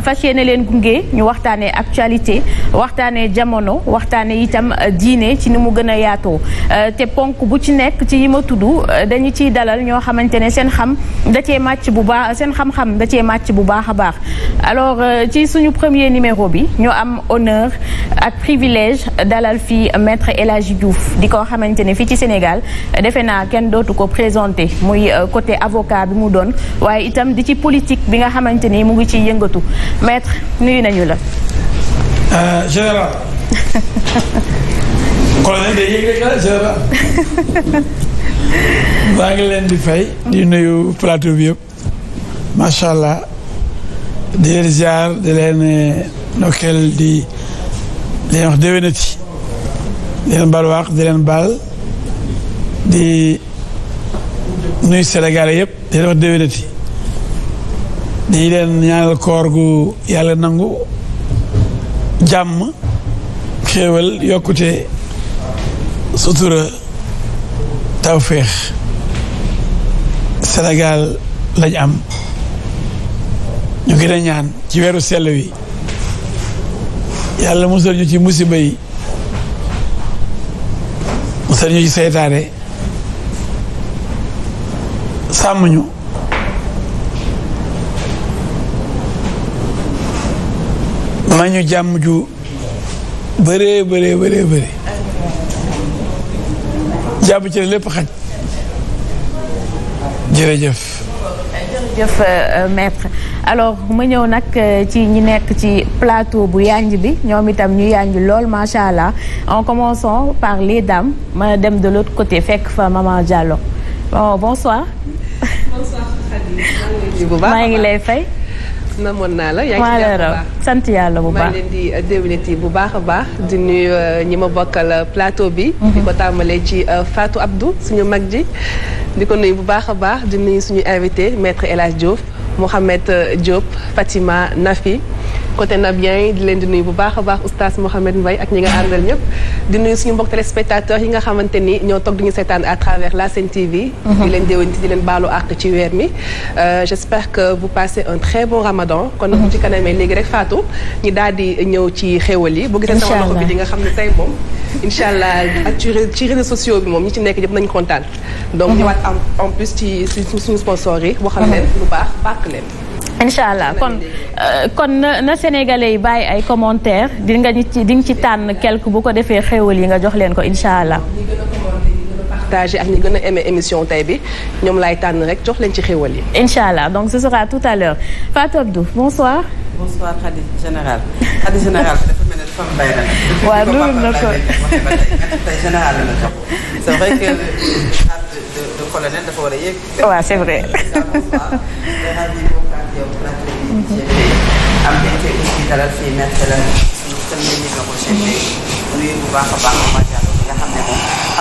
fas yéene leen gunge ñu waxtaanee actualité waxtaanee jamono waxtaanee itam euh, diine ci ni mu gën a yaatoo euh, te ponk bu ci nekk ci yi ma tudd euh, dañu ciy dalal ñoo xamante ne seen xam da cee màcc bu baax seen xam-xam da cee màcc bu baax a baax alors ci suñu premier numéro bi ñoo am honneur ak privilège dalal fi maître élagie Hadji Diouf di ko xamante ne fii ci Sénégal defe naa kenn dootu ko présenté muy côté avoca bi mu doon waaye itam di ci politique bi nga xamante ni mu ngi ciy yëngatu maître nuyu nañu la. Euh, général. colonel de yéeg la général. maa ngi leen di fay. di nuyu plateau bi yëpp. macha allah di leen ziar di leen eh, ndokkeel di leen wax di leen baal wax di leen baal di nuyu Sénégalais yëpp di leen wax déwénati dañu leen ñaanal koor gu yàlla nangu jàmm xéewal yokkute sutura tawféex Sénégal lañ am ñu gën ñaan ci weeru sell wi yàlla musal ñu ci musiba yi musal ñu ci seytaane sàmm ñu nañu jàmm ju bëree bëree bëree bëri jàmm ci lépp xaj jërëjëf jërëjëf euh, maître alors ma ñëw nag euh, ci ñi nekk ci plateau bu yanj bi ñoom itam ñu yanj lool macha allah en commençant par les dames ma dem de l'autre côté fekk fa maman Diallo bonsoir. maa ngi lay fay. namoon naa la. yaa sant yàlla bu baax maa leen bu baax a baax di nuyu euh, ñi ma bokkal euh, plateau bi. Mhm. di ko tàmbalee ci euh, Fatou Abdou suñu mag ji. di ko nuyu bu baax a baax di nuyu suñu invité maître El Diouf. Mohamed euh, Diop Fatima Nafi côté Nabien di leen di nuy bu baax a baax oustaz Mohamed Mbaye ak ñi nga àndal ñëpp di nuyu suñu mbokk téléspectateurs yi nga xamante ni ñoo toog di ñu seetaan à travers la Sen TV. Mhm. di leen déwénti di leen baalu àq ci weer mi. Euh, j'espère que vous passez un très bon ramadan. kon nag mu ci kanamee léegi rek Fatou ñi daal di ñëw ci xéwal yi. bu gisee sama loxo bi di nga xam ne tey moom. incha allah ak ci ci réseaux sociaux bi moom ñi ci nekk yëpp nañu kontaan. donc ñëwaat mhm. en en plus ci suñu yi. waxal mhm. leen lu baax lakk incha allah kon euh, kon na sénégalais yi bàyyi ay commentaire di nga ci di nga ci tànn quelque bu ko defee xéewal yi nga jox leen ko incha allah. partagé ak ñi gën émission tay bi ñoom laay tànn rek jox leen ci xéewal yi. incha allah donc ce sera tout à l'heure Fatou Abdou bonsoir. bonsoir général Khady général dafa ko de de colonel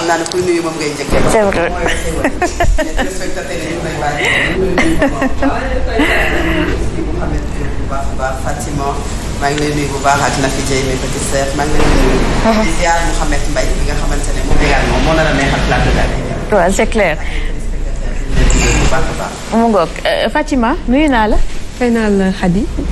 naa ne kuy nuyu maa ngi bu baax ak a neexal waaw c'est clair mu ngoog euh, Fatima nuyu naa la fay naa la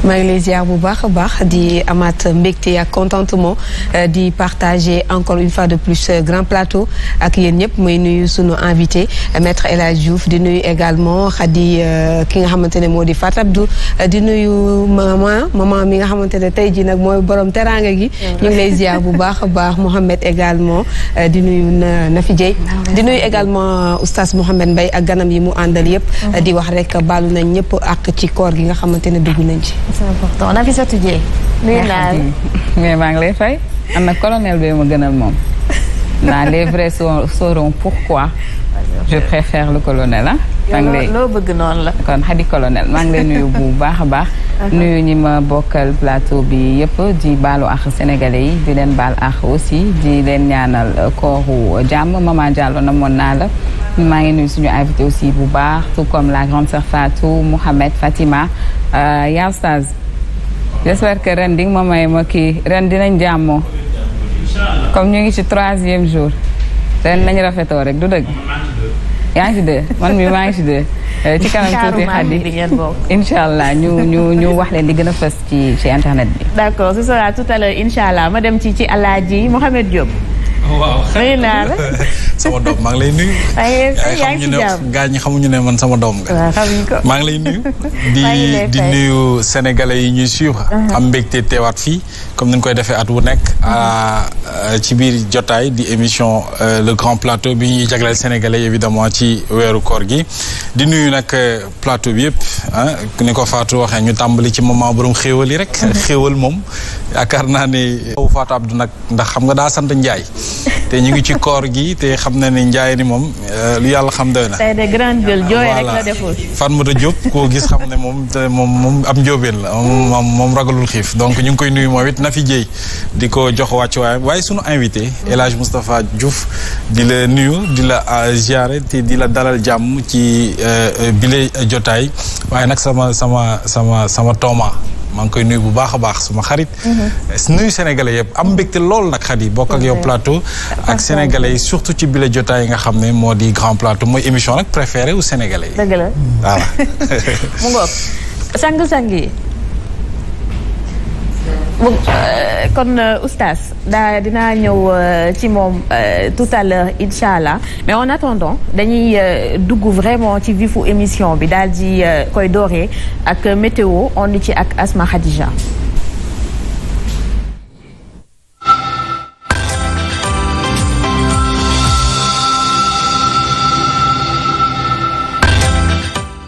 maa ngi lay ziar bu baax a baax di amaat mbégte ak contentement euh, di partager encore une fois de plus euh, grand plateau ak yéen ñëpp mooy nuyu sunu invité euh, maître El Hadj Diouf di nuyu également Khady ki nga xamante ne moo di Fatou Abdou di nuyu maman maman mi nga xamante ne tey jii nag mooy borom teraanga gi. ñu ngi lay bu baax a baax Mouhamed également di nuyu Nafi Dieye. di nuyu également oustaz Mouhamed Mbaye ak ganam yi mu àndal yëpp. di wax rek baalu nañ ñëpp ak ci koor gi nga xamante ne dugg nañ ci. c'est important on a vu ça tuddee. nuyu naa mais maa ngi lay fay am na colonel bi ma gënal moom. Nah, les vrais sauront pourquoi je préfère la colonel loo bëgg noonu la. kon xadi maa ngi lay nuyu bu baax a baax. nuyu ñi ma plateau bi yëpp di baalu àq sénégalais yi di leen baal àq aussi di leen ñaanal euh, kooru jàmm maman Diallo moon naa la. maa ngi nuyu suñu invité aussi bu baax tout comme la grande sœur Fatou Mouhamed Fatima euh, yaa Oustaz. j'espère que ren di nga ma may ma kii ren dinañ jàmmoo. comme ñu ngi ci troisième jour. ren nañu rafetoo rek du dëgg. yaa ngi ci deux man mi maa ngi ci deux. Eh, ci kanam tuuti xaddi incha allah ñu ñu ñu wax leen di gën a fës ci ci internet bi. d' accord ce sera tout à l'heure incha allah ma dem ci ci Alaaji Mohamed Diop. waaw xëy naa la. sama doom maa ngi lay nuyu. yaa ngi si ñi xamuñu ne man sama doom nga. maa ngi lay nuyu. di di nuyu sénégalais yi ñuy suivre. Uh-huh. am mbégte teewaat fii comme ni ñu koy defee at wu nekk. Uh-huh. Euh, ci biir jotaay di émission euh, le grand plateau bi ñuy jagleel sénégalais évidemment ci weeru koor gi. di nuyu nag euh, plateau bi yëpp ni ko Fatou waxee ñu tàmbali ci moment borom xéewal yi rek. Uh-huh. xéewal moom yaakaar naa ne. nag ndax xam nga daa sant Ndiaye te ñu ngi ci koor gi te. xam ni njaay ni moom euh, lu yàlla xam doy na. tey de la koo gis xam ne moom moom moom am njóobeen la moom moom ragalul xiif donc ñu ngi koy nuyu moom it na fi jéey di ko jox wàcc waaye sunu invité El Hadj Moustapha di la nuyu di la euh, ziare te di la dalal jàmm ci euh, bile jotaay waaye nag sama sama sama sama tooma maa ngi koy nuyu bu baax a baax suma xarit. Mm-hmm. Eh, nuyu sénégalais yëpp am mbégte lool nag xarit bokk ak yow plateau. ak sénégalais yi surtout ci bile jotaa yi nga xam ne moo di grand plateau mooy émission nag préféré wu sénégalais yi. dëgg la voilà. mu ngoog sang sang yi. kon oustaz daa dina ñëw ci moom tout à l'heure incha allah mais en attendant dañuy euh, dugg vraiment ci vifu émission bi daal di euh, koy doore ak météo on ci ak Asma Khadija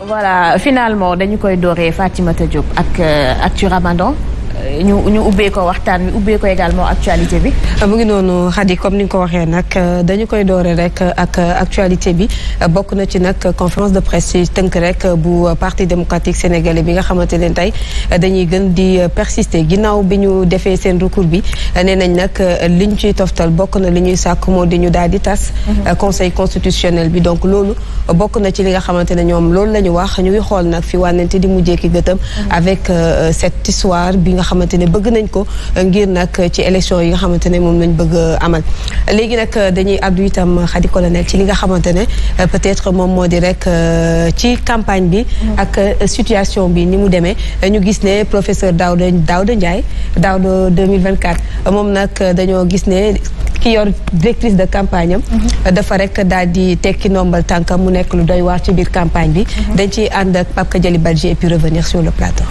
voilà finalement dañu koy doore Fatimata Diop ak euh, actu Ramadan ñu ñu ubbee ko waxtaan wi ubbee ko également actualité bi. Ah, mu ngi noonu Khady comme ni nga ko waxee nag euh, dañu koy doore rek euh, ak euh, actualité bi bokk na ci nag conférence de presse tënk rek bu parti démocratique sénégalais bi nga xamante ne tey dañuy gën di persister ginnaaw bi ñu defee seen recours bi nee nañ nag liñ ciy toftal bokk na li ñuy sàkk moo di ñu daal di tas. Mhm. conseil constitutionnel bi donc loolu bokk na ci li nga xamante ne ñoom loolu la ñu wax ñu ngi xool nag fi wànnante di mujjee ki gëtam. Mhm. avec cette histoire bi nga xamante ne bëgg nañ ko euh, ngir nag euh, ci élection yi nga xamante ne moom lañ bëgg euh, amal léegi nag dañuy addu itam xadi colonel ci li nga xamante ne peut-être moom moo di rek ci campagne bi ak situation bi ni mu demee ñu gis ne professeur Daouda Daouda Ndiaye Daouda 2024 moom nag dañoo gis ne ki yor directrice de campagne am mhm. dafa rek daal di tekki nombal tànkam mu nekk lu doy waar ci biir campagne bi mhm. dañ ci ànd ak Pape Kadiali Badji et puis revenir sur le plateau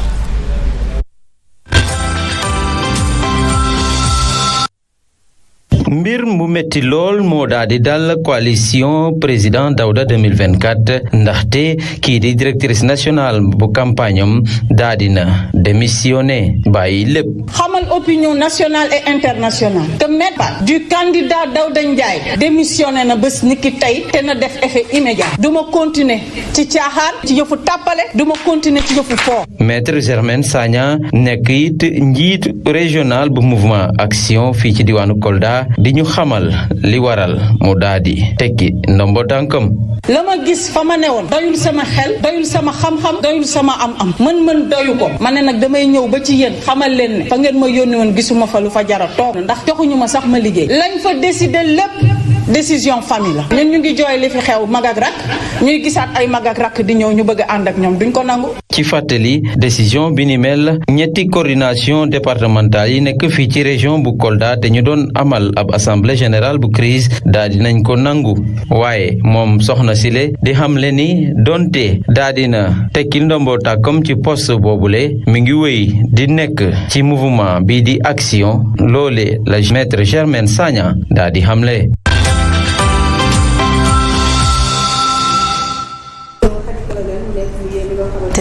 mbir mu metti lool moo daal di dal coalition président Daouda 2024 ndaxte kii di directrice nationale bu campagne am daal di na démissionné bàyyi lépp. xamal opinion nationale et internationale. que maître du candidat Daouda Ndiaye démissionné na bés ni tey te def effet immédiat. du continuer ci caaxaan ci yëfu tàppale du continuer ci yëfu foo. maître Germaine Sagna nekk it njiit régional bu mouvement action fii ci diwaanu Kolda. di ñu xamal li waral mu daal di tekki ndombo dànkam la ma gis fa ma ne woon doyul sama xel doyul sama xam-xam doyul sama am-am mën-mën doyu ko ma ne nag damay ñëw ba ci yéen xamal leen fa ngeen ma yónni woon gisuma fa lu fa jara toog ndax joxuñu ma sax ma liggéey lañ fa décider lépp. décision famille la ñun ngi jooy li fi xew mag ak ñuy gisaat ay mag ak di ñëw ñu bëgg ànd ak ñoom duñ ko nangu. ci fàttali décision bi ni mel ñetti cordination départementale yi nekk fii ci région bu Kolda te ñu doon amal ab assemblée générale bu crise daal nañ ko nangu waaye moom soxna Sile di xamle ni donte daal dina tekki ndombo tàkkam ci poste le mi ngi woy di nekk ci mouvement bi di action loole la maître Germaine Sagna daal di xamle.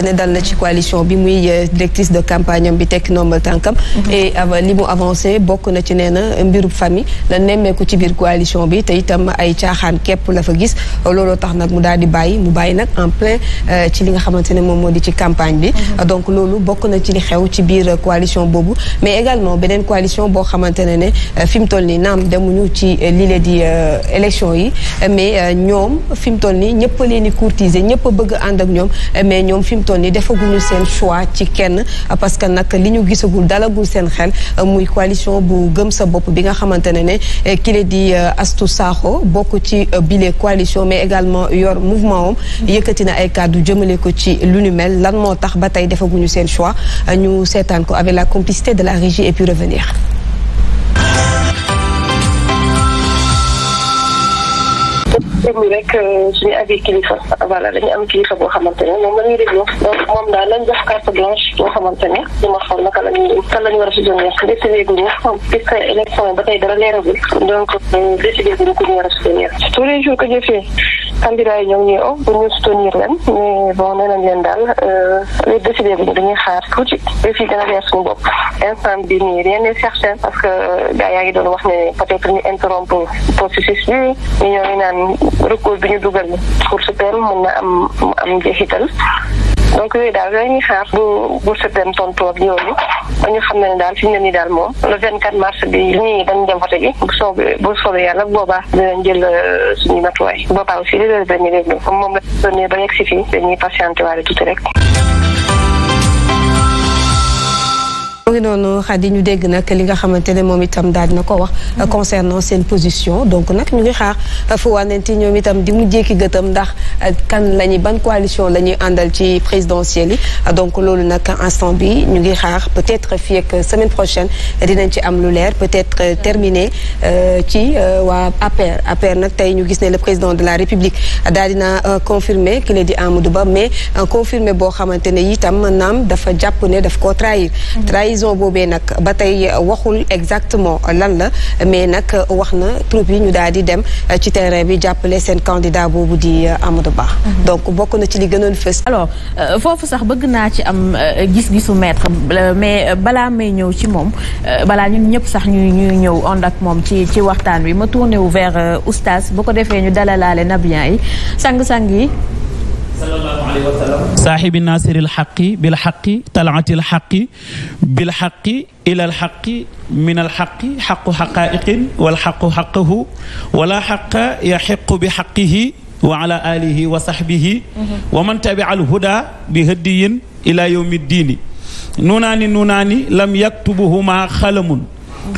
xamante ne dal na ci coalition bi muy euh, directrice de campagne bi tekki nombal tànkam mhm. et euh, li mu avancé bokk na ci nee na mbirub famille la nemmeeku ci biir coalition bi te itam ay caaxaan képp la fa gis looloo tax nag mu daal di bàyyi mu bàyyi nag en plein euh, ci li nga xamante ne moom moo di ci campagne bi mhm. donc loolu bokk na ci li xew ci biir coalition boobu mais également beneen coalition boo xamante ne ne fi toll nii naam demuñu ci lile di élection yi mais ñoom fi mu toll nii ñëpp leen di courtiser ñëpp bëgg ànd ak ñoom toll nii defaguñu seen choix ci kenn parce que nag li ñu gisagul dalagul seen xel muy coalition bu gëm sa bopp bi nga xamante ne ne kile di euh, Astou Sakho bokk ci euh, bile coalition mais également yor mouvement om yëkkati na ay kàddu jëmale ko ci lu nu mel lan moo tax ba tey defaguñu seen choix ñu seetaan ko avec la complicité de la régie et puis revenir déglu rek euh, suñu avis kilifa voilà dañu am kilifa boo xamante ne moom la ñuy déglu donc moom daal lañ def carte boo xamante ne ñu ma xool naka la ñuy war a si jógee décidé guñu puisque élection yi ba tey dara leeragul donc euh, décidé guñu ku ñu war a soutenir tous les jours que jëfee candidat yi ñoo ngi ñuy o bu ñu soutenir leen mais bon nee nañ leen daal li euh, décidé guñu dañuy xaar tuuti def yi gën leer suñu bopp instant bi nii rien n'est certain parce que ga yaa ngi doon wax ne peut recours bi ñu dugal Cour suprême mën na am mu am njeexital donc yooyu daal yooyu ñuy xaar bu Cour suprême tontu ak yooyu ba ñu xam ne ni daal fi ñu ne nii daal moom le 24 mars bi ñii dañ dem vote ji bu soobee bu soobee yàlla boobaa dinañ jël euh, suñu matuwaay boobaa aussi li leen dañuy déglu comme moom la ñu doon ba yegg si tuuti rek. moo ngi noonu xadi ñu dégg nag li nga xamante ne moom itam daal dina ko wax concernant seen position donc nag ñu ngi xaar fu wànnenti ñoom itam di mu jékki gëtam ndax kan la ñuy ban coalition la ñuy àndal ci présidentielle yi donc loolu nag instant bi ñu ngi xaax peut-être fii ak semaine prochaine dinañ ci am lu leer peut-être terminé euh, ci euh, waa APR APR nag tey ñu gis ne le président de la République daal dina euh, confirmer qu'il est di Amadou Ba mais confirmer boo xamante ne itam naam dafa jàpp ne daf koo mm-hmm. trahison boobee nag ba tey waxul exactement lan la mais nag wax na troupe yi ñu daal di dem ci terrain bi jàppale seen candidat boobu di Amadou baax mhm. donc bokk na ci li gënoon fës. alors euh, foofu sax bëgg naa ci am euh, gis-gisu maître euh, mais balaa may ñëw ci moom balaa ñun ñëpp sax ñuy ñuy ñëw ond ak moom ci ci waxtaan wi ma tourné wu vers oustaz bu ko defee ñu dalalaale nabiyan yi sang-sang yi. sallallahu alayhi wa sallam saaxibi naasiril xaqi bil xaqi talaatil xaqi bil xaqi ilal xaqi minal xaqi xaqu xaqaaiqin wal xaqu xaqahu wala xaqa yaxiqu bi xaqihi wa ala alihi wa saxbihi wa man tabial huda bi hëddiyin ila yowmi diini nuunaani nuunaani lam yaktubuhuma xalamun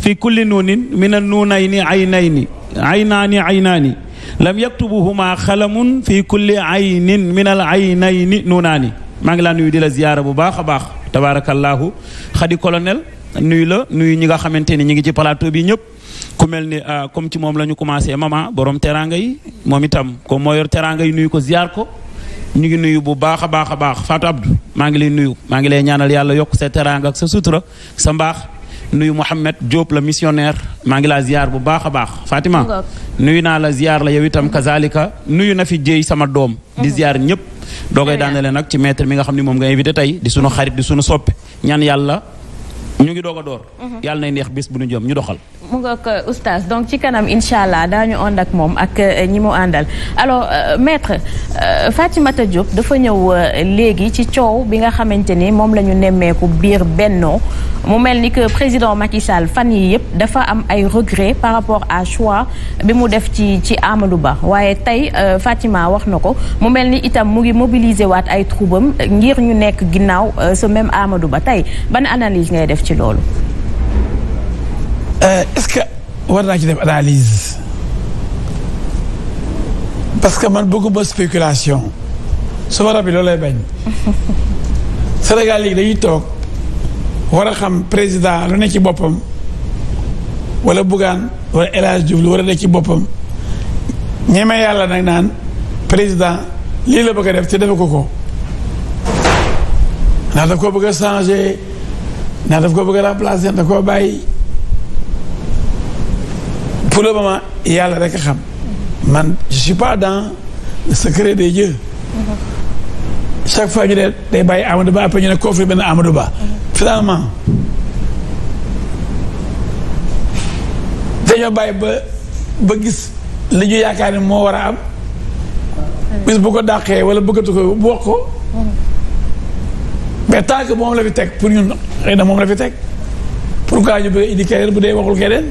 fi kulli nuunin min annuunayni aynayni aynaani aynaani lam yaktubuhuma xalamun fi kulli aynin min al aynayni nuunaani maa ngi laa nuyu di la ziyaara bu baax a baax tabaarakallaahu xadi kolonel nuyu la nuyu ñi nga xamante ni ñi ngi ci plateau bi ñëpp ku mel ni ah, comme ci moom la ñu commencé mama borom teraanga yi moom itam ko moo yor yi nuyu ko ziyaar ko ñu ngi nuyu bu baax a baax a baax Fatou maa ngi lay nuyu maa ngi lay ñaanal yàlla yokk sa teraanga ak sa sutura sa mbaax nuyu Mouhamed Diop la missionnaire maa ngi laa ziyaar bu baax a baax Fatima nuyu naa la ziar la yow itam kazalika nuyu na fi jéey sama doom di mhm. ziar ñëpp doogay daanale nag ci maître mi nga xam ne moom nga invité tey di sunu xarit di sunu sopp ñaan yàlla ñu ngi doog a door mhm. yàlla nay neex bés bu nu jëm ñu doxal mu nga ko euh, oustaz donc ci kanam incha allah daañu ànd ak moom ak euh, ñi mu àndal alors euh, maître Fatimata Diop dafa ñëw léegi ci coow bi nga xamante ni moom la ñu nemmeeku biir bennoo mu mel ni que président Macky fan yi yëpp dafa am ay regret par rapport à choix bi mu def ci ci Amadou Ba waaye tey Fatima wax na ko mu mel ni itam mu ngi mobiliser waat ay troubam ngir ñu nekk ginnaaw ce même Amadou Ba tey ban analyse ngay def ci loolu Euh, est-ce que war naa ci def analyse parce que man bëgguma spéculation suma rab yi loolay bañ Sénégal léegi dañuy toog war a xam président lu ne ci boppam wala Bougane war El Hadj Diouf lu war a ne ci boppam ñeme yàlla nag naan président lii la bëgg a def ko ko ndax daf ko bëgg a changer ndax daf ko bëgg a remplacer daf koo bàyyi pour le moment yàlla rek a xam man je suis pas dans le secret day dieux chaque fois ñu ne day bàyyi Amadou Ba après ñu ne confirmé na Amadou Ba finalement dañoo bàyyi ba ba gis li ñu yaakaar ne moo war a am bis bu ko daqee wala bëggatu ko bu wax ko mais tant moom la fi teg pour ñun xëy na moom la fi teg pourquoi ñu bëgg indi keneen bu dee waxul keneen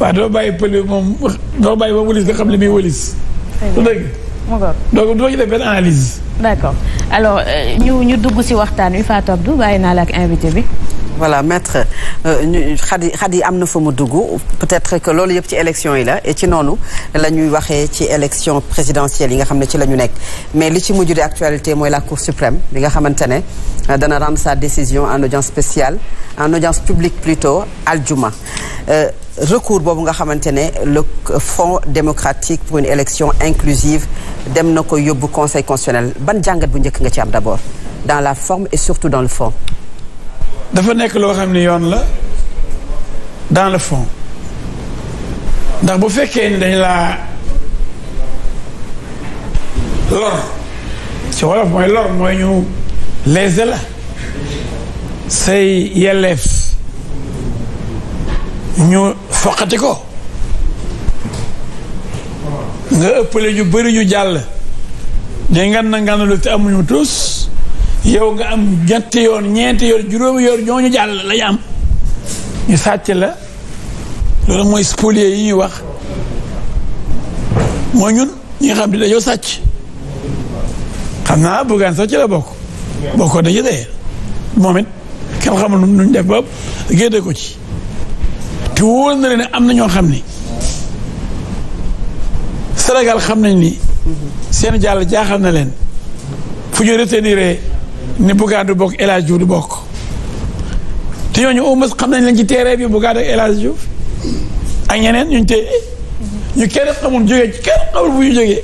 waaw doo bàyyi pël bi moom doo bàyyi ba wëlis nga xam ne muy wëlis. du dëgg. donc doo ci def benn analyse. d'accord alors euh, ñu ñu dugg ci waxtaan wi Fatou Abdou bàyyi naa la ak invité bi. voilà maître euh, ñu xadi xadi am na fa mu dugg peut-être que loolu yëpp ci élection yi la et ci noonu la ñuy waxee ci élection présidentielle yi nga xam ne ci la ñu nekk mais li ci mujj di actualité mooy la Cour suprême bi nga xamante ne euh, dana rendre sa décision en audience spéciale en audience publique plutôt aljuma euh, recours boobu nga xamante ne le Front démocratique pour une élection inclusive dem na ko yóbbu conseil constitutionnel ban jàngat bu njëkk nga ci am d'abord dans la forme surtout dans le dafa nekk loo xam ne yoon la dans le fond ndax bu fekkee ni dañ laa lor ci wolof mooy lor mooy ñu léser la say yelleef ñu foqati ko nga ëppale ñu bëri ñu jàll di ngan na nganalu te amuñu tuus yow nga am ñetti yoon ñeenti yoon juróomi yoon ñooñu jàll lañu am ñu sàcc la loolu mooy spolier yi ñuy wax mooy ñun ñi nga xam ne dañoo sàcc xam naa buggaan sax ci la bokk bokkoo dañu dee moom it kenn xamul nu ñu def ba génne ko ci te woo na leen ne am na ñoo xam ni Sénégal xam nañ ni seen jàll jaaxal na leen fu ñu retenir ni Bouga du bokk El Hadj du bokk te ñooñu au moins xam nañ lañ ci terrain bi Bouga ak El ak ñeneen ñu téye ñu kenn xamul jógee ci kenn xamul fu ñu jógee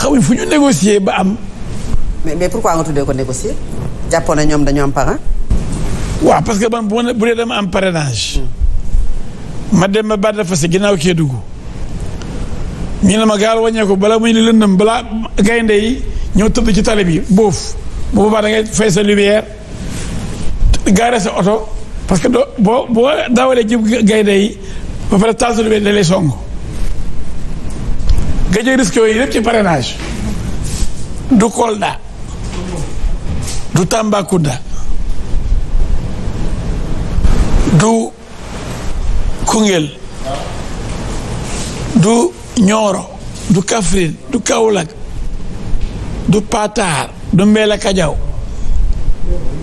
xamuñ fu ñu négocier ba am. mais mais pourquoi nga tuddee ko négocier jàppoon na ñoom dañu am parrain. waaw parce que man bu bu dee dama am parrainage. ma dem ma bàtt fa si ginnaaw kee dugg ñu ne ma gaal wàññeeku bala muy lëndëm balaa gaynde yi ñëw tëdd ci tali bi boof. bu boobaa da ngay fay sa lumière gaare sa oto parce que doo boo boo daawalee jib gaynde ba pare taal sa lumière da lay song gajee risque yooyu yëpp ci parrainage du Kolda du Tambacounda du Koungheul du Nioro du Kaffrine du Kaolack du Patar du mbeel la kajaw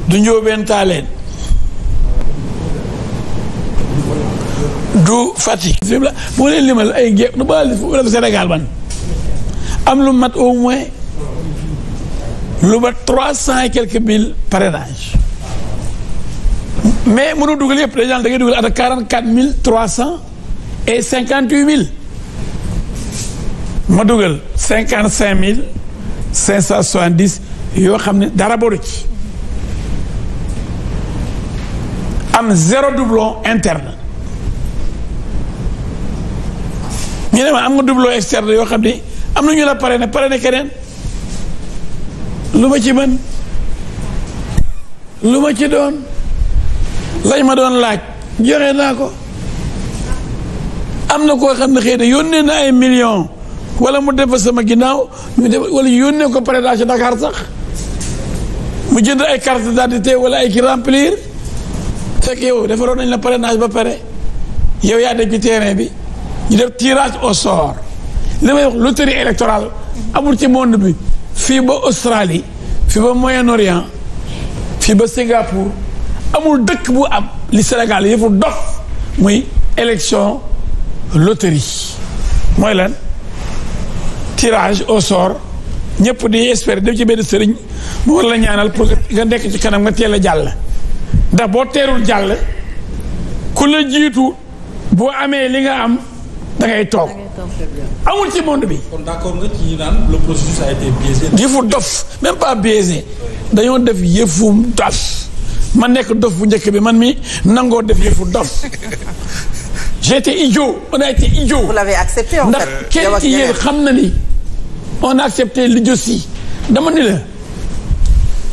du njóobeen taaleen du Fatick moo leen limal ay gé nu ba def Sénégal ban am lu mat au moins lu ba trois cent et quelques mille parrainage mais mënu dugal yëpp dañu naan da ngay dugal at quarante quatre mille trois cent et cinquante huit mille ma dugal cinquante cinq mille cinq cent soixante yoo xam ne dara boru ci am zéro doublon interne ñu ne ma am nga doublon externe yoo xam ne am na ñu la pare na pare na keneen lu ma ci mën lu ma ci doon lañ ma doon laaj joxe naa ko am na koo xam ne xëy na yónnee na ay millions wala mu def sama ginnaaw ñu def wala yónnee ko parrainage Dakar sax mu jënd ay carte d'identité wala ay ki remplir fekk yow defaroon nañ la parrainage ba pare yow yaa dégg ci terrain bi ñu def tirage au sort li may amul ci monde bi fii ba Australie fii ba Moyen-Orient fii ba Singapour amul dëkk bu am li Sénégal yëfu dof muy élection loterie mooy lan tirage au sort ñëpp di espérer dem ci benn sëriñ mu war la ñaanal pour nga nekk ci kanam nga teel a jàll ndax boo teerul jàll ku la jiitu boo amee li nga am da ngay toog amul ci monde bi. kon d'accord nga ci naan le processus a dof même pas biaisé dañoo def yëfu dof ma nekk dof bu njëkk bi man mi nangoo def yëfu dof j'étais idiot on a été idiot. vous ndax kenn ci yéen xam na ni on a accepté l'idiotie dama ni la.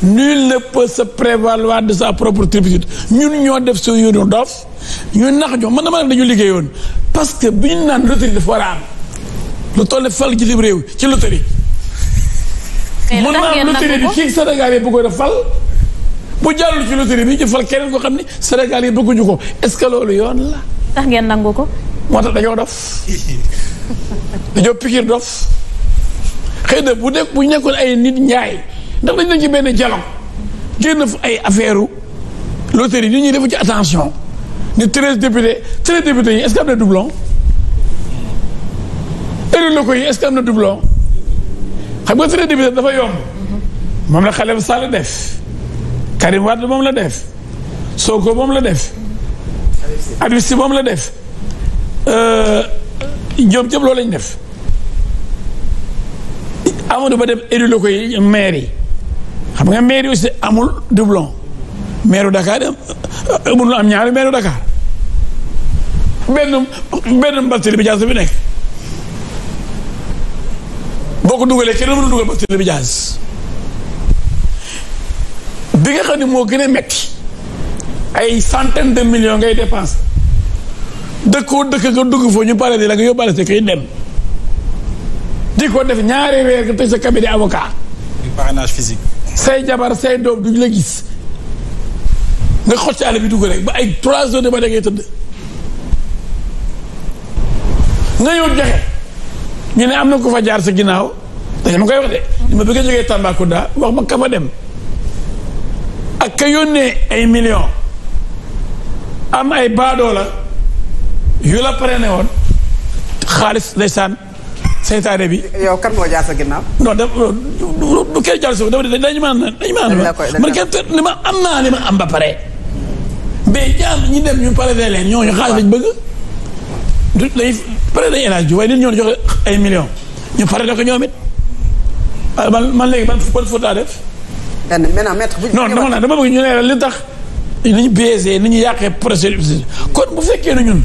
nul ne peut se prévaloir de sa propre turpitude ñun ñoo def suñu yoonu doof ñu nax ñoo man dama ne dañu liggéeyoon parce que bu ñu naan loterie dafa war a am lu toll fal ci réew ci loterie. mën naa loterie bi kii Sénégal yi bëggoon a fal bu jàllul ci loterie bi ji fal keneen ko xam ni Sénégal yi bëgguñu ko est-ce que loolu yoon la. tax ngeen nangu ko. moo tax dañoo dof dañoo pikir dof xëy na bu dee bu nekkoon ay nit ñaay ndax dañ ne ci benn dialogue génn fu ay affaire loterie nit ñuy defu ci attention ni treize députés treize députés yi est-ce que am na doublon élus locaux yi est que am na doublon xam nga treize députés dafa yomb moom la Khalifa Sall def Karim Wade moom la def Sonko moom la def Habib moom la def ñoom euh, jëpp loolu lañ def Amadou Ba dem élu la koy maire yi xam nga maire yi aussi amul doublon maire Dakar euh, mënul am ñaari maire Dakar benn benn Barthélémy Dias bi nekk boo ko dugalee kenn mënul dugal Barthélémy Dias bi xam ne moo gën a metti ay centaine de million ngay dépense dëkkoo dëkk nga dugg foofu ñu pare di la nga yóbbaale sa kay dem di ko def ñaari weer nga tëj sa cabinet avocat. parrainage say jabar say doom duñ la gis nga xoj ci àll bi dugg rek ba ay trois heures de matin ngay tëdd nga ñëw joxe ñu ne am na ko fa jaar sa ginnaaw dañ ma koy wax de li ma bëgg a jógee Tambacounda wax ma ka a dem ak ka yónnee ay millions. am ay baadoo la yu la prene woon xaalis ndeysaan seytaane bi. yow kan moo jaar sa ginnaaw. non da euh, du kenn jaar sa dafa dañu ma dañu ma man kenn li ma am naa li ma am ba pare. mais jaam ñi dem ñu pare de leen ñooñu xaalis lañ bëgg. du dañuy pare dañuy élargi ji waaye nit ñoo joxe ay millions ñu pare da ko ñoom it ah, man man léegi ban ban faute laa def. benn maintenant maître dama bëgg ñu ne li tax. ni ñu biaisé ni ñu yàqee processus kon bu fekkee ne ñun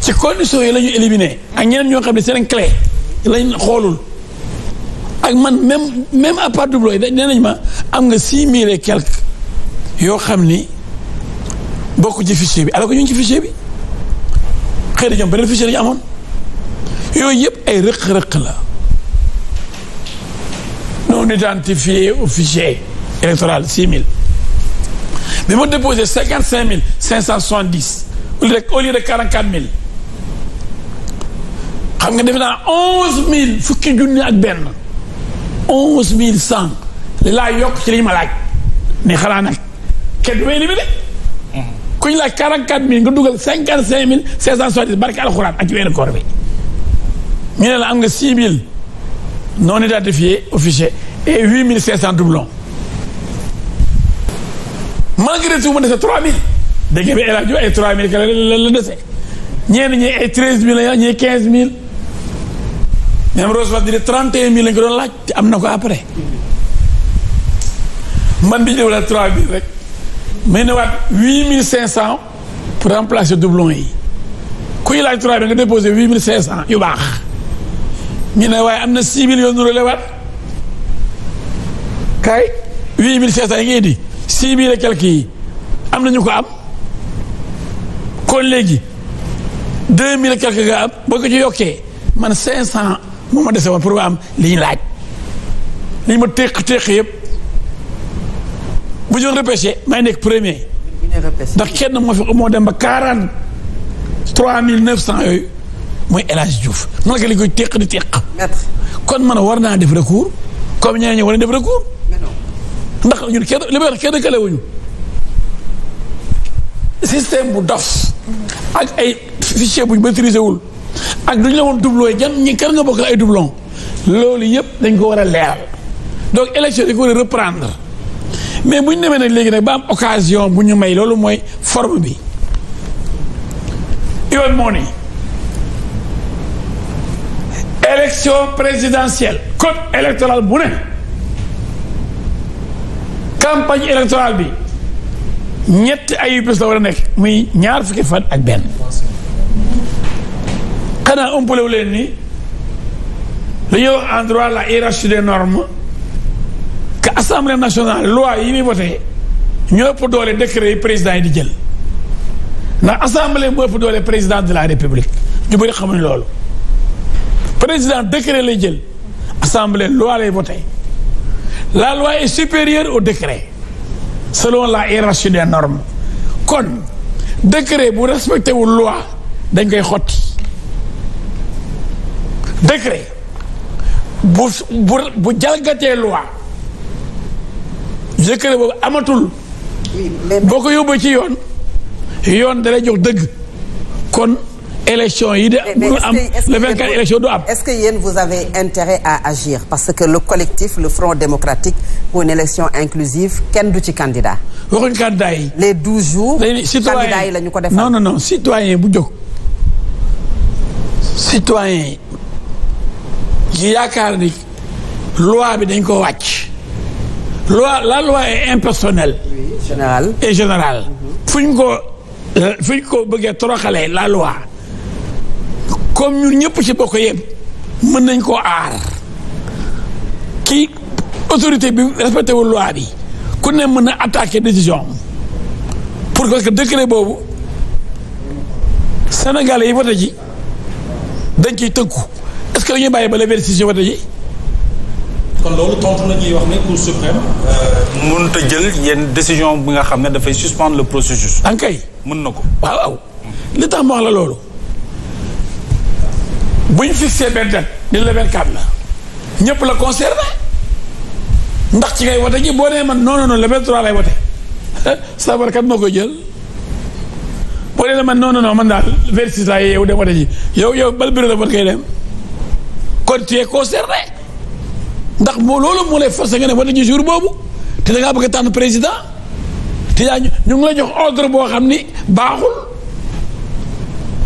ci conditions yi la ñu éliminé ak ñeen ñoo xam ne seen clé lañ xoolul ak man même même à part doublon yi dañ nañ ma am nga six mille et yoo xam ni bokk ci fichier bi alors que ñu ngi ci bi xëy na ñoom beneen fichier ñu amoon yooyu yëpp ay rëq-rëq la non identifié au fichier électoral six mille li ma déposé cinquante cinq mille cinq cent soixante dix au lieu de quarante quatre mille xam nga defe naa onze mille fukki junni ak benn onze mille cent li laa yokk ci li ñu ma laaj ni xanaa nag kenn du may limité mm-hmm. ku ñu laaj quarante mille nga dugal cinquante cinq mille cinq cent soixante dix barke alxuraan ak weeru koor bi ñu la am nga six mille non identifié officier et huit mille cinq cent doublons malgré tout mu dese 3000 dégg nga El Hadj ay 3000 kala la la dese ñenn ñi ay 13000 la ñu ñii 15000 même Rose Wardini 31000 la ñu laaj te am na ko après man bi ñu def la 3000 rek may ne waat 8500 pour remplacer doublon yi kuy laaj 3000 nga déposé 8500 yu baax ñu ne waaye am na 6000 yoo nurale waat kaay 8500 yi ngay di. six mille et quelques yi am nañu ko am kon léegi deux mille et quelques am boo ko ci yokkee man cinq cent moo ma dese woon pour ma am li laaj li ñu ma téq téq yëpp bu ñu repêché may nekk premier ndax kenn moo fi moo dem ba quarante trois mille neuf cent yooyu mooy élage Hadj moo la ko li koy téq di téq kon man a war naa def recours comme ñeneen ñi war a def ndax ñun kenn li may wax kenn kalewuñu système bu dof ak ay fichier bu ñu maîtriser wul ak du ñu la woon doublon yi ñan ñi kan nga bokk ay doublon loolu yëpp dañ ko war a leeral donc élection dañ ko war a reprendre mais bu ñu demee nag léegi nag ba am occasion bu ñu may loolu mooy forme bi yoon moo ni élection présidentielle code électoral bu ne campagne électorale bi ñetti ay bés la war a nekk muy ñaar fukki fan ak benn xanaa umpalewu leen ni dañoo en droit la hiérarchie des normes que assemblée nationale loi yi muy voté ñoo ëpp doole décret président yi di jël ndax assemblée moo ëpp doole président de la république ñu bëri xamuñ loolu président décret lay jël assemblée loi lay voté la loi est supérieure au décret selon la hiérarchie des normes kon décret bu respecté loi dañ koy xotti décret bu bu bu jalgatee loi décret boobu amatul. boo ko yóbbee ci yoon yoon dalay jox dëgg kon. élection yi de. bu am le 24 élection du ce que yéen vous avez intérêt à agir parce que le collectif le Front démocratique pour une élection inclusive kenn du ci candidat. waxuñ candidat yi. les douze jours. candidat yi la ñu ko defal non non non citoyen bu jóg. citoyen yi yaakaar loi bi dañ ko wàcc. loi la loi est impersonnelle. oui générale et générale. Mm-hmm. fu ñu ko euh, fu ñu ko bëggee toroxalee la loi. comme ñun ñëpp ci bokk yem mën nañ koo aar ki autorité bi respecté wu loi bi ku ne mën na attaquer décision pour parce que décret boobu sénégalais yi voté ji dañ ciy tënku est-ce que dañuy bàyyi ba le vingt six ji. kon loolu tontu la ñuy wax ne cour suprême. Euh, mënut jël yenn décision bi nga xam ne dafay suspendre le processus. ankay mën na ko waaw waaw li tax ma wax la loolu. bu ñu fixé benn date ni le 24 la ñëpp la concerné ndax ci ngay wote ji boo nee man non non non le 23 lay wote eh, kat moo koy jël boo nee man non non non man daal le 26 laa yeewu dem wote ji yow yow bal bureau la vote ngay dem kon tu es ndax moo loolu moo lay forcé nga ne wote ji jour boobu te da ngaa bëgg tànn président te yaa ñu ngi la jox ordre boo xam ni baaxul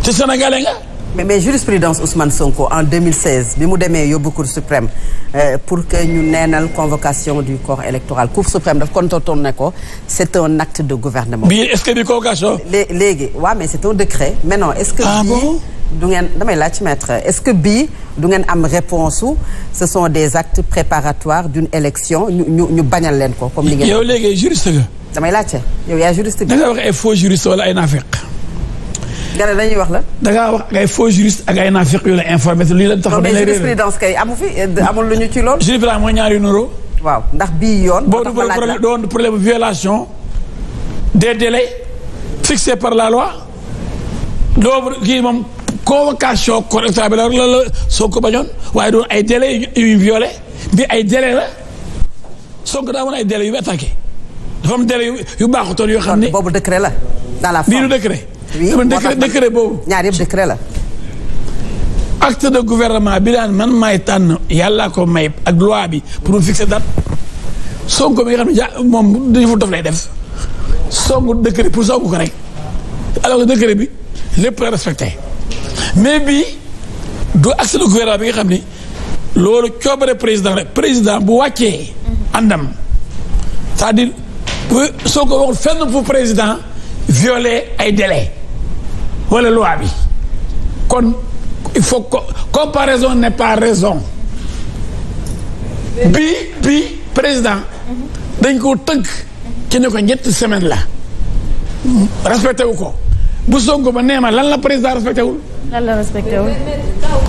te sénégalais nga. mais mais jurisprudence Ousmane Sonko en 2016 bi mu demee yóbbu Cour suprême euh, pur que ñu neenal convocation du corps électoral Cour suprême daf kontoon ne ko c' est un acte de gouvernement. bii est ce que di convocation. léegi waaw mais c' un décret. mais non est ce que. ah bon du damay laaj maître est ce que bii du ngeen am réponse su ce sont des actes préparatoires d' une élection ñu ñu ñu bañal leen ko. comme li ngeen yow léegi juriste nga. damay laajte yow yaa juriste bi. da nga nga dañuy wax la. da ngaa wax ay faux juriste ak ay naafiq yu la informé te lii la taxaw. dañuy réeréer jurisprudence kay amu fi euh, amul lu ñu ci lool. jurisprudence mooy waaw ndax bii yoon. boo tax ma doon problème violation des délais fixés par la loi loolu kii moom convocation correcta bi la la soo ko bañoon waaye doon ay délais yu violé bi ay délais la soo ko daa mën yu attaqué dafa am délais yu baaxutoon yoo xam ne. boobu décret la la forme bii du décret. oui moo tax décret boobu. ñaar yëpp décret la. acte de gouvernement bi daan man may tànn yàllaa ko may ak loi bi pour mu fixer date Sonko moom dañu fa dof lay def pour songu ko rek alors que décret bi lépp la mais bii du acte de bi nga xam ni loolu coobare président président bu wàccee àndam cest à soo ko waxul fenn fu président violer ay délai wala loi bi kon il faut que comparaison n'est pas raison bi bi président dañ ko tënk ci ne ko ñetti semaine la respecté wu ko bu Sonko ba neema lan la président respecté wul. lan la respecté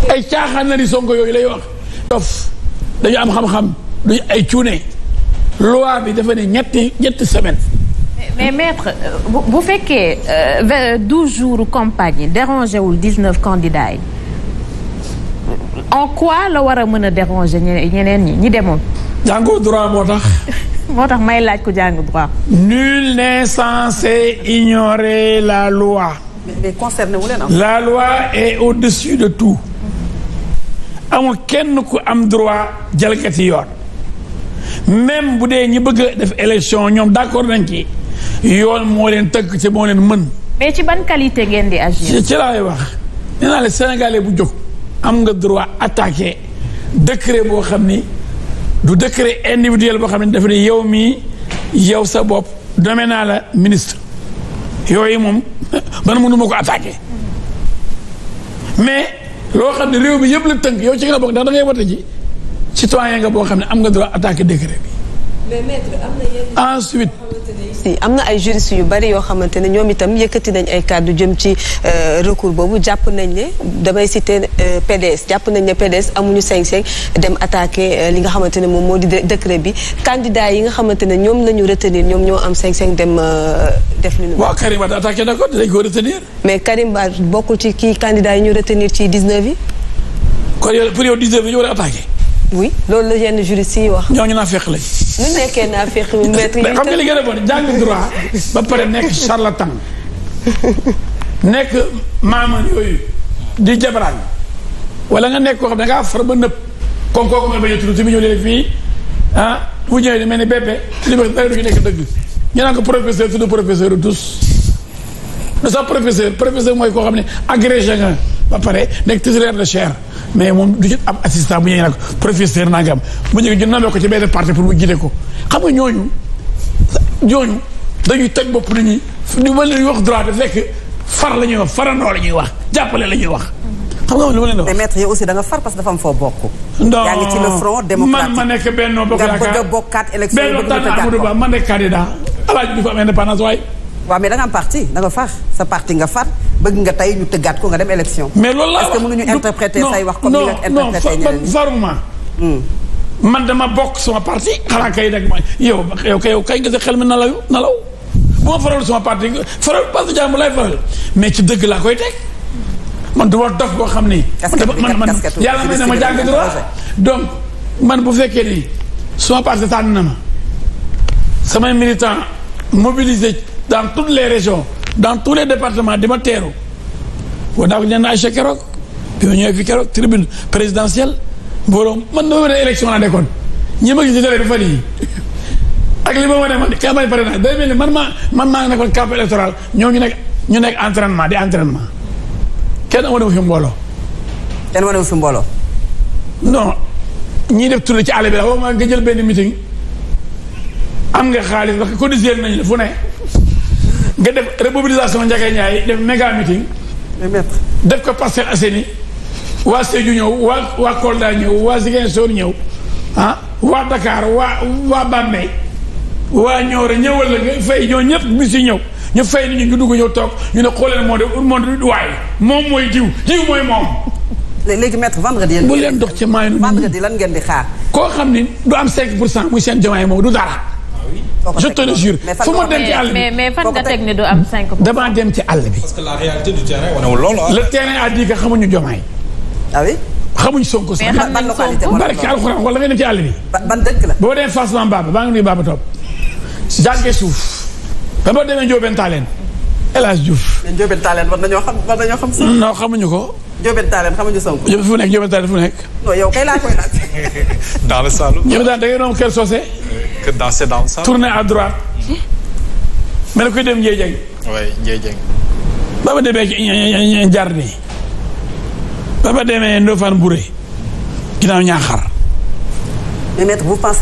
ay caaxaan na ni Sonko yooyu lay wax. dof dañu am xam-xam duñu ay cuune loi bi dafa ne ñetti ñetti semaine. mais maître euh, bu bu fekkee euh, euh, douze jours campagne yi dérangé wul dix neuf candidats yi en quoi war a mën a déranger ñeneen ñi ñi demoon. jàngu droit moo moo tax may laaj ko jàng droit. nul n'est censé ignorer la loi. mais, wu leen la loi est au-dessus de tout. amul kenn ku am droit jalgati yoon. même bu dee ñi bëgg a def élection ñoom d'accord nañ ci. yoon moo leen tëgg ci moo leen mën. mais ci ban qualité ngeen di agir. ci laay wax nee naa la sénégalais bu jóg am nga droit attaqué décret boo xam ni du décret individuel boo xam ne dafa ne yow mii yow sa bopp deme naa la ministre yooyu moom man mënu ma ko attaqué mais loo xam ne réew mi yëpp la tënk yow ci nga da ngay wote ji citoyen boo xam ne am nga droit attaqué décret bi. ensuite. si am na ay juristes yu bari yoo xamante ne ñoom itam yëkkati nañ ay kàddu jëm ci euh, recours boobu jàpp nañ ne damay citer euh, PDS jàpp nañ ne PDS amuñu sañ-sañ dem attaque euh, li nga xamante ne moom moo di décret bi candidat yi nga xamante ne ñoom la ñu retenir ñoom ñoo am sañ-sañ dem def lu ñu. waaw Karim Wade attaqué na ko dinañ ko retenir. mais Karim Wade ci kii candidat yi ñu retenir ci 19 yi. kon yow pour yow 19 yi ñu war a attaqué. loolu la yenn juristes yi wax. ñooñu naa fekk lañ. nu nekkee naa fekk maître yi xam nga li gën a bon jàng droit ba pare nekk charlatan nekk maaman yooyu di jabaraan wala nga nekk koo xam ne nga far ba nëb kon kooku may bañ a tudd si mu ñëw leen fii ah, ñëwee di mel ni bébé li may dara du nekk dëgg ñu naan ko professeur tudd professeur du tous du sax professeur professeur mooy koo xam ne agrégé nga ba pare nekk titulaire de chaire mais moom du ci am assistant bu ñu naan professeur nangam bu ñu ñu nandoo ko ci benn parti pour mu jiite ko xam nga ñooñu ñooñu dañuy toj bopp nit ñi ñu mën leen wax droit daf fekk far la ñuy wax farandoo ñuy wax jàppale la ñuy wax. xam nga lu ma leen wax mais maître yow aussi da nga far parce que dafa am foo bokk. non ma nekk Benno Bokk Yaakaar nga a bokkaat élection yi bëgg nga ko jàpp Benno alaaj bi fa am indépendance waaye. waaw mais da nga am parti da far sa parti nga far bëgg nga tey ñu tëggaat ko nga dem élection. mais loolu laa wax est-ce que mënuñu interpréter say wax comme ni nga interpréter ñeneen ñi faruma hmm. man dama bokk sama parti xanaa kay nag ma yow yow kay yow kay nga sa xel mi nalaw nalaw bu ma faral sama parti faral jàmm lay faral mais ci dëgg laa koy teg man du ma dof boo xam ni. man man yàlla may na ma jàng droit donc man bu fekkee nii sama parti tànn na ma samay militant mobilisé. dans toutes les région dans tous les département di ma teeru woo naa ko ñeen na ay keroog bi ma ñëwee fi keroog tribune présidentielle mbooloo man dama wane élection laa nekkoon ñi ma gis di télé bi fan yi ak li ma wane man campagne pare naa mel ni man maa man maa nekkoon camp électoral ñoo ngi nekk ñu nekk entraînement di entraînement kenn wane wu fi mbooloo kenn def tournée ci àll bi la waxuma nga jël benn meeting am nga xaalis parce que cotiser nañu la fu ne nga def remobilisation Ndiaga Ndiaye def méga meeting. def ko Parcelles Assainies waa Sédhiou ñëw waa waa Kolda ñëw waa Ziguinchor ñëw ah, waa Dakar waa waa Bambey waa Nioro ñëwal la nga fay ñoo ñëpp bis yi ñëw ñu fay ni ñu ñu dugg ñëw toog ñu ne xooleen moo de monde waaye moom mooy diw diw mooy moom. léegi maître vendredi bu leen dox ci maay. vendredi lan ngeen di xaar. koo xam ni du am 5 pour cent muy seen jomaay moom du dara. Ah je te le jure fu ma dem ci àll bi mais fan nga teg ne du am 5 pour cent damaa dem ci àll ah. le terrain a dit xamuñu jomaay. ah oui. Sonko sax. ban alxuraan wala nga dem ci àll bi. ban dëkk maa ngi nuyu Top. jàngee suuf. ba boo demee Ndiobène Tallène El Hadj Diouf. mais Ndiobène Tallene war nañoo xam war nañoo xam xamuñu ko. Ndiobène Tallene xamuñu Sonko. Ndiobène fu nekk Ndiobène Tallene fu nekk. non yow kay laa koy laaj. dans le Saloum. ba ba demee Njarni. ba ba demee Ndofane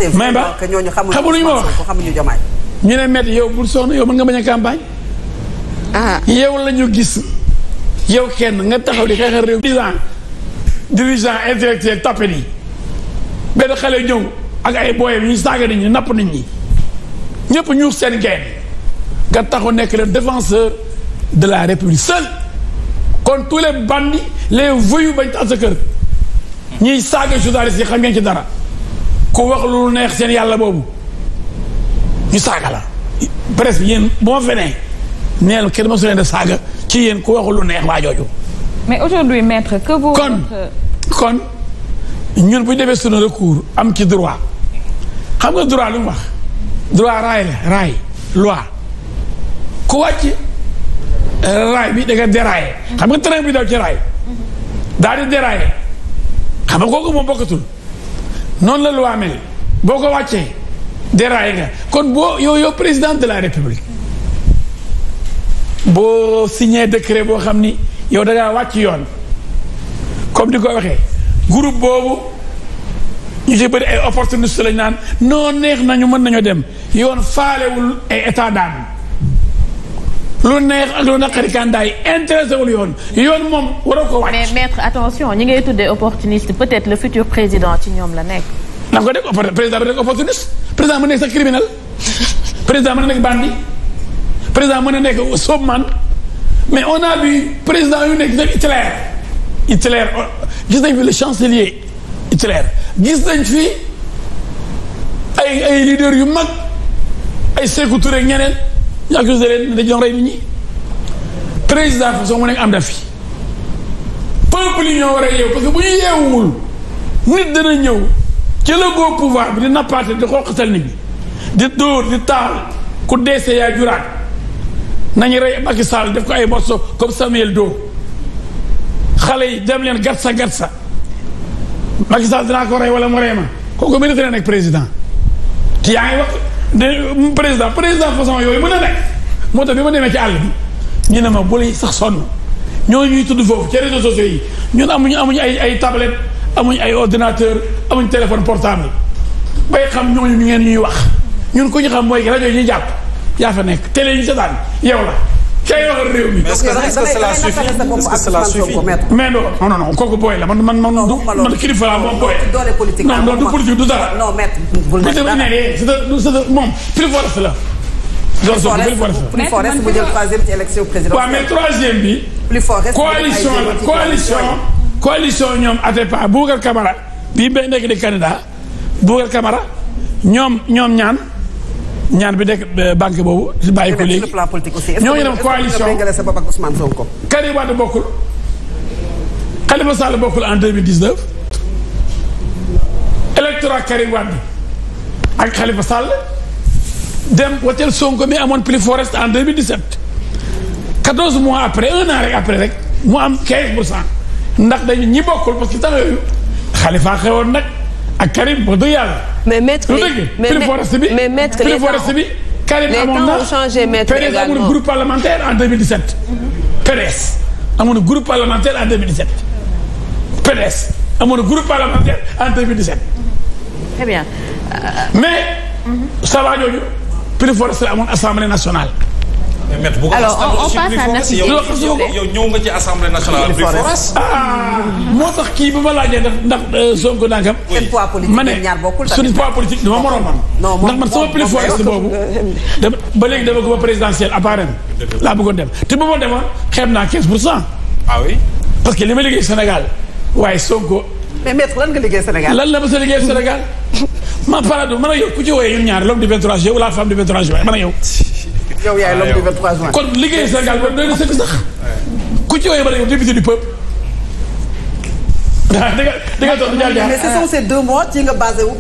xamuñu. xamuñu ma xamuñu jomaay. ñu ne maître yow bul soxna yow mën nga bañ a campagne. yow la ñu gis yow kenn nga taxaw di xeexal réew dirigeant dirigeant intellectuel tappet yi benn xale ñëw ak ay booyam ñu saaga nit ñi napp nit ñi ñëpp ñu seen geen nga taxu nekk leen défenseur de la république seul kon tous les bandits les bañ taal sa kër ñiy saaga journaliste yi xam ngeen ci dara ku wax lu neex seen yàlla boobu ñu saaga la presse bi yéen bu neel kenn mosu leen de saaga ci yéen ku waxul lu neex waa mais aujourd'hui maître que vous. kon kon ñun bu ñu defee suñu recours am ci droit xam nga droit lu mu wax droit raay la raay loi ku wàcc raay bi da nga déraillé. xam nga train bi daw ci raay xam nga kooku moom bokkatul noonu la loi mel boo ko wàccee déraillé nga kon boo yow yow président de la république. boo signé décret boo xam ni yow da ngaa wàcc yoon comme ni ko waxee groupe boobu ñu ci bëri ay opportuniste lañ naan noo neex nañu mën nañoo dem yoon faalewul ay état d'âme lu neex ak lu naqari kandaay intéressé wul yoon yoon moom waroo ko wàcc. mais maître attention ñi ngay tuddee opportuniste peut-être le futur président ci ñoom la nekk. na nga ko def président bi nekk opportuniste président mu nekk sax criminel président mu nekk bandi. président mën a nekk Sobman mais on a vu président yu nekk Hitler Hitler gis nañ fi le chancelier Hitler gis nañ fi ay ay leaders yu mag ay Sékou Touré ak ñeneen ñu accusé leen dañu doon rey nit am dafi peuple yi ñoo war parce que bu ñu yeewuwul nit dana ñëw ci la goo pouvoir bi di nappaate di taal ku deesee yaa juraat nañu rey Macky Sall def ko ay morceau comme Samuel do xale yi dem leen gatsa gatsa Macky Sall dinaa ko rey wala mu rey ma kooku mérite na président te yaa ngi wax de président président façon yooyu mën na nekk moo tax bi ma demee ci àll bi ñu ne ma bu lay sax sonn ñoo ñuy tudd foofu ci réseaux sociaux yi ñun amuñ amuñ ay ay tablette amuñu ay ordinateur amuñ téléphone portable bay xam ñooñu ñu ngeen ñuy wax ñun ku ñu xam mooy rajo yi ñuy jàpp yaa fa nekk télé yi seetaan yow la ca waxal réew mi. est-ce que est-ce que cela suffit est-ce que cela suffit mais non non non kooku booy la man man man du man kilifa laa moom non du politique du dara. non maître bul nekk dara ku ci nekk plus force la. plus plus fort bu jël troisième ci élection présidentielle. bi. plus fort coalition la coalition. coalition ñoom ñaan bi nekk euh, banque boobu si bàyyi ko léegi ñoo ngi dem coalition Karim Wade bokkul Khalifa Sall bokkul en 2019 électorat Karim Wade ak Khalifa Sall dem wateel Sonko mi amoon plus forest en 2017 14 mois après un an rek après rek mu am 15 ndax dañu ñi bokkul parce que tax yooyu Khalifa xewoon nag ak ah, Karim wax dëgg yàlla. mais maître mais maître les temps bi Karim amoon na PDS amoon groupe parlementaire en 2017. PDS amoon groupe parlementaire en 2017. PDS amoon groupe parlementaire en 2017. très bien. Euh, mais. ça va ñooñu. plus force la amoon assemblée nationale. alors on passe à Nafi yow ñëw nga ci assemblée nationale. Ah! moo tax kii bi ma laajee ndax ndax euh, Sonko nangam. seen poids politique ma ne suñu poids politique dama ah liggéey Sénégal waaye Sonko. mais maître lan liggéey Sénégal. lan la ma sa liggéey Sénégal ma parado man a yow ku ci wooyee ñun ñaar l'homme du 23 juin ou la femme du 23 juin man a yow. yow yaay l'homme ah, kon liggéey Sénégal ba doy na sëkk sax. ku ci yooyu ba yow député du peuple. da nga da nga doon jaar jaar mais ci nga basé wu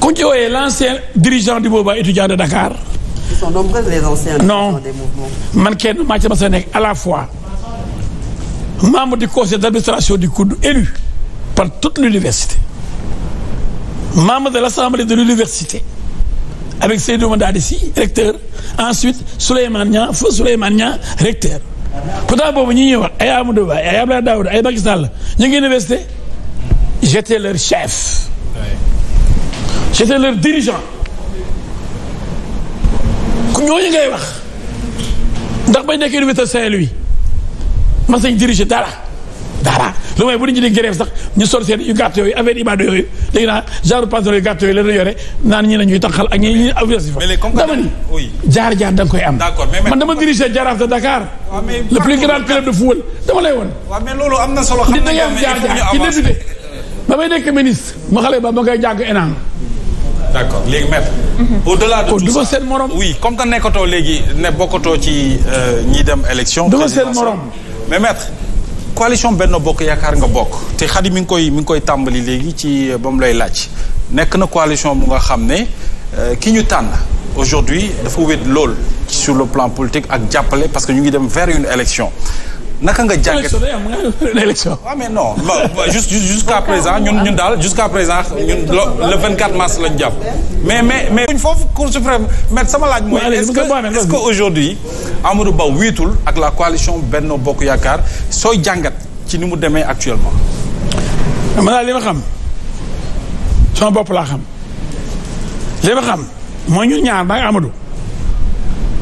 pour. l'ancien dirigeant du booba étudiant de Dakar. non man kenn maa ci ma sa nekk à la fois. membre du conseil d'administration du COUD élu par toute l'université membre de l'assemblée de l'université avec Seydou Mandadissi recteur ensuite Souleymane Niang feu Souleymane Niang recteur pourtant boobu ñi wax ay Amadou Ba ay Abdoulaye Daouda ay Macky Sall ñu ngi université j'étais leur chef j'étais leur dirigeant ku ñooñu ngay wax ndax bañ nekk université saint ma sañ diriger dara dara lu mooy bu nit ñi di grève sax ñu sol seen yu gàtt yooyu affaire ibaado yooyu léegi naa genre pantalon yu gàtt yooyu la ñu yore naan ñi nañuy taxal ak ñi ñuy aversif dama ni jaar-jaar da nga koy am man dama dirigé jaraaf de Dakar le plus grand club de football dama lay woon di da ngay am jaar-jaar ci député ba may nekk ministre ma xale ba ma ngay jàgg enaan d'accord léegi maître mhm. au delà de tout ça seen morom oui comme que nekkatoo léegi ne bokkatoo ci euh, ñi dem élection du ma seen morom mais coalition benn Bokk Yaakaar nga bokk te xadi mi ngi koy mi ngi koy tàmbali léegi ci euh, ba mu lay laaj nekk na coalition bu nga xam ne euh, ki ñu tànn aujourd'hui dafa wét lool sur le plan politique ak jàppale parce que ñu ngi dem vers une élection naka nga jàngat élection waaw ah, mais non juste jusqu'à présent ñun ñun daal jusqu'à présent ñun le 24 mars lañ jàpp mais mais mais uñ foofu Cour suprême mais sama laaj mooy est-ce que est-ce que aujourd'hui Amadou Ba wiitul ak la coalition Benno Bokk Yaakaar sooy jàngat ci ni mu demee actuellement man daal li ma xam sama bopp laa xam li ma xam mooy ñun ñaar maag Amadou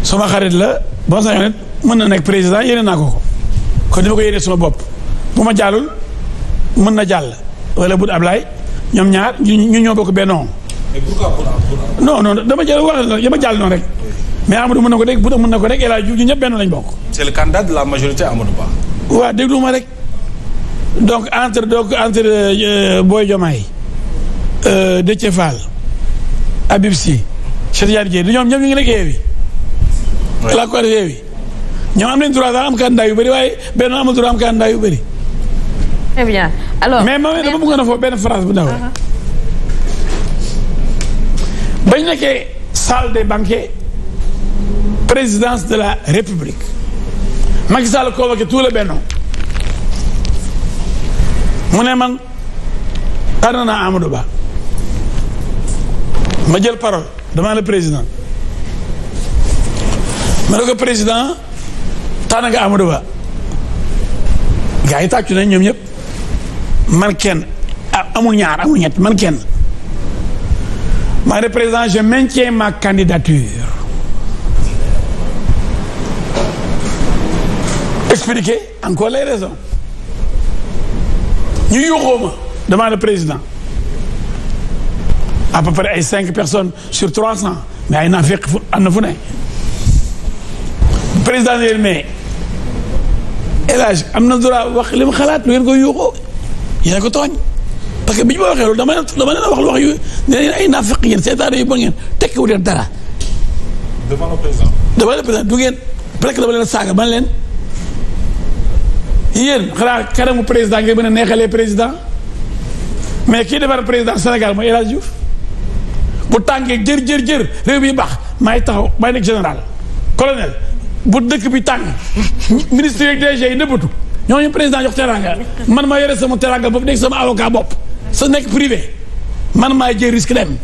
sama xarit la bon sañoon it mën na nekk président yéene naa ko ko kon dama ko yéene sama bopp bu ma jàllul mën na jàll wala bu Ablaye ñoom ñaar ñu ñoo bokk benn non non dama jël wax la dama jàll noonu rek mais Amadou mën na ko dégg bu mën na ko rek El Hadj Diouf ñëpp benn lañ bokk. c'est le candidat de la ma rek donc entre donc entre euh, Boy Diomaye euh, Déthié Fall Habib Sy Cheikh Tidiane ñoom ñu ngi nekk Yewwi la ko Yewwi ñoom am nañ droit am candidat yu bëri waaye ben amul droit am candidat yu bëri. très bien ma mais moom dafa bëggoon bu ndaw rek. Uh-huh. bañ nekkee salle des banquets présidence de la république Macky Sall convoqué tout le Benno mu ne man tànn na Amadou Ba ma jël parole devant président ma ne président. tànn nga Amadou Ba gars yi tàccu ñoom ñëpp man kenn ah, amul ñaar amul ñett man kenn ma ne président je maintiens ma candidature expliquer encore les raisons ñu yuuxoo ma devant président à peu ay cinq personnes sur trois cents mais ay naa fu am na fu ne président ne mais El am na droit wax li mu xalaat lu ngeen koy yuuxoo yéen a ko tooñ parce que bi ñu ma waxee loolu dama leen dama leen wax lu wax yu ne leen ay naafeq ngeen seetaan yu bon ngeen tekkiwu leen dara. devant le président. devant le président du ngeen parce que dama leen saaga man leen yéen xanaa mu président ngeen mën a neexalee président mais ki defar président Sénégal mooy El Hadj Diouf bu tàngee jër jër jër réew mi baax maay taxaw maay nekk général colonel. bu dëkk bi tàng ministre yeeg DG yi nëbbatu ñooñu président jox teranga man maa yore sama teranga boobu nekk sama avocat bopp sa nekk privé man maa jël risque dem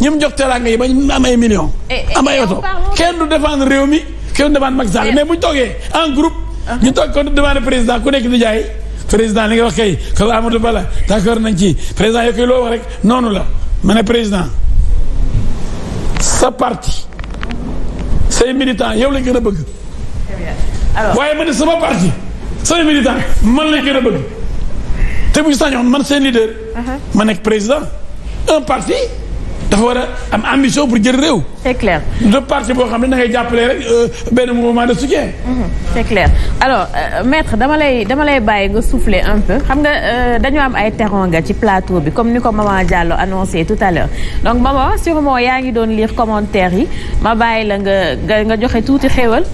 ñi jox teranga yi ba ñu am ay millions. Eh, eh, am ay oto eh, kenn du défendre réew mi kenn du défendre Macky Sall mais mu ñu en groupe. ñu toog kon demande président ku nekk di jaay président li nga wax kay kër Amadou Bala d'accord nañ ci président yoo rek noonu la ma président sa parti yow lañ gën a bëgg. waaye ma ne sama parti sama militant man lañ gën a bëgg te bu ñu sañoon man seen leader. Uh-huh. ma nekk président un parti dafa war a am ambition pour jël réew. c'est clair de parti boo xam ne da ngay jàppale rek euh, benn mouvement de soutien. Uh-huh. c'est clair alors euh, maître dama lay dama lay bàyyi nga souffler un peu xam nga euh, dañu am ay nga ci plateau bi comme ni ko maman Diallo annoncé tout à l'heure donc maman sûrement yaa ngi doon lire commentaire yi ma bàyyi la nga nga joxe tuuti xéwal.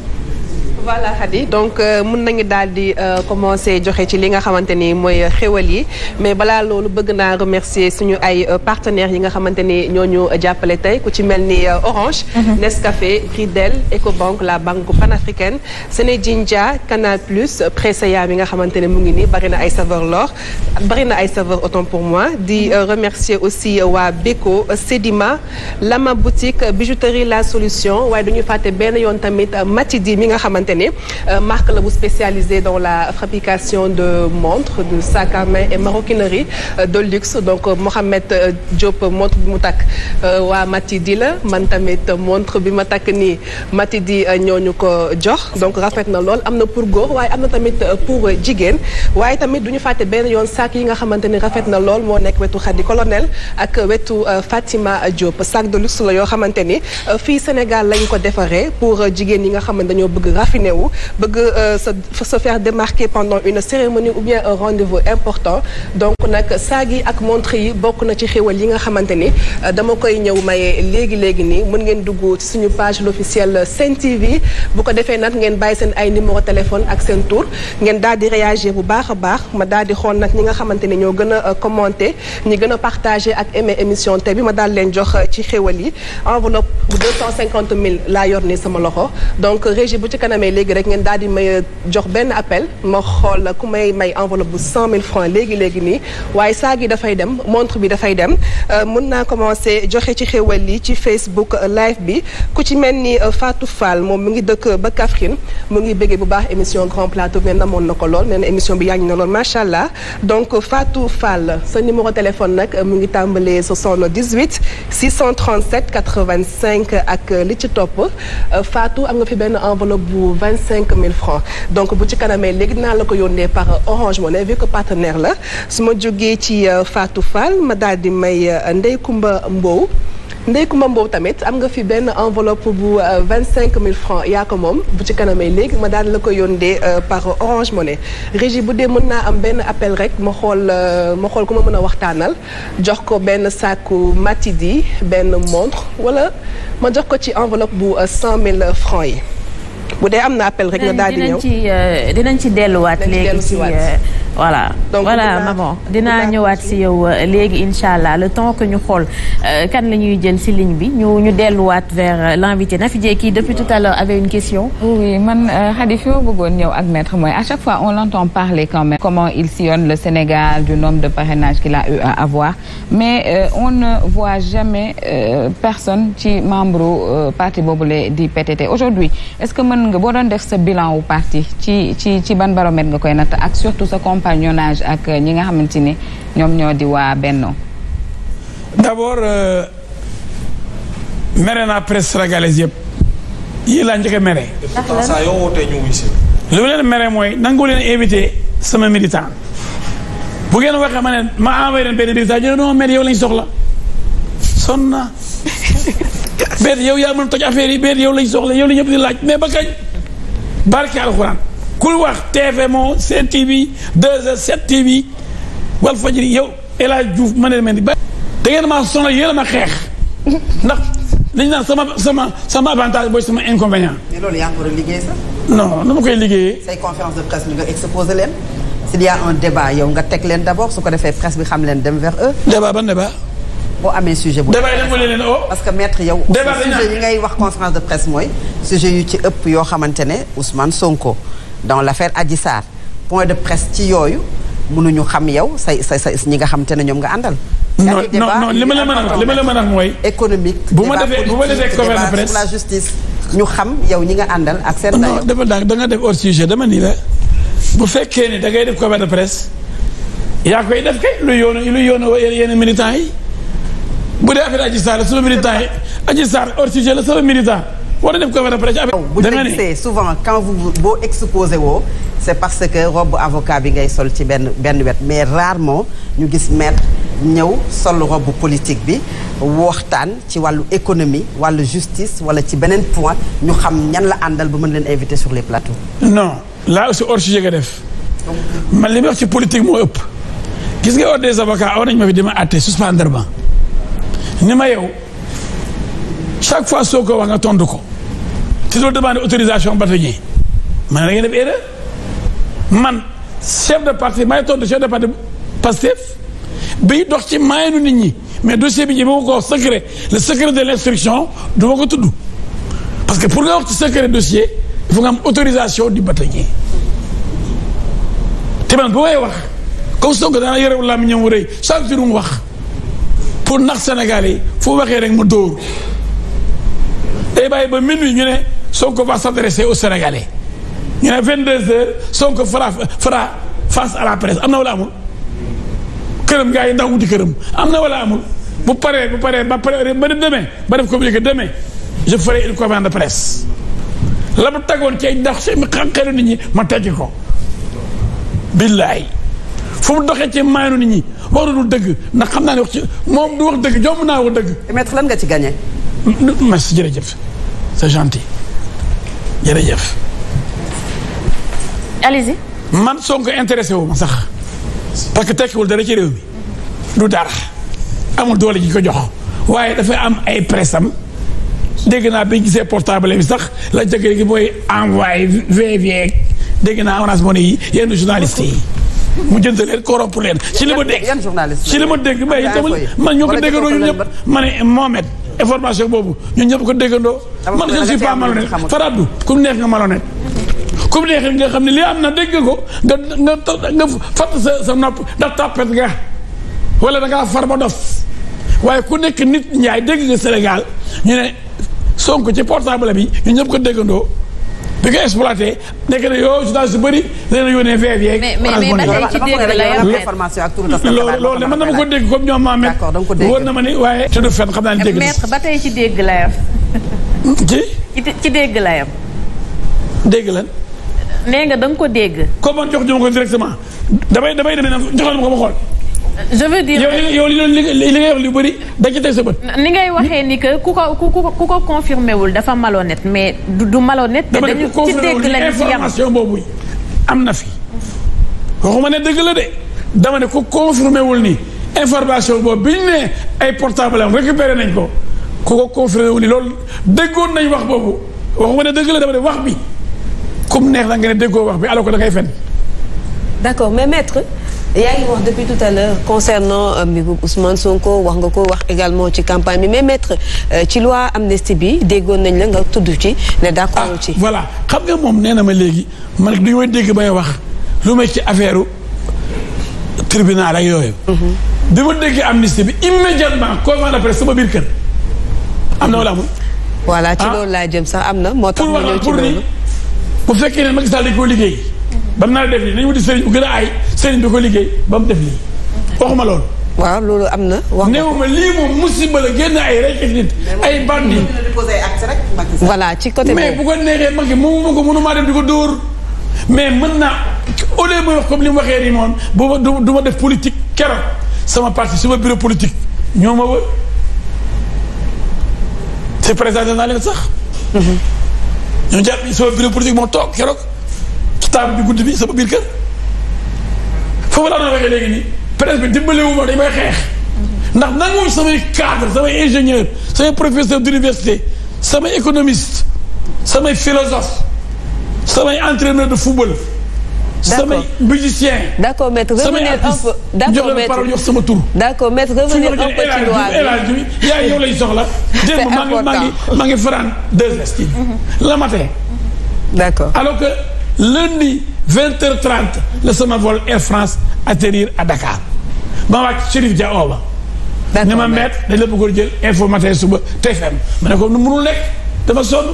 voilà Khady donc euh, mun nañu daal di euh, commencer joxe ci li nga xamante ni mooy xéwal yi mais balaa loolu bëgg naa remercier suñu ay euh, partenaires yi nga xamante ni ñoo ñu jàppale tey ku ci mel ni Orange. Mhm. Nescafé Bridel Ecobank la banque panafricaine Sénégindia Canal Plus Presea bi nga xamante ne mu ngi nii bari na ay saveur lor bari na ay saveur autant pour moi di mhm. remercier aussi waa Beko Sedima Lama boutique bijouterie la solution waaye du ñuy fàtte benn yoon tamit Matidi mi nga xamante xamante ne euh, la bu spécialisée dans la fabrication de montres de sacs à main et maroquinerie euh, de luxe donc euh, Mohamed Diop montre bi mu takk waa Matidi la man tamit montre bi ma takk nii Matidi ñooñu ko jox donc rafet na lool am na pour góor waaye am na tamit pour jigéen waaye tamit du ñu fàtte benn yoon sac yi nga xamante ni rafet na lool moo nekk wetu Khady Colonel ak wetu Fatima Diop sac de luxe la yoo xamante ni fii Sénégal lañ ko defaree pour jigéen yi nga discipliné wu bëgg se euh, se faire démarquer pendant une cérémonie ou bien un rendez important donc nag saag yi ak montre yi bokk na ci xéwal yi nga xamante ni euh, dama koy ñëw maye léegi léegi nii mën ngeen dugg suñu page l'officiel Sen TV bu ko defee nag ngeen bàyyi seen ay numéro téléphone ak seen tour ngeen dal di réagir bu baax a baax ma daal di xool nag ñi nga xamante ni ñoo gën a euh, commenter ñi gën a partager ak aimer émission te bi ma daal leen jox ci xewal yi enveloppe bu 250 000 laa yor sama loxo léegi rek ngeen daal di may euh, jox benn appel ma xool ku may may enveloppe bu mille francs léegi léegi nii waaye saag yi dafay dem montre bi dafay dem euh, mën naa commencé joxe ci xéwal yi ci Facebook euh, live bi ku ci mel ni Fatou Fall moom mu ngi dëkk ba Kaffrine mu ngi bëggee bu baax émission Grand Plateau nee na na ko lool nee na émission bi yàññ na lool macha allah donc faatu Fall sa numéro téléphone nag mu ngi tàmbalee 78 637 85 ak li ci topp Fatou am nga fi benn enveloppe bu. vingt cinq mille francs donc bu ci kanamee léegi dinaa la ko yónnee par Orange Money vu que partenaire la su ma jógee ci euh, Fatou Fall ma daal di may euh, ndey Kumba Mbow. Ndeye Kumba Mbow tamit am nga fi benn enveloppe bu euh, vingt cinq mille francs yaa ko moom bu ci kanamee léegi ma daal la ko yónnee par Orange Money régie bu dee mën naa am benn appel rek ma xool ma xool ku ma mën a waxtaanal jox ko benn sàkku matidi benn montre wala ma jox ko ci enveloppe bu cent mille francs yi. bu dee am na appel rek nga daal ci ñëw euh, dinañ ci delluwaat léegi ci euh, voilà donc voilà maman dinaa ñëwaat si yow euh, léegi incha allah le temps que ñu xool kan la ñuy jël si ligne bi ñu ñu delluwaat vers l'invité Nafi Dieng kii depuis tout à l'heure avait une question oui man Khady fi ma bëggoon ñëw ak maître mooy à chaque fois on l'entend parler quand même comment il sillonne le Sénégal du nombre de parrainages qu'il a eu à avoir mais euh, on ne voit jamais personne ci membre euh, parti boobule di PTT aujourd'hui nga boo doon def sa bilan wu parti ci ci ci ban baromètre nga koy natt ak surtout sa compagnonnage ak euh, ñi nga xamante ni ñoom ñoo di waa Benno d'abord euh, mere naa presse sénégalaise yëpp yii laa njëkk mere. saa leen mere mooy nangu leen invité sama militant bu ngeen waxee ma ne ma envoyé leen benn militant ñu ne non mais yow lañ soxla sonn benn yow yaa mën toj affaire yi benn yow lañ soxla yow la ñëpp di laaj mais ba kañ barke alxuraan ku wax TFM Sen TV 2 set 7 TV Walfadjri yow El Hadj Diouf ma ne mel ni ba da ngeen ma sonal yéen a ma xeex ndax dañ naan sama sama sama avantage booy sama inconvénient. mais loolu yaa ngi war a liggéey sax. non nu ma koy liggéeyee. say conférence de presse ñu nga leen. s'il a un débat yow nga teg leen d'abord su ko defee presse bi xam leen dem vers eux. débat ba débat. boo amee sujet bu oh. parce que maître yow sujet ngay wax conférence de presse mooy sujet yu ci ëpp yoo xamante ne Ousmane Sonko dans l'affaire Adji Sarr point de presse ci yooyu ñu xam yow say say say ñi nga xamante ne ñoom nga àndal non non li ma la mën li ma la mën a mooy économique bu ma defee bu ma defee conférence de presse yow ñi nga àndal ak seen non dafa da nga def hors sujet dama ni la bu fekkee ni da ngay def conférence de presse yaa koy def kay lu yoonu lu yoonu yenn militants yi bu dee affaire Adji Sarr sama militant yi Adji Sarr hors sujet la sama militant war na def conférence de presse bu gisee souvent quand boo exposé woo c'est parce que robe avocat bi ngay sol ci benn benn wet mais rarement ñu gis maître ñëw sol robe politique bi waxtaan ci wàllu économie wàllu justice wala ci beneen point ñu xam ñan la àndal ba mën leen invité sur les plateaux non là aussi hors nga def man li ma wax ci politique moo ëpp gis nga ordre des avocats aw nañ ma fi ni ma yow chaque fois soo ko wax nga tontu ko te doo demandé autorisation bâtonnier man da ngeen def erreur man chef de parti may tontu chef de parti Pastef bay dox ci maayanu nit ñi mais dossier bi ji ma ko secret le secret de l' instruction du ko tudd parce que pour nga wax ci secret dossier il faut nga am autorisation du bâtonnier te man bu may wax comme Sonko daanaka yorewul laa mi ñëw mu rëy chaque jour mu wax. pour nax Sénégal yi fu waxee rek mu dóor day bàyyi ba minuit ñu ne soo ko s'adresser aux Sénégalais ñu ne 22h Sonko fera fera face à la presse am na wala amul. këram gaa yi ndax wuti këram am na wala amul bu paree bu paree ba pare ba def demee ba def communiqué demain je ferai une conférence de presse la mu tegoon ci ndax si mi xànqeelu nit ñi ma teggi ko billaay fu mu doxee ci maanu nit ñi warul dëgg ndax xam naa ne ci moom du wax dëgg jomb naa wax dëgg. maître lan nga ci gagné. merci jërëjëf c'est gentil jërëjëf. allez man Sonko intéressé wu sax parce que tekkiwul dara ci réew mi du dara amul doole ji ko joxo waaye dafay am ay pressam am dégg naa bi gise portable bi sax la jëkkër gi mooy envoyé VV dégg naa ONAS Money yi yenn journalistes yi. mu jënd leen corrompre leen. ci li ma dégg yan journaliste ci li ma dégg mais itamul man ñoo ko déggandoo ñun ñëpp ma ne Mohamed information boobu ñun ñëpp ko déggandoo. man je ne suis pas malhonnête Faradou ku neex nga malhonnête. ku neex nga xam ne li am na dégg ko nga nga nga fatt sa sa nopp ndax tàppet nga wala da ngaa far ba dof waaye ku nekk nit ñaay dégg nga Sénégal ñu ne Sonko ci portable bi ñun ñëpp ko déggandoo. da nga exploité nekk na yow journaliste yu bëri dana yónnee VV yeeg. loolu de man dama ko dégg comme ñoom Mohamed. ba tey ci dégg la yam. ci. dégg la yam. dégg lan. nee nga da ko dégg. comment jox ñu ma ko directement damay damay demee nag joxoon ma ko ma xool. je veux dire yow li li ngay wax lu bëri da ci teg sa bët. ni ngay waxee ni que ku ko ku ko ku ko confirmé wul dafa malhonnête mais du du malhonnête. te dañu ci dégg lañu ci yam information boobu am na fi. waxuma ne dëgg la de dama ne ku confirmé wul ni information boobu bi ñu ne ay portable am récupéré nañ ko ku ko confirmé wul ni loolu déggoon nañ wax boobu waxuma ne dëgg la dama ne wax bi comme neex na nga ne déggoo wax bi alors que da ngay fen d'accord mais maître. yaa ngi wax depuis tout à l'heure concernant euh, mbirum Ousmane Sonko wax nga ko wax également ci campagne bi mais maître euh, ci loi amnistie bi déggoon nañ la nga tudd ci ne d'accord ah, ci. voilà xam nga moom nee na ma léegi man du may dégg may wax lu may ci affaire tribunal ak yooyu. bi mhm. ma déggee amnistie bi immédiatement comment après sama biir kër am na wala amul. voilà ci ah. loolu laa jëm sax am na. moo tax ma ñëw ci loolu bu fekkee ne Macky Sall koo liggéey. ba mu naa def lii nañu wuti sëriñ bu gën a aay sëriñ bi ko liggéey ba mu def lii waxuma lool waaw loolu am na. wax néew ma lii moom musiba a génn ay rek nit ay bandi. voilà ci côté mais bu ko neexee mag yi moomu ma ko mënumaa dem di ko dóor. mais mën naa au lieu ma wax comme li mu waxee nii moom bu ma du ma def politique keroog sama parti suma bureau politique ñoo ma wër te présenté naa leen sax. Mhm. ñoo jàpp sama bureau politique moo toog keroog. table bi guddi bi sama biir kër foofu laa doon waxee léegi nii presse bi dimbaliwu ma dañ may xeex ndax nanguwuñ samay cadre samay ingénieur samay professeur d'université samay économiste samay philosophe samay entraîneur de football samay musicien d'accord maître revenir un peu d'accord maître parole yox sama tur d'accord maître revenir un peu ci loi bi élage bi yaay yow lañ soxla démb maa ngi maa ngi maa ngi fanaan deux mhm. la matin d'accord alors que lundi 20h30 la sama vol Air France atterrir à Dakar ma wàcc Chérif Dia oo ma. ne ma maître dañ la bëggoon jël info matin suba TFM ma ne ko nu munul nekk dama sol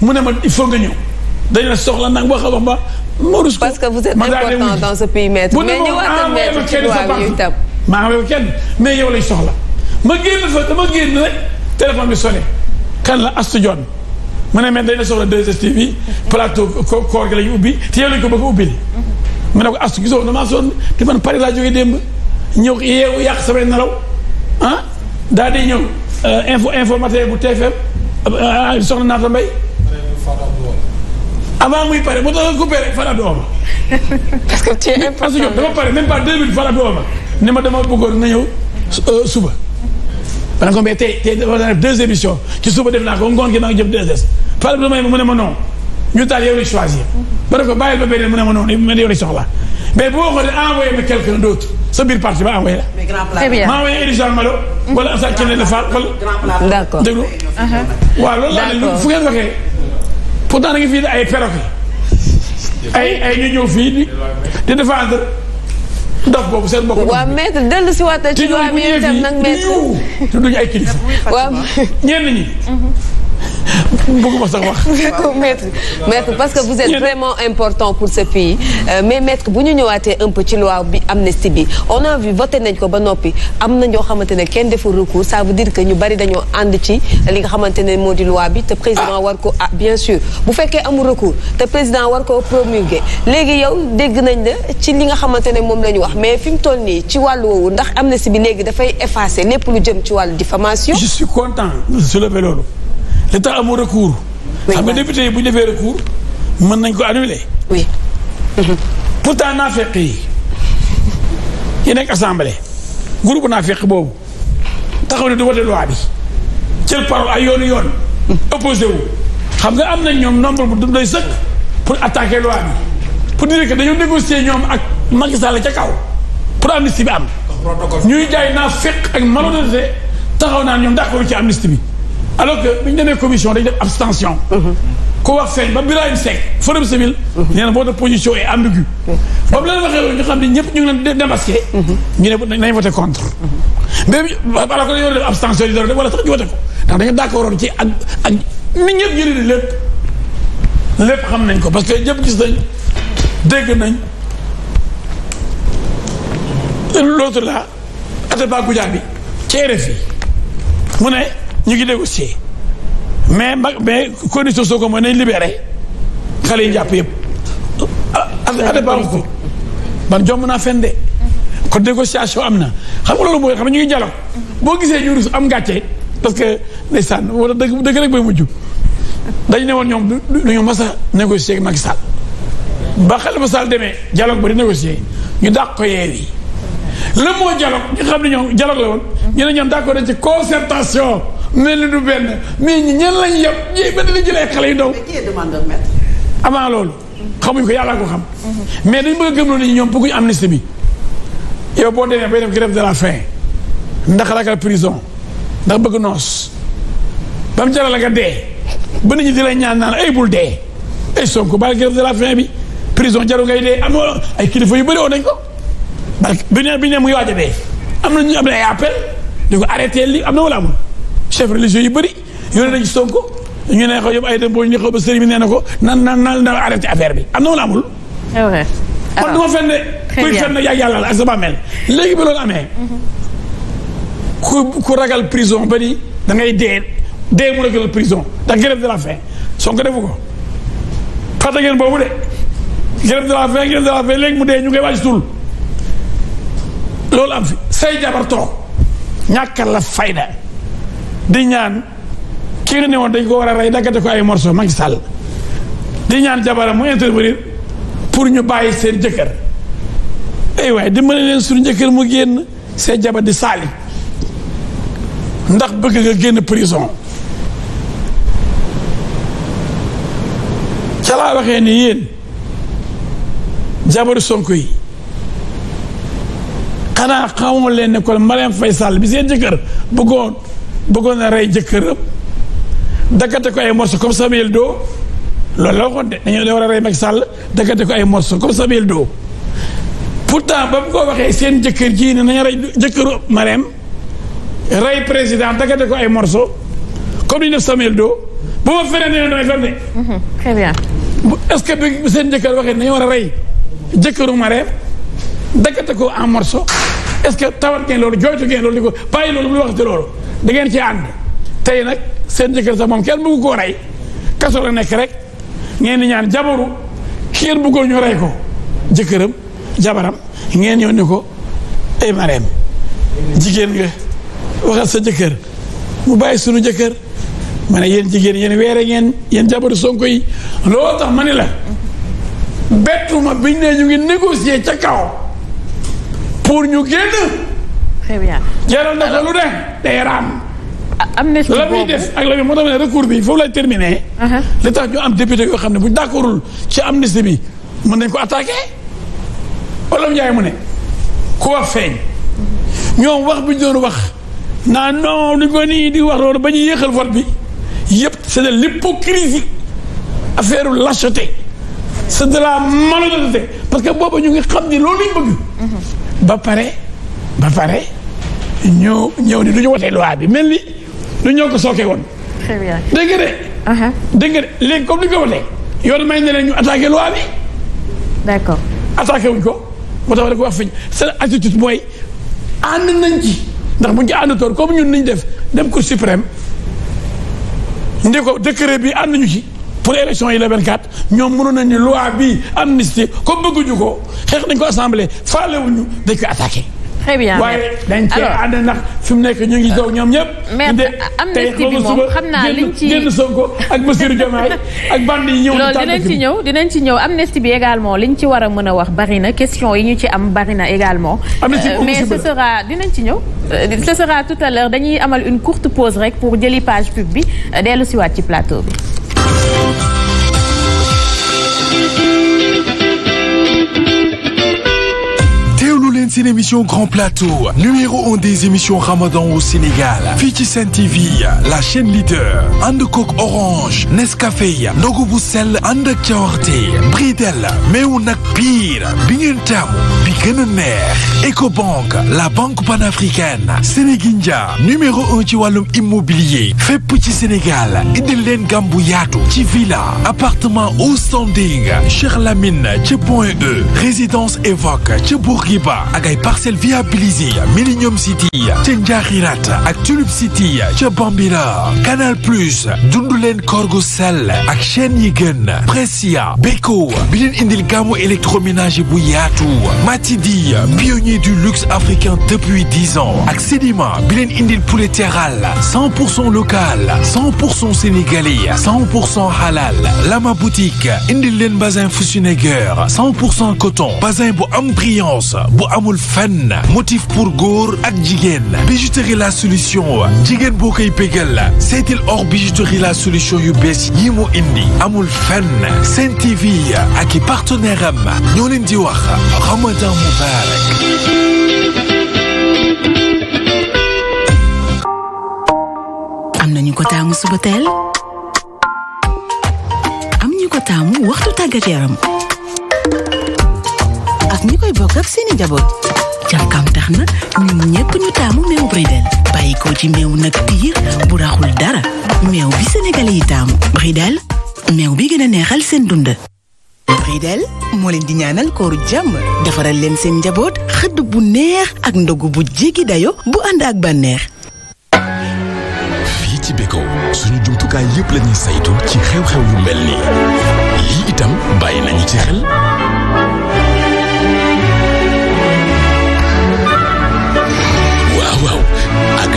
mu ne ma il faut nga ñëw dañ la soxla nag wax a ba Morus. parce que vous êtes important dans ce pays maître. mais ñëwaat maître ci loi bi mais yow lañ soxla ma génn fa dama génn rek téléphone bi sonné kan la Astou Dione mu ne mais dañ la soxla 2STV plateau koor gi la ñu ubbi te yow lañ ko bëgg a ubbi. mu ne ko astu gisoo na maa sonn te man ñëw yeewu yàq samay nelaw ah, daal di ñëw euh, info info bu TFM euh, euh, soxna Naata Mbaye. avant bu doon coupé rek que tu es important. dama pare même pas deux minutes Fara ne ma dama bëggoon na ñëw suba. ma ne ko mais tey tey dafa def deux émissions ci suba def naa ko ngoon gi maa ngi jëm deux des Fall bu may mu ne ma non ñu taal yow la choisir. ma ne ko bàyyil ba beneen mu ne ma non man yow la soxla mais bu waxoon ne envoyé ma quelqu'un d'autre sa biir parti ba envoyé la. mais grand plat bi ma envoyé Elisa Malo. wala Assane Kelle Fall wala. grand d'accord dégg nga. Uh-huh. waaw loolu laa ne fu ngeen waxee pourtant da nga fi ay perroquet ay ay ñu ñëw fii di défendre. ndox boobu seen bopp. waaw maître dellu si waat ci loi bi itam nag maître ay kilifa. waaw ñenn ñi. Mhm. bëgguma sax wax. maître maître parce que vous êtes vraiment important pour ce pays euh, mais maître bu ñu ñëwaatee un ci loi bi am na on a vu voté nañ ko ba noppi am na ñoo xamante ne kenn deful recours ça veut dire que ñu bari dañoo ànd ci li nga xamante ne moo di loi bi te président war ko ah bien sûr bu fekkee amul recours te président war ko promulguer léegi yow dégg nañ la ci li nga xamante ne moom la ñu wax mais fi mu toll nii ci wàll woowu ndax amnistie bi léegi dafay effacer lépp lu jëm ci wàllu diffamation. je suis content soulever loolu. l'état amul recours. xam nga député yi bu ñu defee recours mën nañ ko annuler. oui. pourtant naa fekk yi yi nekk assemblée groupe naa fekk boobu taxaw ne du wote loi bi jël parole ay yoon yoon. opposé wu xam nga am nañ ñoom nombre bu doy sëkk pour attaquer loi bi pour dire que dañoo négocier ñoom ak Macky Sall ca kaw pour amnistie bi am. ñuy jaay naa fekk ak malhonnêteté taxaw naa ñoom d'accord ci amnistie bi. alors que bi ñu demee commission dañu def abstention. ku wax feeñ ba Birahim Seck forum civil. nee na votre position e ambiguë. ba mu leen waxee woon ñu xam ne ñëpp ñu ngi leen démasqué. ñu ne nañ voté contre. mais alors que dañoo def abstention di doon rek sax ñu voté ko ndax dañu d'accordoon ci ak ak nit ñëpp jëlee lépp lépp xam nañ ko parce que ñëpp gis nañ dégg nañ l'autre là Atepa Goudiaby ci RFI mu ne. ñu ngi négocier mais mag mais condition soo ko mooy nañ libéré xale yi jàpp yëpp ah, ah, ade baaxu ko man jomb naa fen de kon négociation am na xam nga loolu mooy xam ñu ngi jalo boo gisee ñu rus am ngàcce parce que ndeysaan wala dëgg dëgg rek bay mujj dañ ne woon ñoom du ñu mas a négocier ak Macky Sall ba xel ma Sall demee dialogue ba di négocier ñu dàq ko yi lan moo dialogue ñi nga xam ne ñoom dialogue la woon. ñu ne ñoom d' accord dañ ci concertation mel ni du benn mais ñi ñenn lañ yem ñii ba dina jëlee xale yu ndaw. avant loolu. xamuñ ko yàllaa ko xam. mais dañ bëgg a gëm ni ñoom bëgguñ amnistie bi. yow boo demee bay def grève de la faim ndax ragal prison ndax bëgg noos ba mu jaral la nga dee ba nit ñi di lay ñaan naan ay bul dee ay Sonko baal grève de la faim bi prison jaru ngay dee amoo ay kilifa yu bëri woon nañ ko. parce bi ne bi ne muy waaj a dee am na ñu am na ay appel di ko arrêté li am na wala amul chef religieux yi bëri yónnee nañu Sonko ñu ne ko yëpp ay dem boo ñu ne ko ba sëriñ bi nee na ko nan nan nan la arrêté bi am na wala amul. c'est vrai kon du ma fenn kuy fenn yaa yàlla la ak sa bàmmeel léegi bi loolu amee. ku ku ragal prison ba ni da ngay dee dee mu ragal prison ndax grève de la faim Sonko boobu de grève de la faim grève de la faim léegi mu dee ñu ngay waaj suul. loolu am fi say jabar toog ñàkk la fayda di ñaan ki nga ne woon dañ ko war a rey daggate ko ay morceau Macky Sall di ñaan jabara mu intervenir pour ñu bàyyi seen jëkkër ay eh waaye dimbale leen suñu jëkkër mu génn seen jabar di saali ndax bëgg nga génn prison ca laa waxee ni yéen jabaru Sonko yi xanaa xamoo leen ne kon Marième Faye Sall bi seen jëkkër bëggoon bëggoon a rey jëkkëram dakkate ko ay morceaux comme Samuel Doe loolu la waxoon de war a rey Macky sàll dakkate ko ay morceaux comme Samuel Doe pourtant ba mu ko waxee jëkkër ji ne nañu rey jëkkëru Marième rey président dakkate ko comme li def Samuel Doe bu ma ne damay fen mhm, est-ce que bi seen jëkkër waxee nañu war a rey jëkkëru Marième dakkate ko en morceau est-ce que tawat ngeen loolu jooytu ngeen loolu di ko bàyyi loolu muy waxati loolu da ngeen ci ànd tey nag seen jëkkër sax moom kenn bëggu koo rey kaso la nekk rek ngeen ñaan jabaru kenn bëggoo ñu rey ko jëkkëram jabaram ngeen ñëw ni ko ay mareem jigéen nga waxal sa jëkkër mu bàyyi sunu jëkkër ma ne yéen jigéen yéen weere ngeen yéen jabaru sonko yi loolu tax ma ne la bettuma biñ ne ñu ngi négocier ca kaw pour ñu génn. très bien na ko lu ne day la muy def ak la muy moo tax ne recours bi foofu lay terminer. Uh-huh. li tax ñu am député yoo xam ne bu ñu d'accordul ci amnistie bi mën nañ ko attaqué. wala Ndiaye mu ne ku wax feeñ ñoom wax bi doon wax naa non du ko nii di wax loolu ba ñu yéexal vote bi yëpp c'est de l'hypocrisie affaire lâcheté c'est de la parce que booba ñu ngi xam ni loolu lañ bëgg. Mm-hmm. ba pare ba pare ñoo ñëw ni du ñu wotee loi bi mel ni lu ñëw ko sookee woon. très bien dégg nga de. Uh-huh. dégg nga de léegi comme may ne ñu attaqué loi bi. d' accord wuñ ko moo tax ko wax fi seen attitude mooy ànd nañ ci ndax buñ ci àndatoon comme ñun niñ def dem cour suprême ndé ko décret bi ànd nañu ci. pour élection yi le 24 ñoom mënoon nañu loi bi amnistie comme bëgguñu ko xeex nañ ko assemblée faalewuñu dañ koy attaqué. très bien waaye dañ cee ànd ndax fi mu nekk ñoom ñëpp. mais amnistie bi moom xam naa liñ ci génn Sonko ak Bassirou Diomaye ak band yi ñëw. loolu dinañ ci ñëw dinañ ci ñëw amnistie bi également liñ ci war a mën a wax bari na question yi ñu ci am bari na également. Euh, mais ce sera dinañ ci ñëw. Euh, ce sera tout à l'heure dañuy amal une courte pose rek pour jëli page pub bi euh, dellu siwaat ci plateau bi. Thank you. seen émission Grand émissions Ramadan au Sénégal fii ci Sen TV la chaîne leader ànd kook Orange Nescafé ndogu bu sell ànd ak cawarte Bridel nag piir bi ngeen taamu la banque panafricaine Sénégindia numéro un ci wàllum immobilier fépp ci Sénégal indil leen gam yaatu ci villa appartement au standing Lamine ca e. résidence Évoque ca Bourguiba ay parcelles viabilisées Millennium City ca Njaaxirat ak Tulip City ca Bambila Canal Plus dundu leen korgu sell ak chaîne yi gën Precia Beko bi leen indil gamme électroménager bu yaatu Matidi pionnier du luxe africain depuis dix ans ak Sedima bi leen indil poulet terral cent pour cent local cent pour cent sénégalais cent pour cent halal Lama boutique indil leen bazin Fusuneger cent pour cent coton bazin bu am brillance amul fenn motif pour góor ak jigéen la solution jigéen boo koy bégal la seetil la solution yu bees yi mu indi amul fenn Sen TV ak i partenaire am ñoo leen di wax Ramadan Mubarak am nañu ko taamu suba teel am ñu taamu waxtu tàggat yaram jàkkaam tax na ñun ñëpp ñu taamu meew Bridel bàyyi ko ci meew nag piir bu raxul dara meew bi sénégalais yi taamu Bridel meew bi gën a neexal seen dund Bridel moo leen di ñaanal kooru jàmm defaral leen seen njaboot xëdd bu neex ak ndogu bu jéggi dayo bu ànd ak bànneex fii ci Beko suñu jumtukaay yépp lañuy saytu ci xew-xew yu mel nii lii itam bàyyi nañu ci xel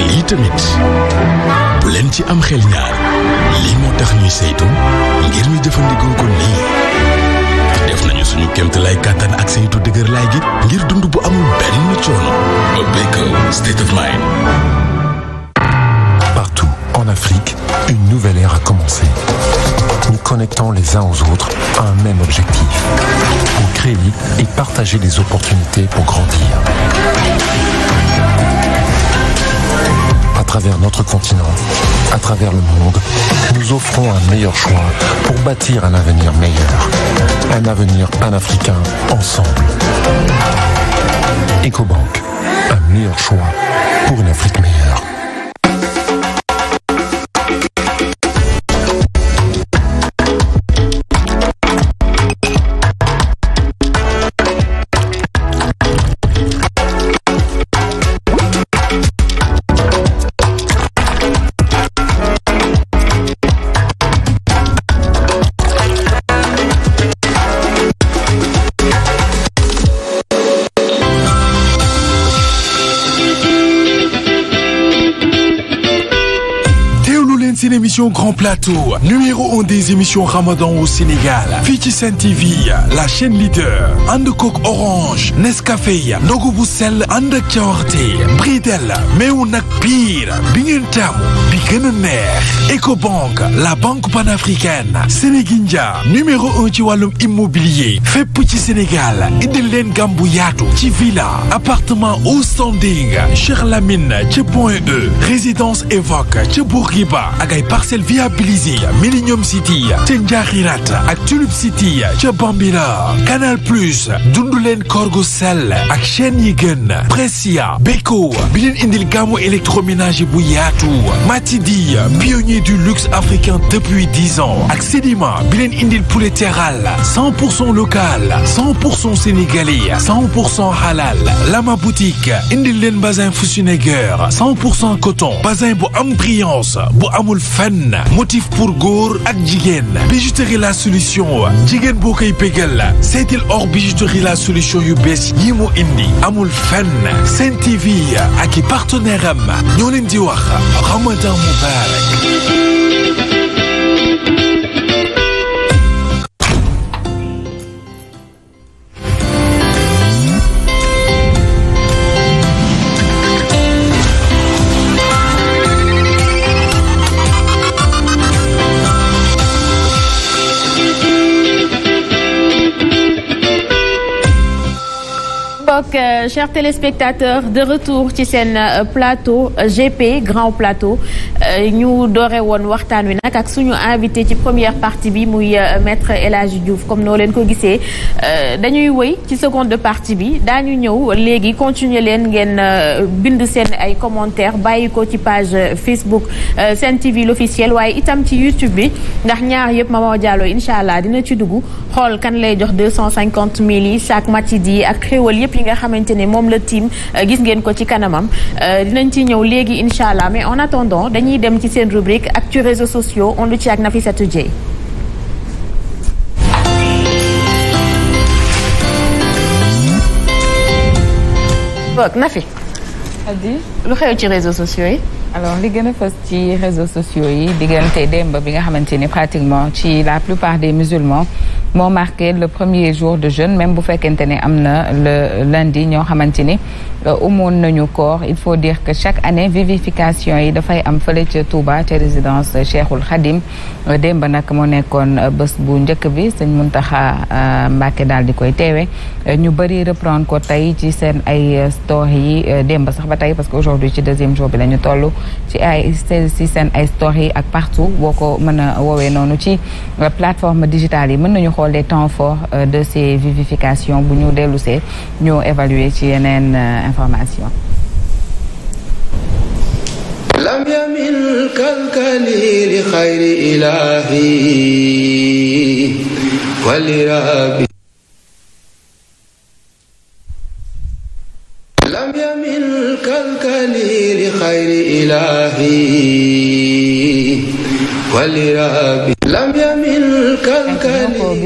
lii tamit bu leen ci am xel ñaar lii moo tax ñuy saytu ngir ñu jëfandikoo ko nii def nañu suñu kéemtalaay kàttan ak saytu dëgër laay gi ngir dund bu amul benn coono ba Beko state of mind. Partout en Afrique, une nouvelle ère a commencé. nous connectant les uns aux autres un même objectif, pour créer et partager les opportunités pour grandir. travers notre continent, à travers le monde, nous offrons un meilleur choix pour bâtir un avenir meilleur. Un avenir panafricain, ensemble. EcoBank, un meilleur choix pour une Afrique meilleure. émission Grand Plateau numéro un des émissions Ramadan au Sénégal fii ci Sen TV la chaîne leader ànd kook Orange Nescafé ndogu bu sell ànd ak cawarte Bridel meew nag pire bi ngeen taamu bi gën a neex la banque panafricaine Sénégindia numéro un ci wàllum immobilier fépp ci Sénégal indil leen gam bu yaatu ci villa appartement au standing Cheikh Lamine ca e. résidence Évoque ca Bourguiba parcelle viabilisée Millennium City ca Njaaxirat ak Tulip City ca Bambila Canal Plus dundu leen ak chaîne yi gën Precia Beko bi leen indil gamme électroménager bu yaatu Matidi pionnier du luxe africain depuis dix ans ak Sedima bi leen indil poulet terral cent pour cent local cent pour cent sénégalais cent pour cent halal Lama boutique indil leen bazin Fusuneger cent pour cent coton bazin bu am brillance bu amul fenn benn motif pour góor ak jigéen bijouterie la solution jigéen boo koy pégal la seetil or bijouterie la solution yu bees yi mu indi amul fenn senti vi ak i partenaire am ñoo leen di wax ramadan mubarak ngoog euh, chers téléspectateurs de retour ci seen euh, plateau euh, GP grand plateau ñu doore woon waxtaan wi nag ak suñu invité ci première partie bi muy maître élage Hadji comme noo leen ko gisee dañuy woy ci seconde partie bi daañu ñëw léegi continuer leen ngeen bind seen ay commentaires bàyyi ko ci page Facebook Sen TV l'officiel waaye itam ci YouTube bi ndax ñaar yëpp Maman Diallo incha allah dina ci dugg xool kan lay jox deux cent cinquante mille yi chaque match di ak xéwal nga xamante ne moom la tiim euh, gis ngeen ko ci kanamam euh, dinañ ci ñëw léegi incha allah mais en attendant dañuy dem ci seen rubrique ak ci réseaux sociaux on lu ci ak Nafissatou Dieye Nafi Adi lu xew ci réseaux sociaux yi alors li gën a fës ci réseaux sociaux yi diggante démb bi nga xamante ni pratiquement ci la plupart des musulmans moo marqué le premier jour de jeune même bu fekkente ne am na le lundi ñoo xamante ni euh, umoon nañu koor il faut dire que chaque année vivification yi dafay am fële ca Touba ca résidence Cheikhul Khadim euh, démb nag moo nekkoon euh, bës bu njëkk bi sëñ Muntaxa Mbàkke daal di koy teewe ñu bëri reprendre ko tey ci seen ay store yi démb sax ba tey parce que aujourd'hui ci deuxième jour bi la ñu toll ci ay ci seen ay store yi ak partout boo ko mën a woowee noonu ci plateforme digitale yi mën nañu xool les temps forts euh, de ces vivifications bu ñu dellusee ñu évaluer ci yeneen euh, information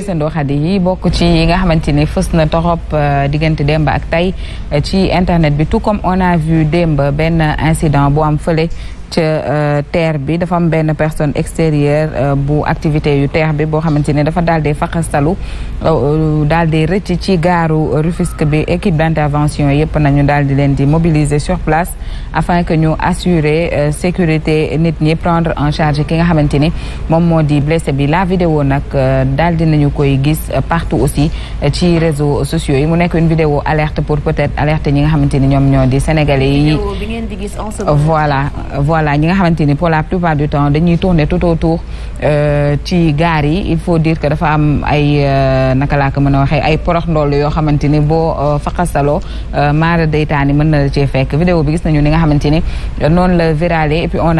gisandoo xadi yi bokk ci yi nga xamante ne fës na torop euh, diggante démb ak tey euh, ci internet bi tout comme on a vu démb benn incident bu am fële ca euh, terre bi dafa am benn personne extérieure euh, bu activité yu terre bi boo xamante ne dafa daal di faqastalu euh, daal di rëcc ci gaaru Rufisque bi équipe d'intervention yëpp nañu daal di leen di mobiliser sur place afin que ñu assurer sécurité nit ñi prendre en charge ki nga xamante ni moom moo di blessé bi la vidéo nag daal di nañu koy gis partout aussi ci réseaux sociaux yi mu nekk une vidéo alerte pour peut-être alerte ñi nga xamante ni ñoom ñoo di sénégalais yi allah ñi nga xamante ni pour la plupart du temps dañuy tourner tout autour euh, ci gaar yi il faut dire que dafa am ay euh, naka laa ko mën a waxee ay porox ndool yoo xamante ni boo euh, faqasaloo maara daytaani mën na cee fekk vidéo bi gis nañu ni nga xamante ni noonu la viralé et puis on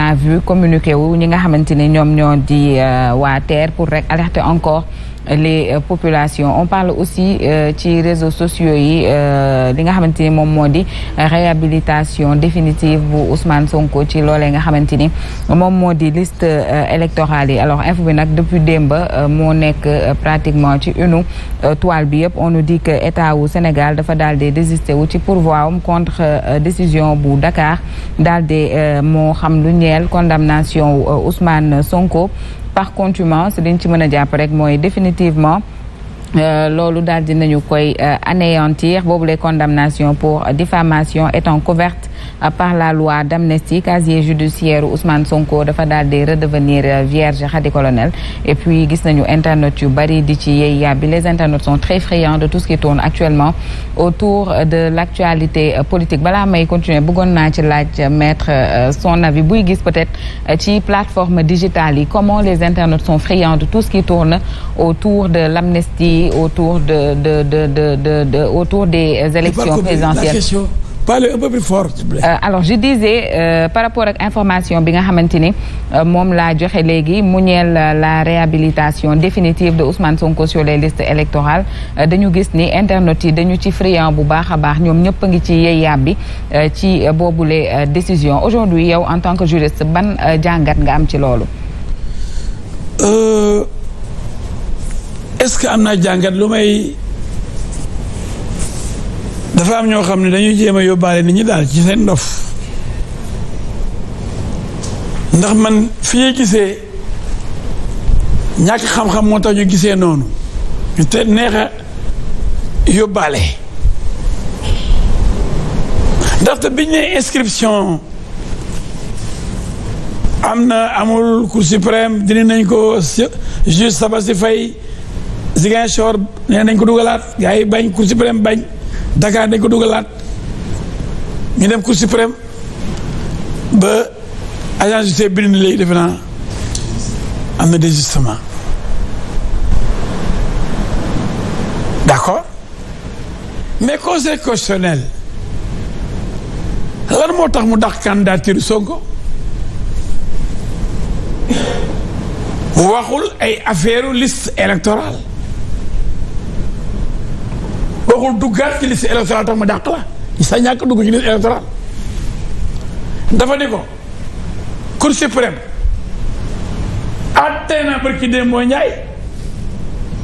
communiqué wu ñi nga xamante ni ñoom ñoo di waa terre pour rek alerter encore les euh, population on parle aussi euh, ci réseaux sociaux yi euh, li nga xamante ni moom moo di réhabilitation définitive bu Ousmane Sonko ci loolee nga xamante ni moom moo di liste électorale yi alors info bi nag depuis démba moo nekk pratiquement ci une toile bi yëpp on nous dit que état wu Sénégal dafa daal di désisté wu ci pourvoi am contre décision bu Dakar daal di moo xam lu ñeel condamnation Ousmane Sonko par contumace liñ ci mën a jàpp rek mooy définitivement euh, loolu daal dinañu koy euh, anéantir boobu les condamnations pour diffamation étant couvertes par la loi d'amnistie e judiciaire Ousmane Sonko dafa daal de redevenir euh, vierge xadi colonel et puis gis nañu internet yu bari di ci yey yàbbi les internautes sont très friands de tout ce qui tourne actuellement autour de l'actualité euh, politique bala may continuer bëggoon naa ci laaj euh, maître son avis buy gis peut-être ci plateforme digitale yi comment les internautes sont friands de tout ce qui tourne autour de l'amnistie autour de de de de de autour des élections présidentielles parlez un peu plus fort euh, alors je disais euh, par rapport ak information bi nga xamante ni euh, moom laa joxe léegi mu ñeel la réhabilitation définitive de Ousmane Sonko sur les listes électorales dañu gis ni internet yi dañu ci friand bu baax a baax ñoom ñëpp ngi ci yey bi ci boobu le décision aujourd'hui yow en tant que juriste ban jàngat nga am ci loolu. est-ce que am naa jàngat lu may. dafa ñoo xam ne dañuy jéem a yóbbaale nit ñu daal ci seen dof ndax man fi ñuy gisee ñàkk xam-xam moo tax ñu gisee noonu te neex yóbbaale ndaxte biñ ne inscription am na amul cour suprême dina nañ ko juge Sabassy Faye Ziguinchor nee nañ ko dugalaat gars yi bañ cour suprême bañ Dakar dañ ko dugalaat ñu dem Cour suprême ba agence judiciaire bi ni léegi defe naa am na désistement d'accord mais conseil constitutionnel lan moo tax mu dax candidature Sonko waxul ay affaire liste électoral bokkul duggaat ci liste électorale tax ma dàq la sa ñàkk dugg ci liste électorale dafa ni ko cour suprême àtte na barki démb mooy njaay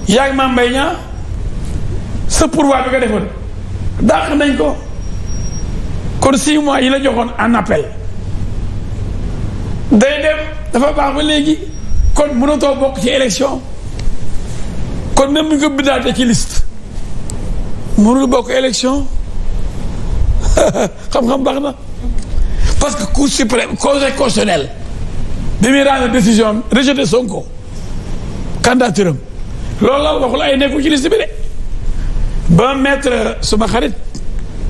yaag maa mbay ñaa sa pourvoi bi nga defoon dàq nañ ko kon si mois yi la joxoon en appel day dem dafa baax ba léegi kon mënatoo bokk ci élection kon même bu ñu ko bindaatee ci liste mënul bokk élection xam-xam baax na parce que cour suprême conseil constitutionnel bi muy rendre décision rejeté Sonko candidature am loolu la waxul ay nekku ci liste bi de ba maître suma xarit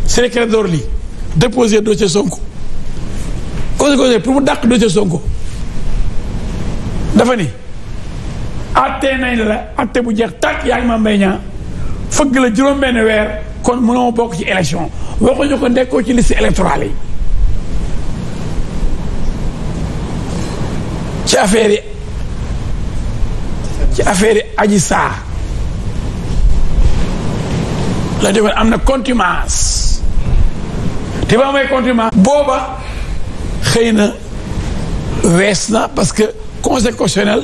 secrétaire d'Orly déposé dossier Sonko conseil conseil pour mu dàq dossier Sonko dafa ni atte nañ la ate bu jeex tàkk yaa ngi ma mbay fëgg la juróom benn weer kon mënoo bokk ci élection waxuñu ko nekkoo ci liste électorale yi ci affaire yi ci affaire yi aji saa la defoon am na contumace te ba may contumace booba xëy na wees na parce que conseil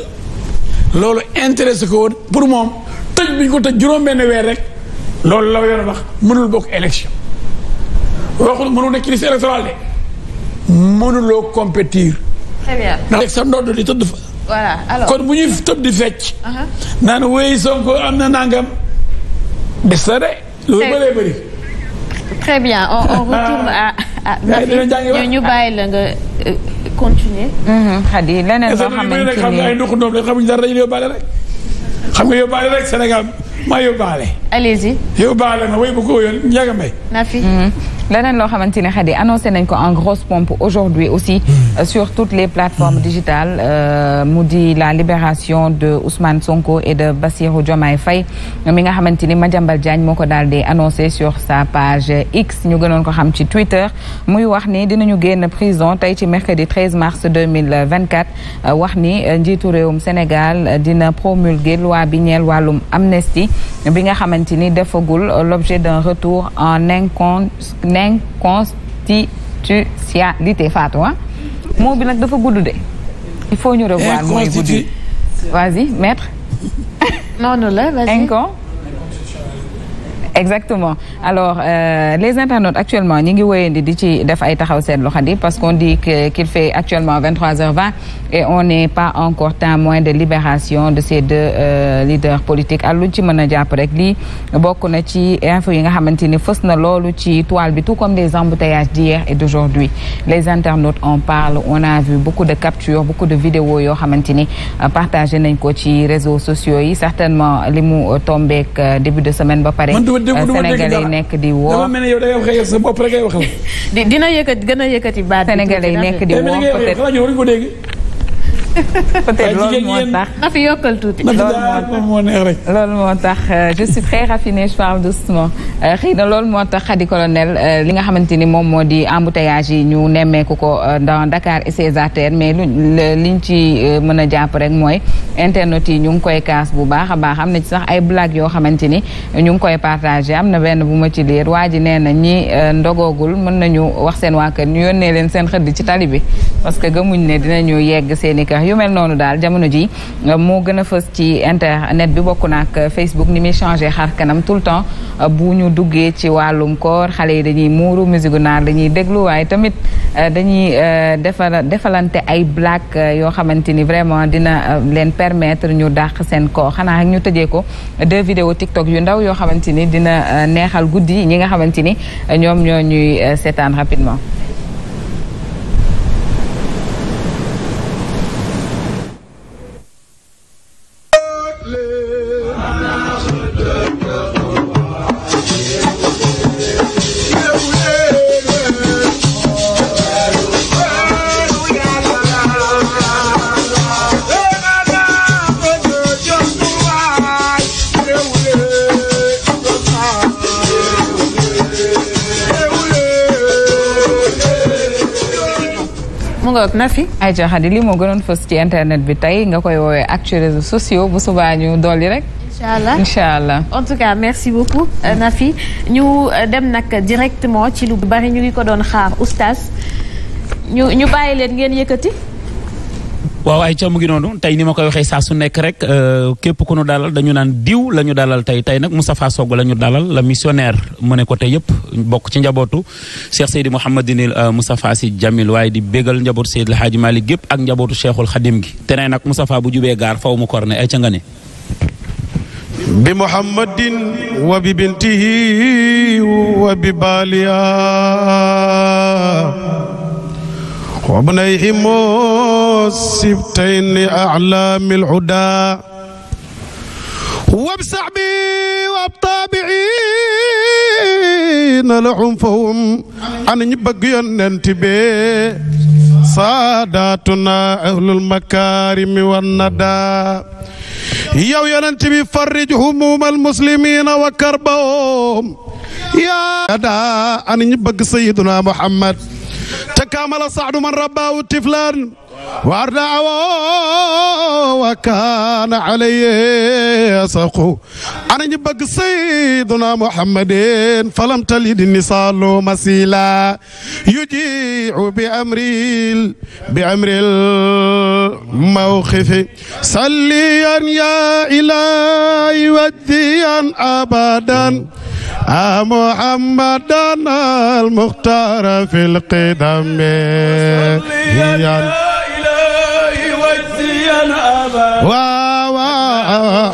loolu intéressé ko woon pour moom tëj bi ñu ko tëj juróom benn weer rek loolu la yoon wax mënul bokk élection waxul mënul nekk liste électorale de mënuloo compétir. très bien ndax sa ndodd di tëdd fa. voilà alors kon bu ñuy tëb di fecc. Uh-huh. naan wéy Sonko am na nangam des na de. loolu bëree bëri. très bien on on retourne à. ah ñu ñu bàyyi la nga euh, continuer. xadi mm-hmm. leneen loo xamante ni xam nga ay ndoxu ndoom rek xamuñ dara dañu yóbbaale rek. xam nga yóbbaale rek Sénégal ma yóbbaale. allez-y. yóbbaale na way bu ko yoon njëkk a na fi. Mhm. leneen loo xamante ne xadi annoncé nañ ko en grosse pompe aujourd'hui aussi mhm. euh, sur toutes les plateformes mhm. digitales euh, mu di la libération de Ousmane Sonko et de Bassirou Diomaye Faye mi nga xamante ni Madiambal Diagne moo ko daal di annoncé sur sa page X ñu gënoon ko xam ci Twitter muy wax ni dinañu génn prison tey ci mercredi 13 mars 2024 euh, wax ni njiitu réewum Sénégal dina promulguer loi bi ñeel wàllum amnistie bi nga xamante ni defagul l'objet d'un retour en incon inconstitutionnalité Fatou ah moo bi nag dafa gudd de il faut ñu revoir mooy gudd vas-y noonu la vas exactement alors euh, les internautes actuellement ñi ngi wéyandi di ci def ay taxaw seetlu xadi parce qu'on dit que qu'il fait actuellement 23 h et on n'est pas encore témoin de libération de ces deux euh, leaders politiques ak ci mën a jàpp rek lii bokk na ci info yi nga xamante ni fës na loolu ci toile bi tout comme les embouteillages d'hier et d'aujourd'hui les internautes en parlent on a vu beaucoup de captures beaucoup de vidéos yoo xamante ni euh, partagé nañ ko ci réseaux sociaux yi certainement li mu euh, tombeek euh, début de semaine ba pare dégg du nekk di woo ne yow dina yëkkati gën a yëkkati baat. Sénégalais yi nekk di eh, woo peut-être peut-être loolu moo tax na fi yokkal tuuti. parle doucement euh, xëy na lool moo tax xadi Colonel euh, li nga xamante ni moom moo di embouteillage yi ñu nemmeeku ko euh, dans Dakar et ses mais lu liñ ci mën a jàpp rek mooy internet yi ñu ngi koy kaas bu baax a baax am na ci sax ay blagues yoo xamante ni ñu ngi koy partagé am na benn bu ma ci liir waa ji nee na ñi ndogoogul mën nañu wax seen waa kër ñu yónnee leen seen xëdd ci tali bi parce que gëmuñ ne dinañu yegg seen yu mel noonu daal jamono ji euh, moo gën a fës ci internet bi bokk na ak Facebook ni muy changé xar kanam tout le temps euh, bu ñu duggee ci wàllum koor xale yi dañuy muuru musique naar dañuy déglu waaye tamit euh, dañuy defar defalante ay black yoo xamante ni vraiment dina leen permettre ñu dàq seen koor xanaa ak ñu tëjee ko de vidéos TikTok yu ndaw yoo xamante ni dina neexal guddi ñi nga xamante ni ñoom ñoo ñuy seetaan rapidement toog na fi. ayca Xadi li moo gënoon fës ci internet bi tey nga koy woowe actu réseaux sociaux bu subaa ñu dolli rek. incha allah incha allah en tout cas merci beaucoup euh, Nafi ñu euh, dem nag directement ci lu bari ñu ngi ko doon xaar oustaz ñu ñu bàyyi leen ngeen yëkkati. waaw ay ca mu ngi noonu tey ni ma koy waxee saa su nekk rek euh, képp ku nu dalal dañu naan diw la ñu dalal tey tey nag Moustapha Sogg la ñu dalal la missionnaire mu ne ko tey yëpp bokk ci njabootu Cheikh Seydi Mouhamadinil euh, Moustapha Sy Jamil waaye di bégal njabootu Seydi El Hadji Malick gépp ak njabootu Cheikhul Khadim gi te ne nag Moustapha bu jubee gaar faw mu korne ay ca nga ne bi muhammadin wa bi bintihi wa bi baaliya وابنيهم السبتين أعلام العدا وبصحبي وابطابعين لهم فهم أن يبقى ننتبه ساداتنا أهل المكارم والندى yow yonent bi farrij humumal muslimina wa karbahum yaa daa an ñu bëgg sayyiduna muhammad ca kaamala saadu man rabbaawu tiflan وارضع وكان علي صقو انا نبغ سيدنا محمد فلم تلد النصال مسيلا يجيع بامر بامر الموقف صليا يا الهي وديا ابدا محمدا المختار في القدم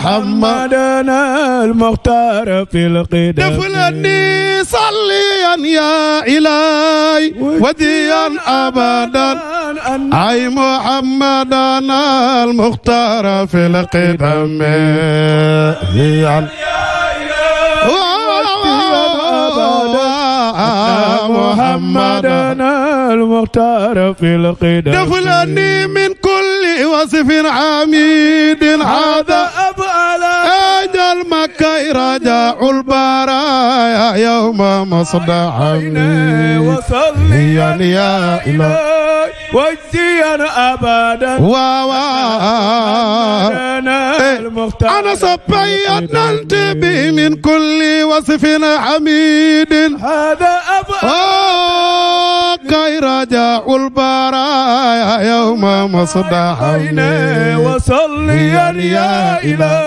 محمدنا المختار في القدم دفلني صليا يا إلهي وديا أبدا أي محمدنا المختار في القدم يا محمدنا المختار في القدم دفلني من كل وصف عميد هذا أبعل أجل مكة رجاء البرايا يوم مصدع وصليا يا إله وجيا أبدا واوا أنا صبيت نلتبي من كل وصف حميد هذا أبعل لكي رجاء البرايا يوم مصدع وصليا يا إله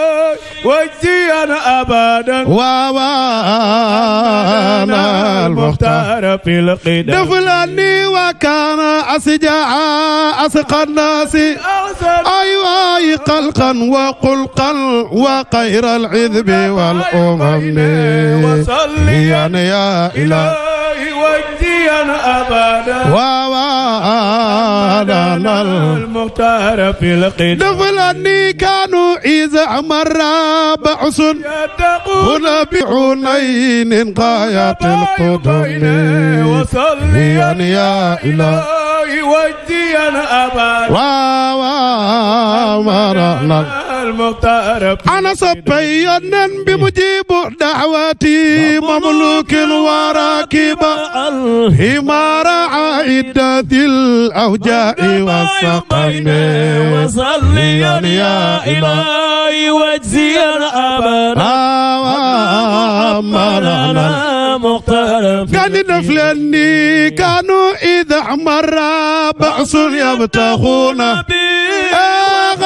وجيا أبدا ووانا المختار في القدم دفلني وكان أسجعا أسقى الناس أيوة قلقا وقلقا وقير العذب والأمم وصليا يا إله ووانا المختار في القيد دخلني كانوا إذا أمر بعث هنا بعينين غاية القدم وصليا يا إلهي وجديا أبدا ووانا المختار أنا صبيا بمجيب دعوتي مملوك وراكبا حمار عدة الأوجاع والسقم وصليا يا إلهي واجزيا أبدا مرنا مختار كان نفلني كانوا إذا مر بعصر يبتغون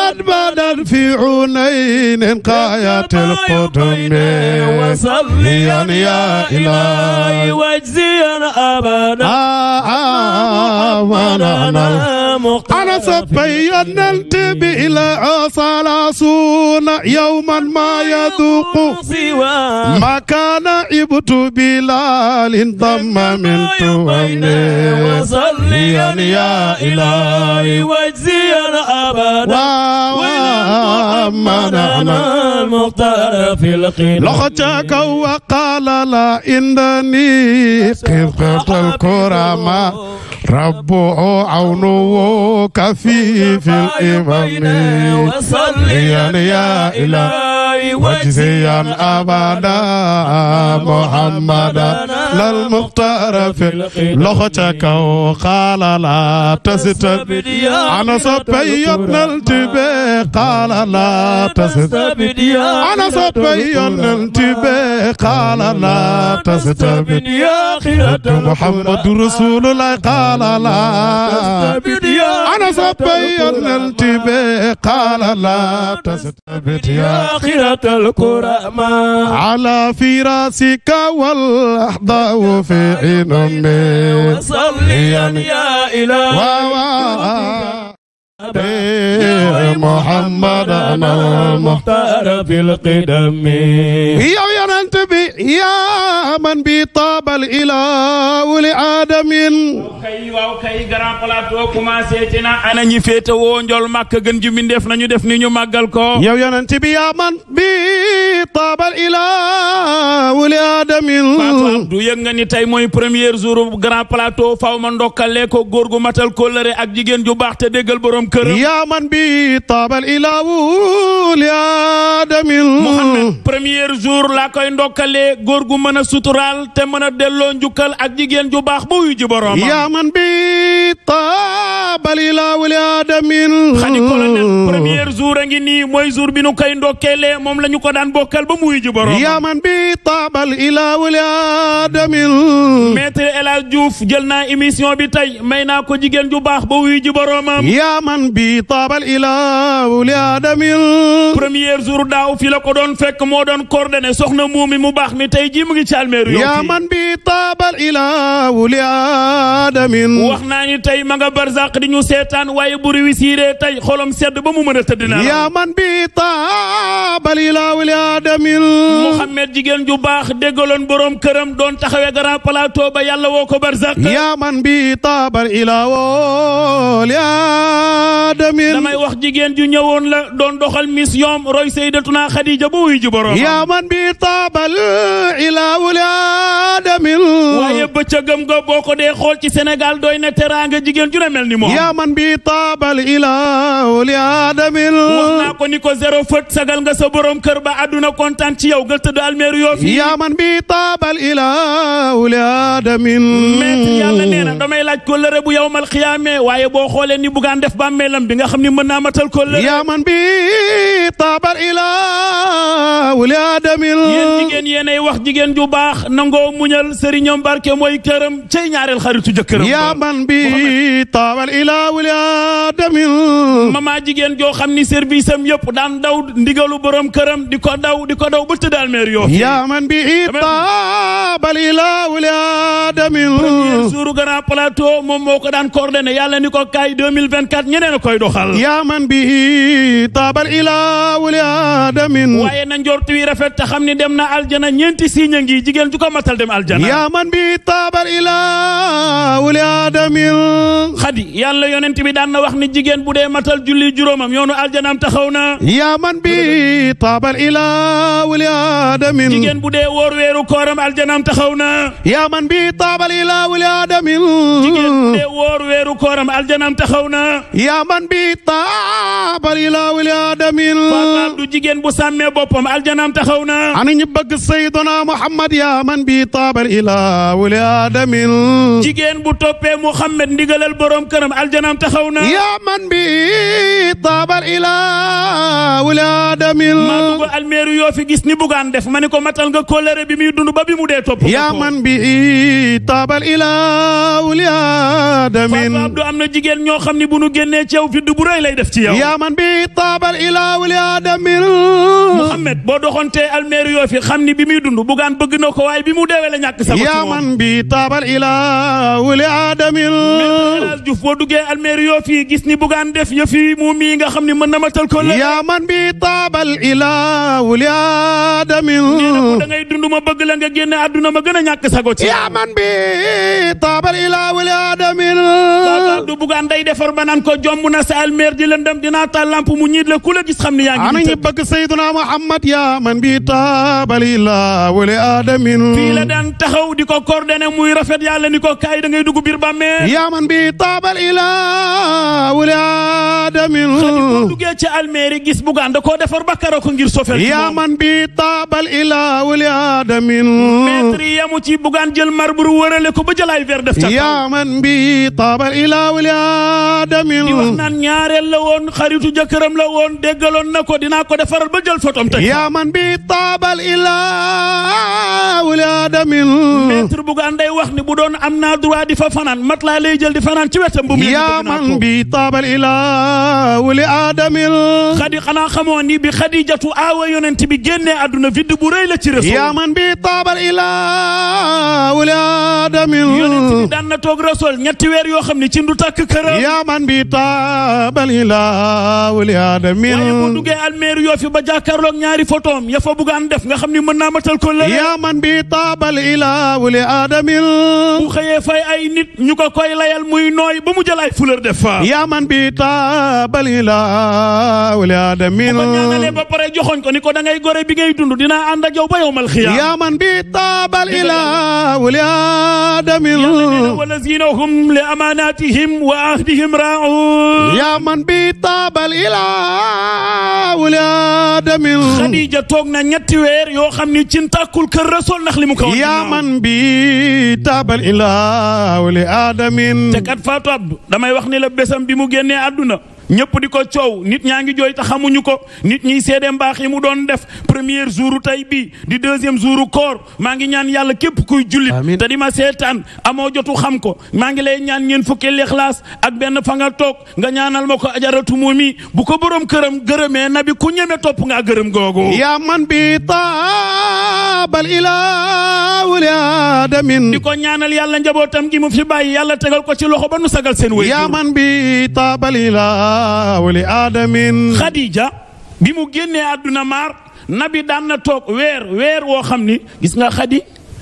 قد بدا في عينين قايات القدم وصليا يا إلهي واجزيا أبدا وانا أنا سبينا التب إلى صلاصون يوما ما يذوق ما كان عبت بلال ضم من تومي وصليا يا إلهي واجزيا أبدا منعنا المختار في القيل لغتك وقال لا إنني قد الكرماء ربه عونه كفيف الإمام وصليا يا إلهي وجزيا أبدا محمدا للمختار في لغتك وقال لا تستبد أنا صبي ابن الجبال قال لا تستبد أنا صبي ابن الجبال قال لا تستبد يا خيرة محمد رسول الله قال قال لا أنا صبي الالتبي قال لا تستبت يا خيرة الكرماء على فراسك والأحضاء في عين أمي وصليا يا إلهي محمد أنا المختار في القدم يا يا أنت بي yaa man bi taabal ilaahu li aadamin kay waaw kay grand plateau commencé ci na ana ñi féete woo njol màkk gën ji mbindeef nañu def ni ñu màggal ko yow yonent bi yaa man bi taabal ilaahu li aadamin du yëg nga ni tey mooy premier jour grand plateau faw ma ndokkale ko góor gu matal kóllëre ak jigéen ju baax te déggal borom kër yaa man bi taabal ilaahu li aadamin waaye góor gu mën a suturaal te mën a delloo njukkal ak jigéen ju baax bu wuyu ji boroomam yaa man bi taabali laa wali aadamin xadi colonel premier ngi nii mooy jour bi nu koy moom la ko daan bokkal ba mu wuyu ji boroomam yaa man bi taabal ilaa wali aadamin maître El Hadj Diouf jël naa émission bi tey may naa ko jigéen ju baax ba wuyu ji boroomam yaa man bi taabal ilaa wali aadamin premier jour daaw fi la ko doon fekk moo doon coordonné soxna muumi mu baax mi tey jii mu ngi ci almeeru yow yaa man bi taabal ilaahu li aadamin wax naa ni tey ma nga barzaq di ñu seetaan waaye bu réussiree tey xolom sedd ba mu mën a tëdd naa yaa man bi taabal ilaahu li aadamin Mouhamed jigéen ju baax déggaloon borom këram doon taxawee grand plateau ba yàlla woo ko barzaq yaa man bi taabal ilaahu li aadamin damay wax jigéen ju ñëwoon la doon doxal mission roy sayyidatuna Khadija bu wuy ji borom yaa man bi taabal ilaa uli aadamin waaye bëccëgam nga boo ko dee xool ci Sénégal doy na teraanga jigéen ju ne mel ni moom yaa man bi taabal ilaa uli aadamin wax naa ko ni ko zéro fët sagal nga sa borom kër ba àdduna kontaan ci yow nga tëdd almeeru yoo fi yaa man bi taabal ilaa uli aadamin maître yàlla nee na damay laaj ko lëre bu yawmal xiyaame waaye boo xoolee ni bugaan def bàmmeelam bi nga xam ni mën naa matal ko lëre yaa man bi taabal ilaa uli aadamin yéen jigéen yéen yéenay wax jigéen ju baax nangoo muñal sëriñam barke mooy këram cey ñaareel xaritu jëkkëram yaa man bi taawal ilaa wuli aadamin mama jigéen joo xam ni service am yëpp daan daw ndigalu borom këram di ko daw di ko daw ba tëddaal yo yoo yaa man bi taabal ilaa wuli aadamin premier jour Grand Plateau moom moo ko daan ko a koy doxal yaa man bi taabal ilaa wuli aadamin waaye na njort wi rafet te xam ni dem na aljana ñeenti siiña ngi jigéen ju ko matal dem aljana yaa man bi taabar ilaa wuli aadamil xadi yàlla yonent bi daan na wax ni jigéen bu dee matal julli juróomam yoonu aljanaam taxaw na yaa man bi taabar ilaa wuli aadamil jigéen bu dee wóor weeru kooram aljanaam taxaw na yaa man bi taabar ilaa wuli aadamil jigéen bu dee wóor weeru kooram aljanaam taxaw na yaa man bi taabar ilaa wuli jigéen bu sàmmee boppam aljanaam taxaw na sayyiduna muhammad ya man bi taabal ilaa wuli aadamin jigéen bu toppee muhammad ndigalal borom këram aljanaam taxaw na man bi taabal ilaa wuli aadamin maa dugg almeeru yoo fi gis ni bugaan def ma ni ko matal nga kóllëre bi mi dund ba bi mu dee topp yaa man bi taabal ilaa wuli aadamin Abdou am na jigéen ñoo xam ni bu nu génnee ceew fidd bu lay def ci yow bi taabal muy dund bugaan bëgg na ko waaye bi mu deewee la ñàkk sabab yaa man bi taabal ilaa wuli aadamil El Diouf boo duggee almeeri yoo fii gis ni bugaan def yëf yi mu mii nga xam ni mën na la yaa man bi taabal ilaa wuli aadamil nee na da ngay dund ma bëgg la nga a bi taabal ilaa wuli du day defar ba naan ko jomb na sa almeer di lëndëm dinaa taal lamp mu ñiit la ku la gis xam ni yaa ngi ana ñu bëgg Seydina Muhammad yaa man bi taabal ilaa wali aadamin fii la daan taxaw di ko coordonné muy rafet yàlla ni ko kaay da ngay dugg biir bàmmeel yaaman bi taabal ilaa wali aadamin boo duggee ci almeeri gis bugaan da koo defar ba kara ko ngir sofel yaaman bi taabal ilaa wali aadamin maître yamu ci bugaan jël marbre wërale ko ba jëlaay ver def ca yaaman bi taabal ilaa wali aadamin di wax naan ñaareel la woon xaritu jëkkëram la woon déggaloon na ko dinaa ko defaral ba jël fotom teg yaaman bi taabal ilaa maître Bougane day wax ni bu doon am naa droit di fa fanaan mat laa lay jël di fanaan ci wetam bu mu yaa man bi taabal ilaa wuli aadamil xadi xanaa xamoon ni bi xadijatu aawa yonent bi génnee àdduna vidde bu rëy la ci rasul yaa man bi taabal ilaa wuli aadamil yonent bi daan na toog rasul ñetti weer yoo xam ne ci ndu takk këram yaa man bi taabal ilaa wuli aadamil waaye bu duggee almeer yoo fi ba jàkkaarloog ñaari photom ya fa Bougane def nga xam ni mën naa mat matal ko lële yaa man bi taabal ilaahu li aadamil bu xëyee fay ay nit ñu ko koy layal muy nooy ba mu jël ay fleur def fa yaa man bi taabal ilaahu li aadamil bu ko ñaanalee ba pare joxoñ ko ni ko da ngay gore bi ngay dund dinaa ànd ak yow ba yowmal xiyaam yaa man bi taabal ilaahu li aadamil wallazina hum li amaanatihim wa ahdihim raa'uun yaa man bi taabal ilaahu li aadamil Xadija toog na ñetti weer yoo xam ni ci تاكل كالرسول نخلي مكون يا من بي تاب الاله لادم تكات فاتو عبد داماي واخني لا بيسام بي مو генي ادنا ñëpp di ko coow nit ñaa ngi jooy te xamuñu ko nit ñiy seede mbaax yi mu doon def premier jour tey bii di deuxième jour koor maa ngi ñaan yàlla képp kuy jullit te di ma seetaan amoo jotu xam ko maa ngi lay ñaan ngeen fukki lixlaas ak benn fa nga toog nga ñaanal ma ko ajaratu moomi bu ko borom këram gërëmee nabi ku ñeme topp ngaa gërëm googu yaa man bi taabal ilaahu li aadamin di ko ñaanal yàlla njabootam gi mu fi bàyyi yàlla tegal ko ci loxo ba nu sagal seen wéy yaa lillah wa li aadamin Khadija bi mu génnee àdduna maar nabi daan na toog weer weer woo xam ni gis nga xadi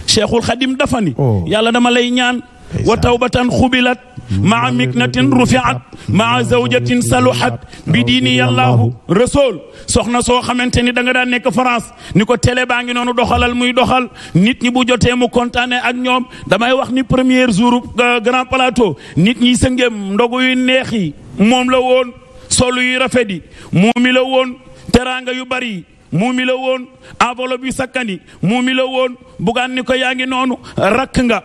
Cheikhul Xadim dafa ni oh. yàlla dama lay ñaan wa tawbatan xubilat maa miknatin rufiat maa zawjatin saluhat bi diini yàllaahu rasul soxna soo xamante ni da nga daan nekk France ni ko télé baa ngi noonu doxalal muy doxal nit ñi bu jotee mu kontaane ak ñoom damay wax ni premier jour euh, grand plateau nit ñi sëngéem ndogu yu neex yi moom la woon solu yu rafet yi muumi woon teraanga yu bari yi muumi woon enveloppe yu sakkani muumi la woon bugaan ni ko yaa ngi noonu rakk nga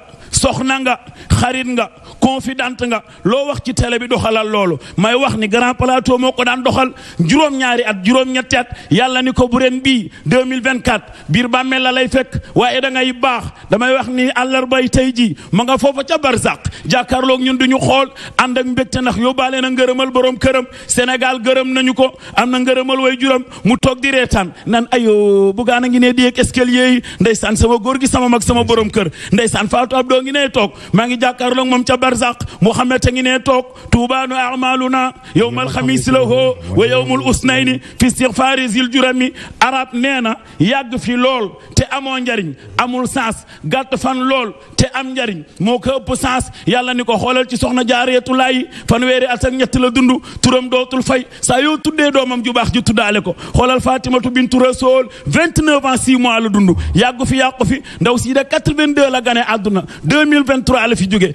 na nga xarit nga confidente nga loo wax ci télé bi doxalal loolu may wax ni grand plateau moo ko daan doxal juróom-ñaari at juróom-ñetti at yalla ni ko bu ren bii 2024 biir bàmmeel la lay fekk waaye da ngay baax damay wax ni àllarbay tey jii ma nga foofa ca barzak jàkkaarloog ñun duñu xool ànd ak mbégte ndax yóbbaale na ngërëmal borom këram Sénégal gërëm nañu ko am na ngërëmal way juram mu toog di reetaan nan ayo bugaan a ngi ne di yeeg escalier yi ndeysaan sama góor gi sama mag sama borom kër ndeysaan barzaq Muhammad a ngi nee toog tuubaanu amaluna yowmal xamis la hoo wa yowmul usnayni fi istigfaari zil jurami arab nee na yàgg fi lool te amoo njariñ amul sens gàtt fan lool te am njariñ moo ko ëpp sens yàlla ni ko xoolal ci soxna jaareetulaayi fanweeri at ak ñett la dund turam dootul fay saa yoo tuddee doomam ju baax ji tuddaale ko xoolal fatimatu bintu rasool vingt-neuf ans six mois la dund yàggu fi yàqu fi ndaw si de quatre-vingt-deux la gane adduna deux mille vingt la fi jóge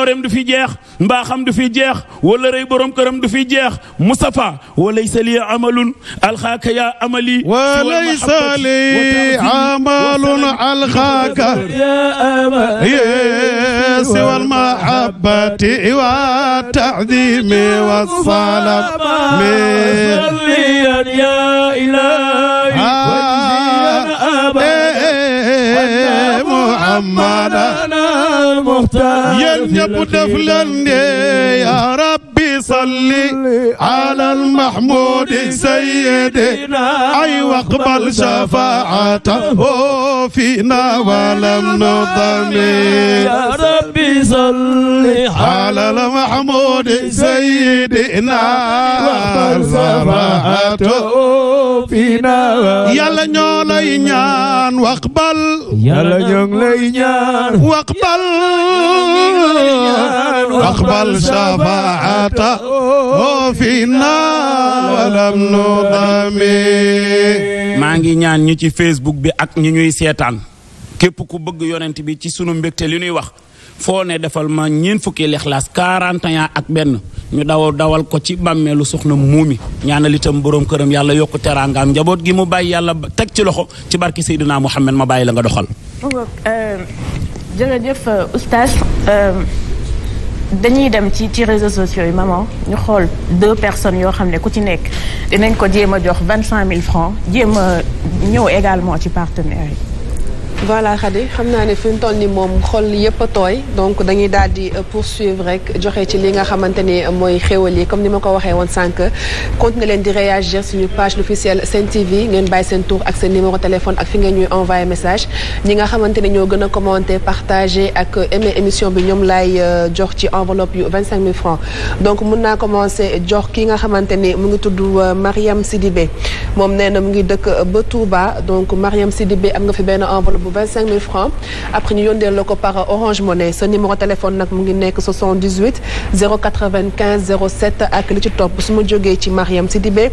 jaloorem du fi jeex mbaaxam du fi jeex wala rëy borom këram du fi jeex Mustafa walaysa li amalun alxaaka yaa amali walaysa li amalun alxaaka yaa siwa almahabbati wa taadimi wa salami ya ilahi ah, محمد أنا المختار يا نبو دفلن يا رب صلي على المحمود سيدنا أي واقبل شفاعته فينا ولم نضم يا ربي صلي على المحمود سيدنا واقبل شفاعته فينا يلا نيولاي نيان واقبل يلا نيولاي نيان واقبل واقبل شفاعته fina walam nu xame maa ngi ñaan ñi ci facebook bi ak ñi ñuy seetaan képp ku bëgg yonent bi ci sunu mbégte li ñuy wax foo ne defal ma ñeen fukki lexlaas 41 ak benn ñu daw dawal ko ci bàmmeelu soxna muumi ñaanal itam borom këram yàlla yokku teraangaam njaboot gi mu bàyyi yàlla teg ci loxo ci barki Seydina Muhammad ma bàyyi langa doxal euh, dañuy dem ci ci réseaux sociaux yi maman ñu xool deux personnes yoo xam ne ku ci nekk dinañ ko jéem a jox vingt cinq mille francs jéem a ñëw également ci partenaires yi voilà Khady xam naa ne fi mu toll nii moom xol yëpp a tooy donc dañuy daal di euh, poursuivre rek joxe ci li nga xamante ni mooy xéwal yi comme ni ma ko waxee woon sànq continuer leen di réagir suñu page officielle Sen TV ngeen bàyyi seen tour ak seen numéro téléphone ak fi nga ñuy envoyé message ñi nga xamante ni ñoo gën a commenté partagé ak aimé émission bi ñoom laay euh, jox ci enveloppe yu vingt cinq mille francs donc mun naa commencé jox ki nga xamante ni mu ngi tudd euh, Mariam Sidibé moom nee na mu ngi dëkk ba Touba donc Mariam Sidibé am nga fi benn enveloppe bu 25000 francs après ñu yónnee la ko par Orange Money sa numéro téléphone nag mu ngi nekk 78 095 07 ak li ci topp su ma jógee ci Mariam Sidibé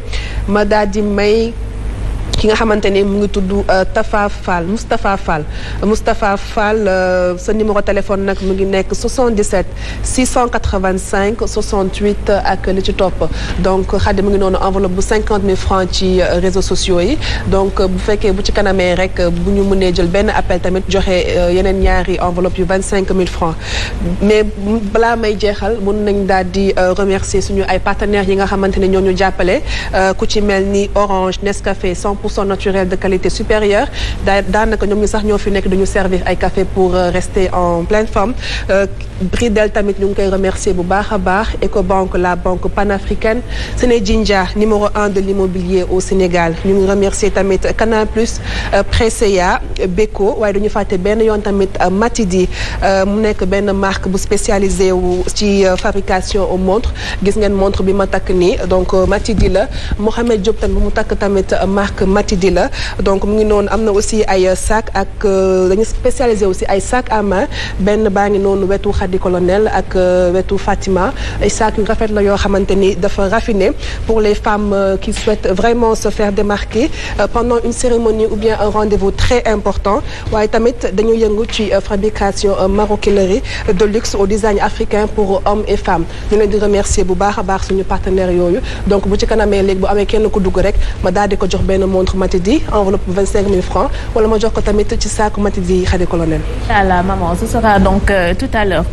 ma daal di may. ki nga xamante ne mu ngi tudd euh, Tafa Fall Moustapha Fall Moustapha Fall euh, sa numéro téléphone nag mu ngi nekk 77 685 68 ak li ci topp donc xaddi mu ngi noonu enveloppe bu 50 000 francs ci euh, réseaux sociaux yi donc bu fekkee bu ci kanamee rek bu ñu mënee jël benn appel tamit joxe yeneen ñaari enveloppe yu 25 000 francs mais balaa may jeexal mun nañ daal di remercier suñu ay partenaires yi nga xamante ne ñoo ñu jàppale ku ci mel ni Orange Nescafé 100 pour son naturel de qualité supérieure daanaka ñoom ñu sax ñoo fi nekk duñu servir ay café pour euh, rester en pleine forme euh, Bridel tamit ñu ngi koy remercier bu baax a baax Ecobank la banque panafricaine Sénégindia numéro un de l'immobilier au Sénégal ñu ngi remercier tamit Canal Plus euh, Presea Beko waaye dañu fàtte benn yoon tamit euh, Matidi euh, mu nekk benn marque bu spécialisé wu ci fabrication au montres gis ngeen montre bi ma takk nii donc Matidi la Mohamed Diop tamit mu takk tamit marque Matidi la donc mu ngi noonu am na aussi ay sac ak dañu spécialisé aussi ay sac à main benn baa di colonel ak euh, wetu Fatima ay saak rafet la yoo xamante ni dafa raffiné pour les femmes euh, qui souhaitent vraiment se faire démarquer euh, pendant une cérémonie ou bien un rendez-vous très important waaye tamit dañu yëngu ci fabrication maroquinerie de luxe au design africain pour hommes et femmes ñu leen di remercier bu baax a baax suñu partenaires yooyu donc bu ci kanamee léegi bu amee kenn ku dugg rek ma daal di ko jox benn montre Matidi enveloppe vingt cinq mille francs wala ma jox ko tamit ci saaku Matidi xadi colonel. Voilà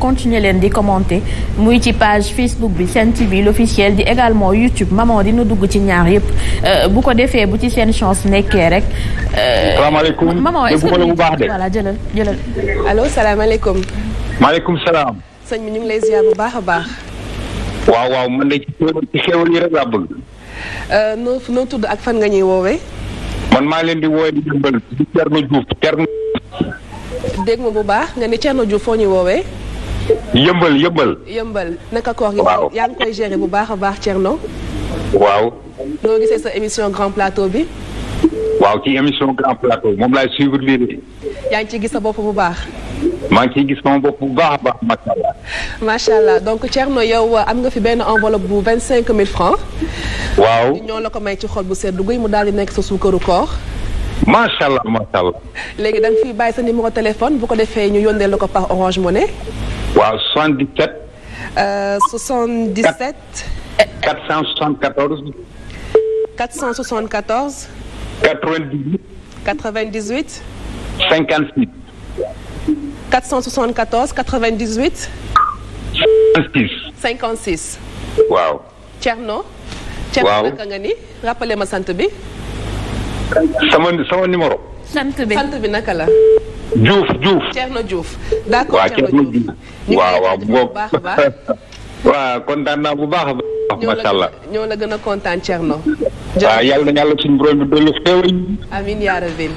continuer leen di commenter muy ci page Facebook bi Sen TV l'officiel di également YouTube maman dina dugg ci ñaar yëpp euh, bu ko defee bu ci seen chance nekkee rek. Euh, salaamaaleykum maman est-ce que bu baax de. voilà jëlal jëlal. allo salaamaaleykum. maaleykum salaam. sëñ ñu ngi lay bu baax a baax. waaw yi rek laa bëgg. Euh, noo noo tudd ak fan nga ñuy woowee. man maa leen di woowee di dimbal di bu baax nga ni Thierno foo ñuy woowee. yëmbal yëmbal. yëmbal naka koor gi. waaw yaa ngi koy gérer bu baax a baax Thierno. waaw. noo gisee sa émission grand plateau bi. waaw ci émission grand plateau moom laay suivre lii de. yaa ngi ciy gis sa bopp bu baax. maa ngi ciy gis sama bopp bu baax a baax macha allah. macha allah donc Thierno yow euh, am nga fi benn enveloppe bu vingt cinq mille francs. waaw ñoo la ko may ci xol bu sedd guy mu daal di nekk sa suukaru koor. macha allah macha allah. léegi da nga fiy bàyyi sa numéro téléphone bu ko defee ñu yónnee la ko par Orange Money. waaw 77. 77. 474. 474. 98. 98. 56. 474 98. 56. 56. waaw. Thierno. Thierno waaw naka nga ni rappelé ma sant bi. sama sama numéro. bi sant bi naka la. Diouf Diouf. Thierno Diouf d'accord Thierno Diouf. waaw waaw baax baax. waaw kontaan naa bu baax a baax. allah ñoo la gën a kontaan Thierno. waaw yàlla na yàlla suñu borom bi dolli xéewal. amiin yaa rabbi.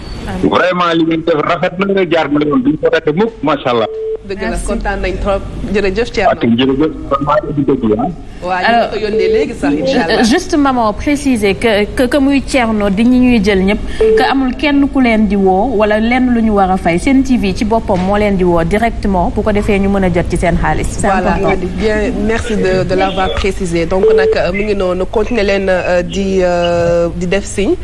li ngeen def rafet na nga jaar na yoon duñ ko rate mukk macha kontaan nañ trop jërëjëf Thierno. waaw kay jërëjëf man maa ngi dëgg la. Ah. waaw ñu ngi ko yónnee léegi sax incha euh, allah. juste maman préciser que que muy Thierno di ñi ñuy jël ñëpp. que amul kenn ku leen di woo wala lenn lu ñu war a fay seen TV ci boppam moo leen di woo directement bu ko defee ñu mën a jot ci seen xaalis. c'est important merci de de l'avoir précisé donc nag euh, mu ngi noonu continuer leen euh, di euh, di def signe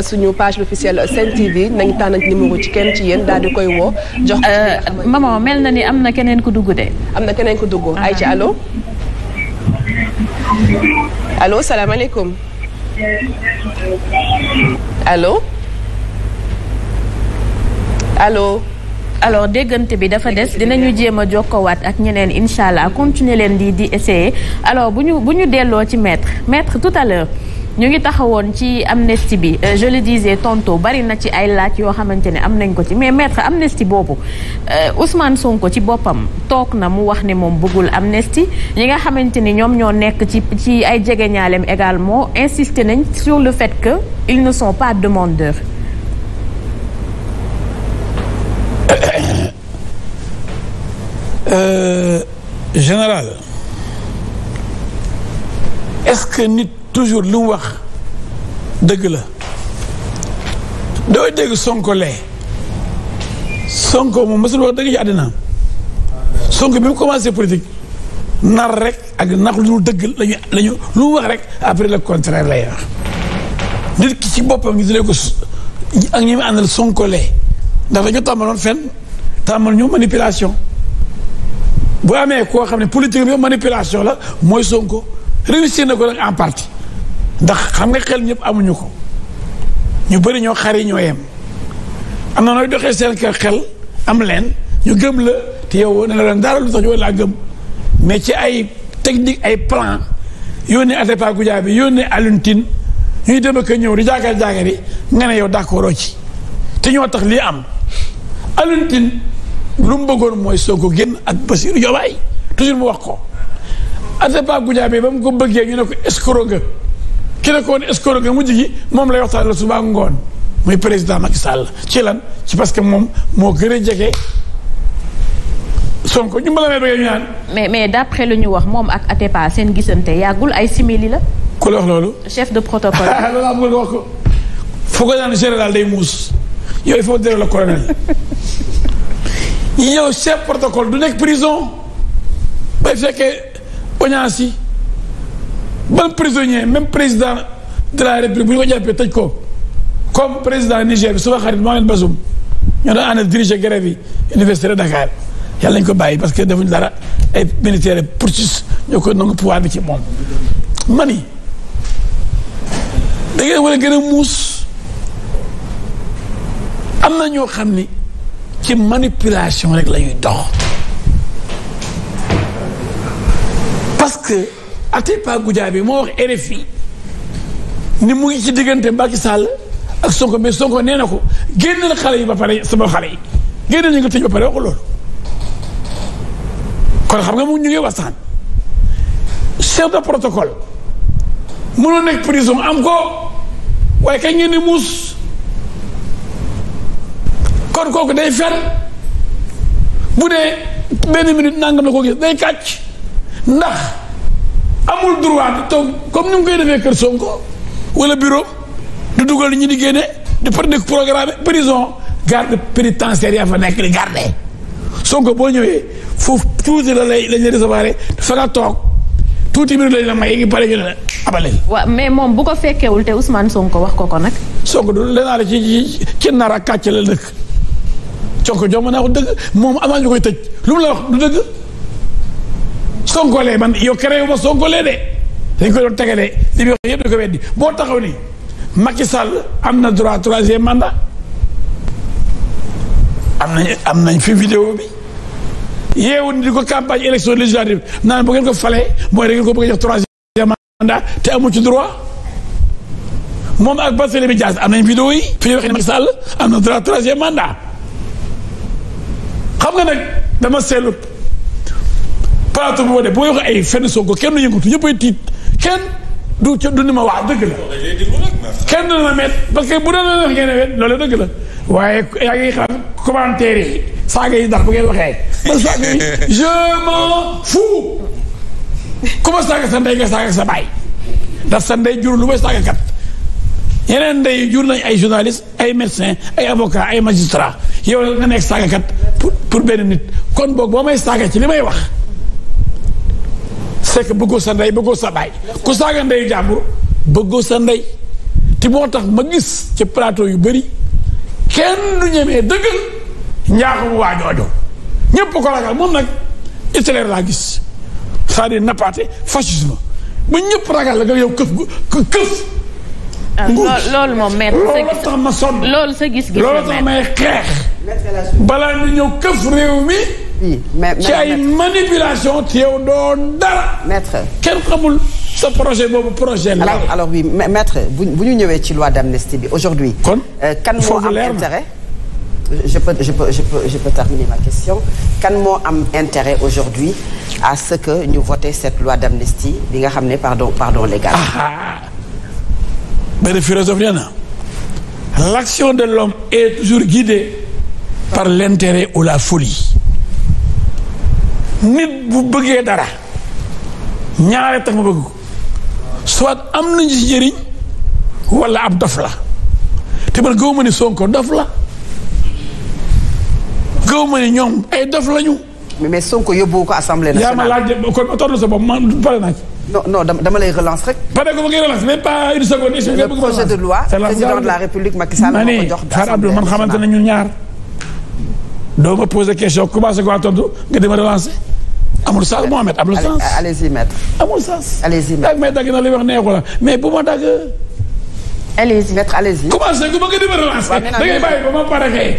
a suñu page officielle Sen TV nañu tànn numéro ci kenn ci yéen daal di koy woo. jox maman mel na ni am na keneen ku dugg de. am na keneen ku dugg. ay ah. ci allo. allo salaamaaleykum. allo. allo. alors déggante bi dafa des dinañu jéem a jokkoowaat ak ñeneen incha allah continuer leen di di essayer alors bu ñu bu ñu delloo ci maître maître tout à ñu ngi taxawoon ci amnistie bi euh, je le disais tantôt bari na ci ay laaj yoo xamante ne am nañ ko ci mais maître amnistie boobu euh, son ko ci boppam toog na mu wax ni moom bëggul amnistie ñi nga xamante ni ñoom ñoo nekk ci ci ay jegeñaaleem également insisté nañ sur le fait que ils ne sont pas demandeurs Euh, général est-ce que nit toujours lu wax dëgg la doo dégg Sonko lee Sonko moom mësul wax dëgg ci àddinaam Sonko bi mu commencé politique nar rek ak nax lu dul dëgg lañu lañu lu wax rek après le contraire lay wax nit ci boppam ñu dalee ko ak ñi mu àndal Sonko lee ndax dañu tàmbaloon fenn tàmbal ñu manipulation boo amee koo xam ne politique bi manipulation la mooy Sonko réussir na ko nag en partie ndax xam nga xel ñëpp amuñu ko ñu bëri ñoo yi ñoo yem am na nooy doxee seen kër xel am leen ñu gëm la te yow ne la leen dara lu tax ñu laa gëm mais ci ay technique ay plan yónnee Atépa Goudiaby yónnee Alioune Tine ñuy dem ak ñëw di jaagar jaagari nga ne yow d'accord ci te ñoo tax lii am Alioune lu mu bëggoon mooy Sonko génn ak Bassirou Diomaye toujours mu wax ko Atepa Goudiaby ba mu ko bëggee ñu ne ko escroc nga ki ne ko woon escroc nga mujj gi moom lay waxtaan la suba ngoon muy président Macky Sall ci lan ci parce que moom moo gën a jege Sonko ñu mbala may bëggee ñu naan. mais mais d'après lu ñu wax moom ak pas seen gisante yàggul ay simili la. ku la wax loolu. chef de protocole. loolu am nga wax ko. foog naa ne général day muus yooyu il faut la le yow chef protocole du nekk prison bay fekkee audience yi ban prisonnier même président de la république bu ñu ko jàppee tëj ko comme président Niger soo suma xarit Mohamed Bazoum ñoo doon ànd diriger grève yi université de Dakar yàlla nañu ko bàyyi parce que defuñ dara ay militaire poursuite ñoo ko nangu pouvoir bi ci moom mani da ngeen war a gën a muus am na ñoo xam ni ci manipulation rek la ñuy dox parce que Atepa Goudiaby moo wax RFI ni mu ngi ci diggante Macky Sall ak Sonko mais Sonko nee na ko génn xale yi ba pare sama xale yi génn ñu nga tëj ba pare waxu loolu kon xam nga mu ñu ngi waxtaan chef de protocole mënoo nekk prison am ko waaye kañ ngeen ne muus kon kooku day fen bu dee benn minute nangam la ko gis day kàcc ndax amul droit toog comme ni mu koy defee kër Sonko wala bureau du dugal ñi di génne di par dëkk programme prison garde pénitentiaire yaa fa nekk di garde Sonko boo ñëwee foofu tuuti la lay lañ la recevoir dafa nga toog tuuti minute lañ la may ngi pare ñu ne abalel waaw mais moom bu ko fekkewul te Ousmane Sonko wax ko ko nag Sonko du lenaa la ci ci nar a kàcc la dëkk Sonko jox ma naa ko dëgg moom avant ñu koy tëj lu mu la wax du dëgg Sonko lee man yow kere wu ma Sonko lee de dañ ko doon tegalee yëpp dañ weddi boo taxaw ni Macky Sall am na droit troisième mandat am nañ am nañ fi vidéo bi yeewu ni di ko campagne élection législative naan bu ngeen ko falee mooy da ko bëgg a jox troisième mandat te amu ci droit moom ak Barthélémy Dias am nañ vidéo yi fi ñuy waxee ne Macky am na droit troisième mandat xam nga nag dama seetlu plateau bi ma de boo wax ay fenn Sonko kenn du yëngatu ñëppay tiit kenn du ca du ni ma wax dëgg la. kenn du la met parce que bu doon la def loolu dëgg la waaye yaa ngi xam commentaire yi saaga yi ndax bu ngeen waxee man saaga yi je m'en fous. ku ma saaga sa ndey nga saaga sa baay ndax sa ndey jur lu may saaga kat. ñeneen ndey jur nañ ay journaliste ay médecin ay avocat ay magistrat yow nga nekk saagakat pour pour benn nit kon boog boo may saaga ci li may wax c'est que bëggoo sa ndey bëggoo sa baay ku saaga ndeyu jàmbur bëggoo sa ndey te moo tax ma gis ci plateau yu bëri kenn du ñemee dëggal njaaxum waa joojo ñépp ko ragal moom nag Hitler laa gis cest à nappaate fascisme ba ñëpp ragal la nga yow këf këf Ah, loolu moom maître loolu tax ma sonn loolu sa gis-gis loolu tax may xeex balaa ñu ñëw këf réew mi ci ay manipulation ci yow doo dara maître kenn xamul sa projet boobu projet la alors alors oui maître bu ñu ñëwee ci loi d'amnistie bi aujourd'hui kon euh, kan moo am intérêt je peux je peux je peux je peux terminer ma question kan moo am intérêt aujourd'hui à ce que ñu vote cette loi d'amnistie bi nga xam ne pardon pardon légal ah, ah, benn philosophe nee na l'action de l'homme est toujours guidée par l'intérêt au la folie nit bu bëggee dara ñaare tax ma bëgg ko soit am nañu ci njëriñ wala ab dof la te man gëw ma ni Sonko dof la gëw ma ni ñoom ay dof lañu. mais mais Sonko yóbbu ko assemblée nationale. yaa ma laaj kon tontu sa bopp man pare naa ci. non non dama lay relance rek. pas de ngay relance même pas une seconde. le projet de loi président de la république Macky Sall moo man xamante ne ñun ñaar. doo ma poser question commencé ko tontu nga dama relancer. amul sens Mohamed amul sens allez-y maître amul sens. allez-y maître dag may dagg na li wax neexu la mais bu ma dagg. allez-y maître allez-y. commencé ku bëgg di ma relancer. da ngay bàyyi ba ma pare kay.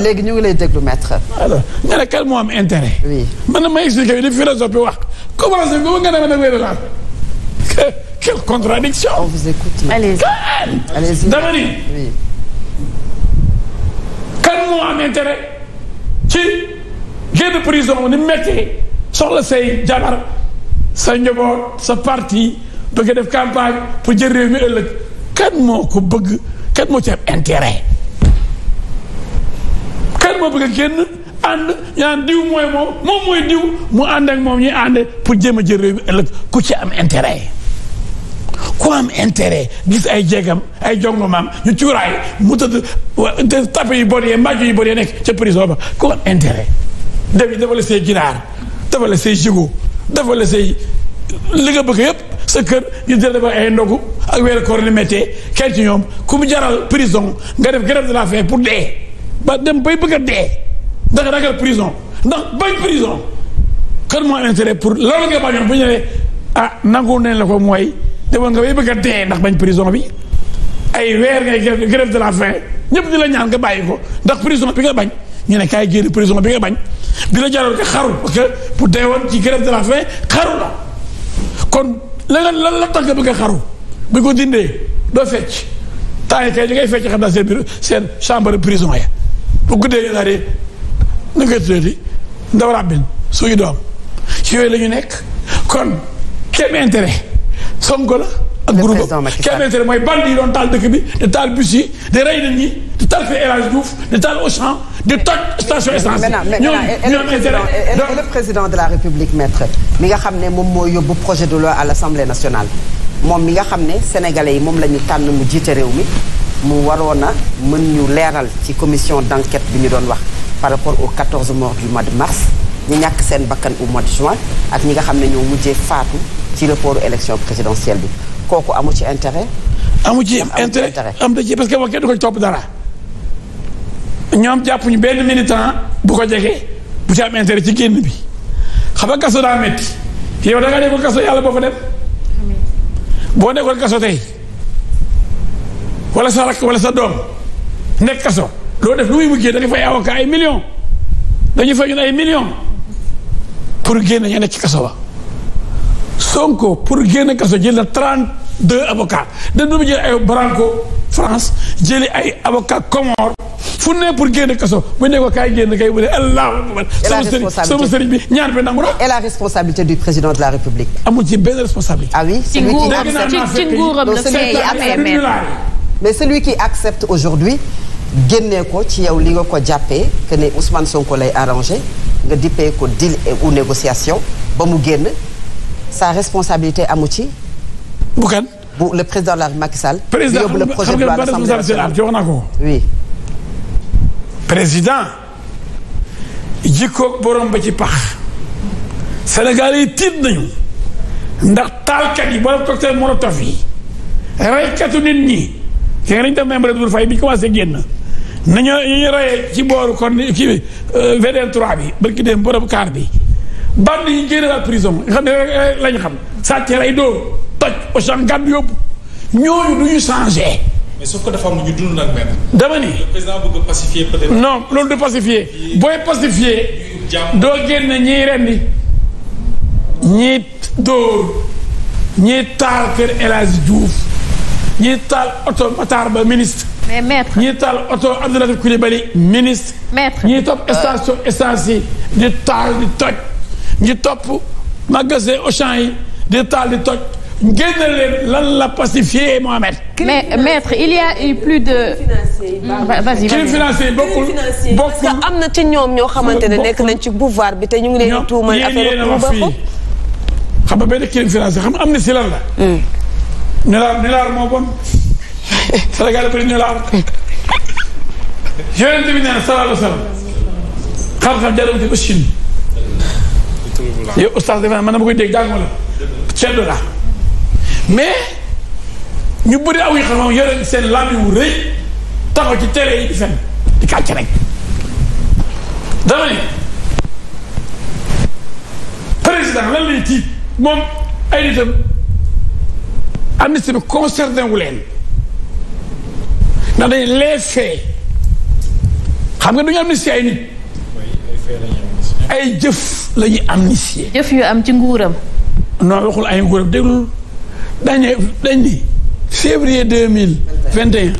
léegi ñu ngi lay déglu maître. alors nga ne kan moo am intérêt. oui man ma expliqué di philosophe bi wax. commencé ku bëgg nga ne ma da ngay relancer. quelle contradiction. on vous écoute. allez-y allez-y dama ni. oui. kan moo am intérêt. ci génn prison ni metti soxla say jabar sa njaboot sa parti bëgg def campagne pour jël réew mi ëllëg. kan moo ko bëgg kan moo ci am intérêt kan moo bëgg a génn ñaan diw mooy moom mooy diw mu ànd moom ñuy ànd pour jéem a jël mi ëllëg ku ci am intérêt ku am intérêt gis ay jegam ay jongomaam ñu cuuraay mu tëdd tappe yu bon yee mbàjj yu bon yee nekk ca prison ba ku am intérêt def la say jigo defal la say li nga bëgg yëpp sa kër ñu jël dafa ay ndogu ak weeru koor ni méttee kenn ci ñoom ku mu jaral prison nga def grève de la fin pour dee ba dem bay bëgg a dee ndax ndax bañ prison kër moo intérêt pour loolu nga bañoon bu ñëwee ah nangu nañ ko mooy demoon nga bay bëgg ndax bañ prison bi ay weer ngay grève de la faim ñëpp di la ñaan nga bàyyi ko ndax prison bi nga bañ ñu ne kaay génn prison bi nga bañ bi la jaral nga xaru parce que bu dee woon ci grève de la faim xaru la kon la nga lan la tax nga bëgg xaru bi ko dindee doo fecc temps yi kay li ngay fecc xam naa seen bureau seen chambre de prison ya bu guddee yéen a di nu koy tuddee di ndaw ràbbin suñu doom ci yooyu la nekk kon kenn intérêt Sonko la ak groupe am ki am intérêt mooy bandi yi doon taal dëkk bi de taal bus yi di rey nit ñi taal fi Elhadj Diouf di taal Auchan di toj station essence yi ñoom ñu président de la République maître mi nga xam ne moom moo yóbbu projet de loi à l'Assemblée nationale moom mi nga xam ne sénégalais yi moom la ñu tànn mu jiite réew mi mu waroon a mën ñu leeral ci commission d'enquête bi ñu doon wax par rapport aux 14 morts du mois de mars ñu ñàkk seen bakkan au mois de juin ak ñi nga xam ne ñoo mujjee faatu ci reportu élection présidentielle bi kooku amu ci intérêt. amu ci intérêt am da ci parce que wax kenn du ko topp dara. ñam jàpp ñu benn militant bu ko jege bu ci am intérêt ci génn bi xam nga kaso daa métti yow da nga nekkoon kaso yàlla boo fa dem. boo nekkoon kaso tey wala sa rakk wala sa doom nekk kaso loo def lu muy mujjee da nga fay ka ay million dañu fay ñun ay millions pour génn ñu nekk ci kaso ba. Sonko pour génn kaso jël na trente deux avocats dañ doon jël ay Branco France jëli ay avocats Comores fu ne pour génn kaso bu ne ko kaay kay ne allahu akbar sama sëriñ sama sëriñ bi na. et la responsabilité du président de la République. amul ci benn responsabilité. ah oui mais celui qui accepte aujourd'hui génnee ko ci yow li nga ko jàppee que ne Ousmane Sonko lay arrangé nga dippee ko deal ou négociation ba mu génn. sa responsabilité amu ci. bu kan. bu le président de la Macky Sall. président yóbbu le projet de loi jox na ko. oui. président. jikkoog borom ba ci pax. Sénégal yi tiit nañu. ndax taalkat yi borom cocktail molotov yi. reykatu nit ñi. te nañ def membre Doudou Faye bi ñu commencé génn. nañoo ñu ñu ci booru kon ci VDN 3 bi barki dem borom kaar bi. band yi génne waat prison nga xam ne eh, eh, lañ xam sàcc lay toj Auchan gàddu yóbbu ñooñu du ñu changé. mais sauf que dafa am ñu dund nag même. dama ni le président bëgg pacifier peut-être. non loolu du pacifier booy pacifier. doo génn ñii rendi ñii dóor ñii taal kër El Hadj ñii taal oto Matar Ba ministre. mais maître ñii taal oto Abdou Latif Coulibaly ministre. maître ñii topp station essence yi di di toj. ñi topp magasin Auchan yi di taal di toj génn leen lan la pacifier Mohamed. mais maître il y a eu plus de. vas-y crime financier bokkul parce que am na ci ñoom ñoo xamante ne nekk nañ ci pouvoir bi te ñu ngi leen di tuumal affaire bu baaxul xam nga benn crime financier xam nga am na si lan la. Hmm. nelaar nelaar moo bon Sénégal bëri nelaar yonent bi nee na sallallahu alayhi wa sallam xam-xam jarul ci ba Chine. yow oustaz defe naa man dama koy dégg de la seetlu naa mais ñu bëri aw yi xam yore seen làmmiñ wu rëy ci cere yi di fen di kàcc rek dama ne président lan moom ay nitam amnistie bi concerné wu leen ndax dañ les faits xam nga du ñu amnistie ay nit ay jëf la ñu amnistier. jëf yu am ci nguuram. non waxul ay nguuram déglul dañ dañ ni février deux mille vingt et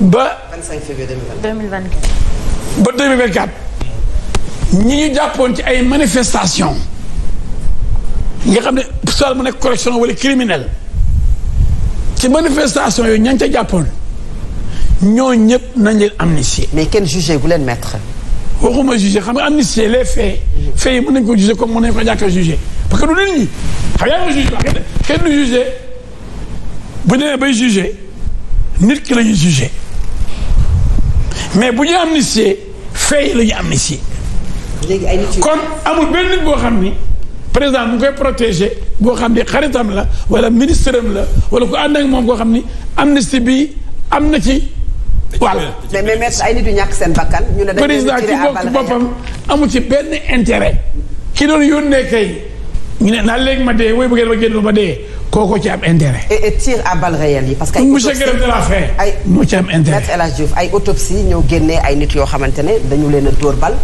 ba. vingt cinq février deux mille ba deux mille vingt quatre ñi ñu jàppoon ci ay manifestations nga xam ne soit mu nekk correction wala criminel ci manifestation yooyu ñañ nga ca jàppoon ñoo ñëpp nañ leen amnistier. mais kenn gu leen maître. waxuma jugé xam nga amnistie les faits faits yi mën nañu ko jugé comme mën nañu ko ñàkk a jugé parce que du nit ñi xam yaa ngi jugé wax kenn du jugé bu demee bay jugé nit ki la ñuy jugé mais bu ñu amnistie faits yi la ñu amnistie kon amul benn nit boo xam ni président mu koy protégé boo xam ni xaritam la wala ministre am la wala ku ànd ak moom koo xam ni amnistie bi am na ci voilà mais mais ay nit yu ñàkk seen bakkan. ñu ne dañu leen tiré à amu ci benn intérêt. ki doon yónnee ne naa léegi ma dee bu ngeen ma génn ma dee kooku ci am intérêt. et à balle réelle yi parce que. ay autopsie monsieur Guèye de la Fère. ay moo ci am ay nit yoo xamante ne dañu leen a dóor bal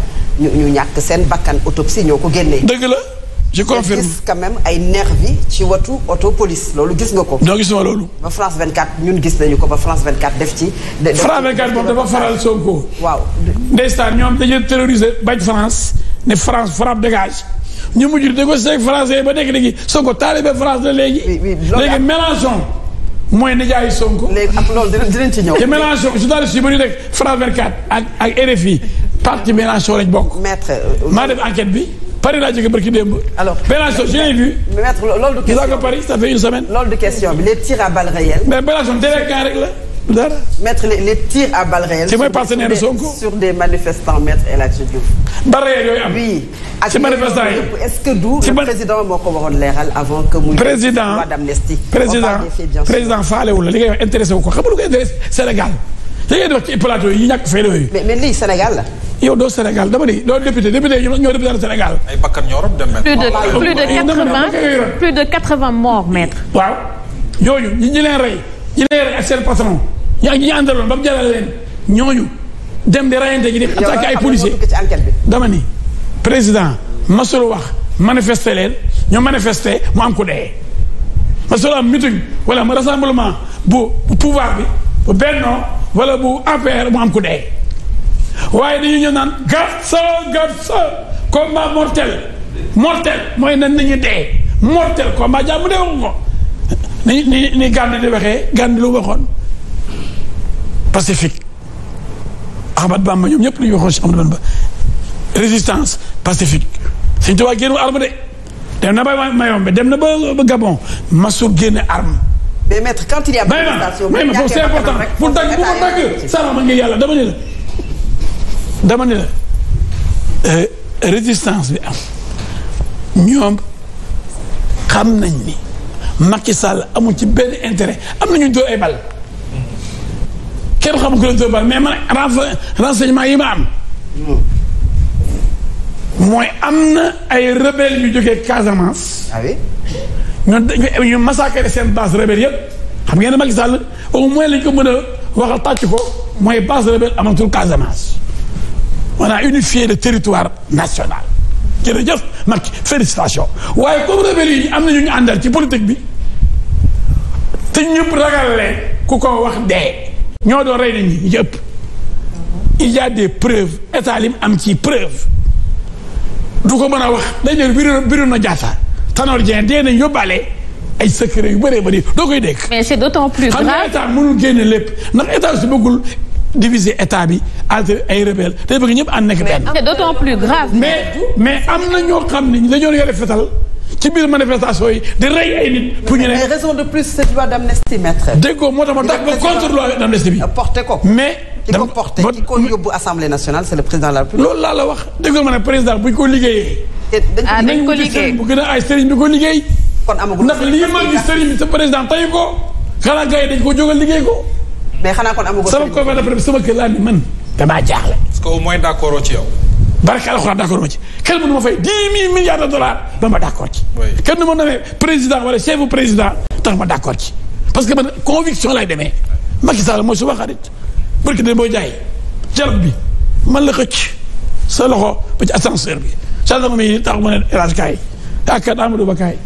ñu ñu ñàkk seen bakkan autopsie ñoo ko génnee. dëgg la. je confirme gis quand même ay nervi ci watu auto police loolu gis nga ko. donc gisuma loolu. ba France 24 ñun gis nañu ko ba France 24 def ci. France 24 moom dafa faral Sonko. waaw ndeysaan ñoom dañuy terroriser bañ France ne France frappe dégage. ñu mujj di ko seeg français ba nekk léegi Sonko taalibe France la léegi. léegi Mélenchon mooy nijaayu Sonko. léegi ak loolu dinañ ci ñëw. te Mélenchon journaliste yu bëri rek France 24 ak ak RFI parti Mélenchon lañ bokk. Euh, bi. Paris laa jógee barki démb. alors Bellaton j'ai vu. maître loolu Paris ça fait une semaine. loolu question bi les tirs à balles réelles. mais Bellaton terrain gaa rek la. dara maître les, les tirs à balles de Sonko sur des manifestants maître El Hadji Diouf. balles réelles yooyu am. oui ak ci manifestants yi est-ce que du. président président président président faale wu la li ngay wax intéressé wu ko xam nga Sénégal. te ngeen di wax ci plateau yi ñàkk fay yooyu. mais mais lii Sénégal la. yow doo Sénégal dama ni doo député député ñoo ñoo député Sénégal. ay bakkan ñoo rëbb dem plus de plus de quatre-vingts plus de quatre-vingts morts maître. waaw ñooñu ñi ñi leen rey ñi leen rey ak seen patron ñi ak ñi àndaloon ba mu jëlaat leen ñooñu dem di rayante ji di attaqué ay policiers dama ni président masul wax manifester leen ñu manifester mu am ku dee. masul am meeting wala rassemblement bu pouvoir bi bu bennoo. wala bu APR mu am ku dee waaye dañu ñëw naan garsa garsa combat mortel mortel mooy nan nañu dee mortel combat jàmm dee waxu ko ni ni ni Gandhi di waxee Gandhi lu waxoon pacifique Ahmad Bamba ñoom ñëpp lu ñu waxoon si Ahmad Bamba résistance pacifique suñu tubaab génn arme de dem na ba Mayombe dem na ba Gabon masu génne arme mais maître quand il y a. manifestation bu ñu c'est important pour dagg bu ko dagg. salaama ngi yàlla dama ne la dama ne la euh, résistance bi am ñoom xam nañ ni Macky Sall amul ci benn intérêt am nañu dóor ay bal kenn xamul ko leen dóor bal mais renseignement yi ma am. mooy am na ay rebelle yu jógee Casamance. Ah ñu ñu massacré seen base rebelle yëpp xam ngeen ne Macky Sall au moins lañ ko mën a waxal tàcc ko mooy base rebelle amatul Casamance on a unifié le territoire national jëf Macky félicitation waaye comme rebelle yi am na ñu ñu àndal ci politique bi te ñëpp ragal leen ku ko wax dee ñoo doon rey nit ñi ñu ëpp il a lim am ci preuve du ko mën a wax dañ leen biru na jaata Tanor Dieng dee nañ yóbbaale ay secret yu bëree bëri doo koy dégg. xam nga état mënul génne lépp ndax état su bëggul diviser état bi entre ay rebelle te bëgg ñëpp ànd nekk benn. c'est mais mais am na ñoo xam ne dañoo yore fetal ci biir manifestation yi di rey ay nit. pour ne déggoo moo tax ma tax ba contre loi d'amnistie bi. ki ko porté ko yóbbu assemblée nationale c'est le président de la loolu laa la wax déggal ma ne président ah, bu gën a ay sëriñ bi ko liggéey. kon amagul ndax lii maa ngi sëriñ bi président tayu ko xanaa gars yi dañ ko liggéey ko. mais xanaa kon amagul sama ko dafa ni man damaa jaaxle. parce que au moins d' ci yow. barke alxuraan d' accord ma ci kenn mënu ma fay dix mille milliards de dollars ba ma d' accord ci. kenn du ma président wala chef président tax ma d' accord ci parce que man conviction lay demee Macky Sall mooy barki de boo jaay jarab bi man la xëcc sa loxo ba ci ascenseur bi gendarme yi tax mu ne érage kaay ak kat Amadou Ba kaay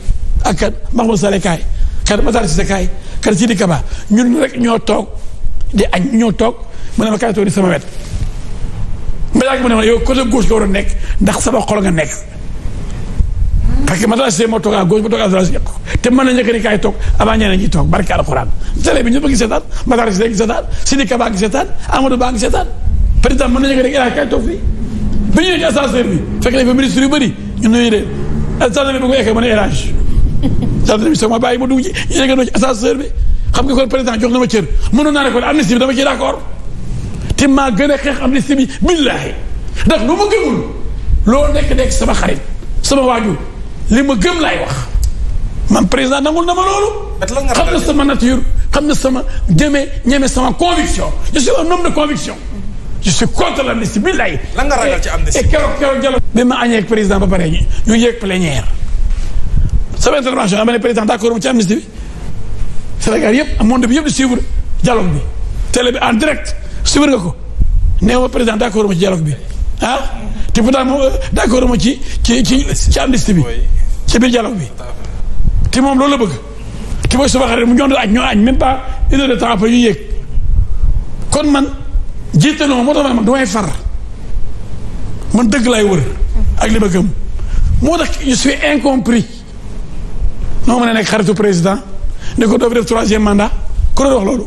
ak kat Mahmoud Saleh kaay kat Matar Cissé kaay kat Sidi Kaba ñun rek ñoo toog di añ ñoo toog mu ne ma kaay toog di sama wet ma yàgg mu ne ma yow côté gauche nga war a nekk ndax sama xol nga nekk parce que madrasa moo toog à gauche ma toog à droite te mën na njëkk ni kaay toog avant ñeneen ñi toog barke alxuraan télé bi ñëpp a ngi seetaan madrasa ngi seetaan Sidika baa ngi seetaan Amadou baa ngi seetaan président mën na njëkk ni kaay toog fii bi ñu nekk ascenseur bi fekk nañ fa ministre yu bëri ñu nuyu leen ascenseur bi bu ko ekkee mën a érage gendarme bi sax ma bàyyi ma dugg ci ñu nekk ci ascenseur bi xam nga kon président jox na ma cër mënoon naa ne kon amnistie bi dama ciy d'accord te maa gën a xeex amnistie bi billaahi ndax lu ma gëmul loolu nekk nekk sama xarit sama waajur li ma gëm laay wax man président nangul na ma loolu. xam na sama nature xam na sama jëme ñeme sama conviction je suis un homme de conviction. je suis contre l'amnistie billaay. lan nga ragal ci amnistie et keroog keroog jalo. bi ma añee ak président ba pare ñu yéeg plénière sama intervention dama ne président d'accord mu ci amnistie bi Sénégal yëpp monde bi yëpp di suivre dialogue bi télé bi en direct suivre nga ko nee ma président d'accord mu ci dialogue bi. ah te pourtant moom euh, ma ci ci ci ci amnistie bi ci biir dialogue bi te moom loolu la bëgg ki mooy sama xarit mu ñoom añ ñoo añ même pas une heure de temps après ñu yéeg kon man jiitaloo ma moo tax man damay far man dëgg laay wër ak li ma gëm moo tax je incompris noo mën a nekk xaritu président ne ko doo fi def troisième mandat ku doon wax loolu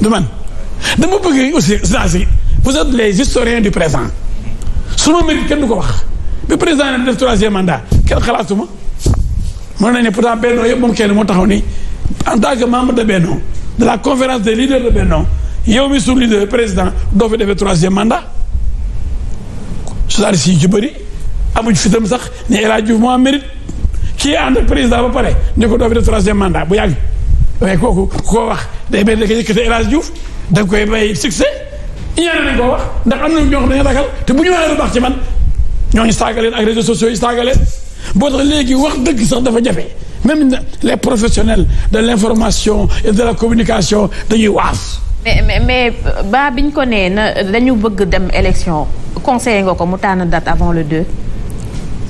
du man dama bëgg aussi saa si vous êtes les historiens du présent su ma mérite kenn du ko wax bi président ne def troisième mandat kenn xalaatuma mën nañ ne pourtant Benno yëpp moom kenn moo taxaw nii en tant que membre de Benno de la conférence des leaders de Benno yow mi suñu leader président doo fi defee troisième mandat si yi ci bëri amuñ fi tam sax ni El Hadj Diouf moo am mérite kii ànd ak président ba pare ni ko doo fi def troisième mandat bu yàgg waaye kooku ku wax day mel ne que yëkkati El Hadj Diouf da nga koy iñaane nañ koo wax ndax am na ñoo xam ne ragal te bu ñu waxee lu baax ci man ñooñu saaga leen ak réseaux sociaux yi saaga boo tax léegi wax dëgg sax dafa jafe même les professionnels de l'information et de la communication dañuy waas. mais mais mais ba biñ ko nee na lañu bëgg dem élection conseiller nga ko mu tànn dat avant le 2.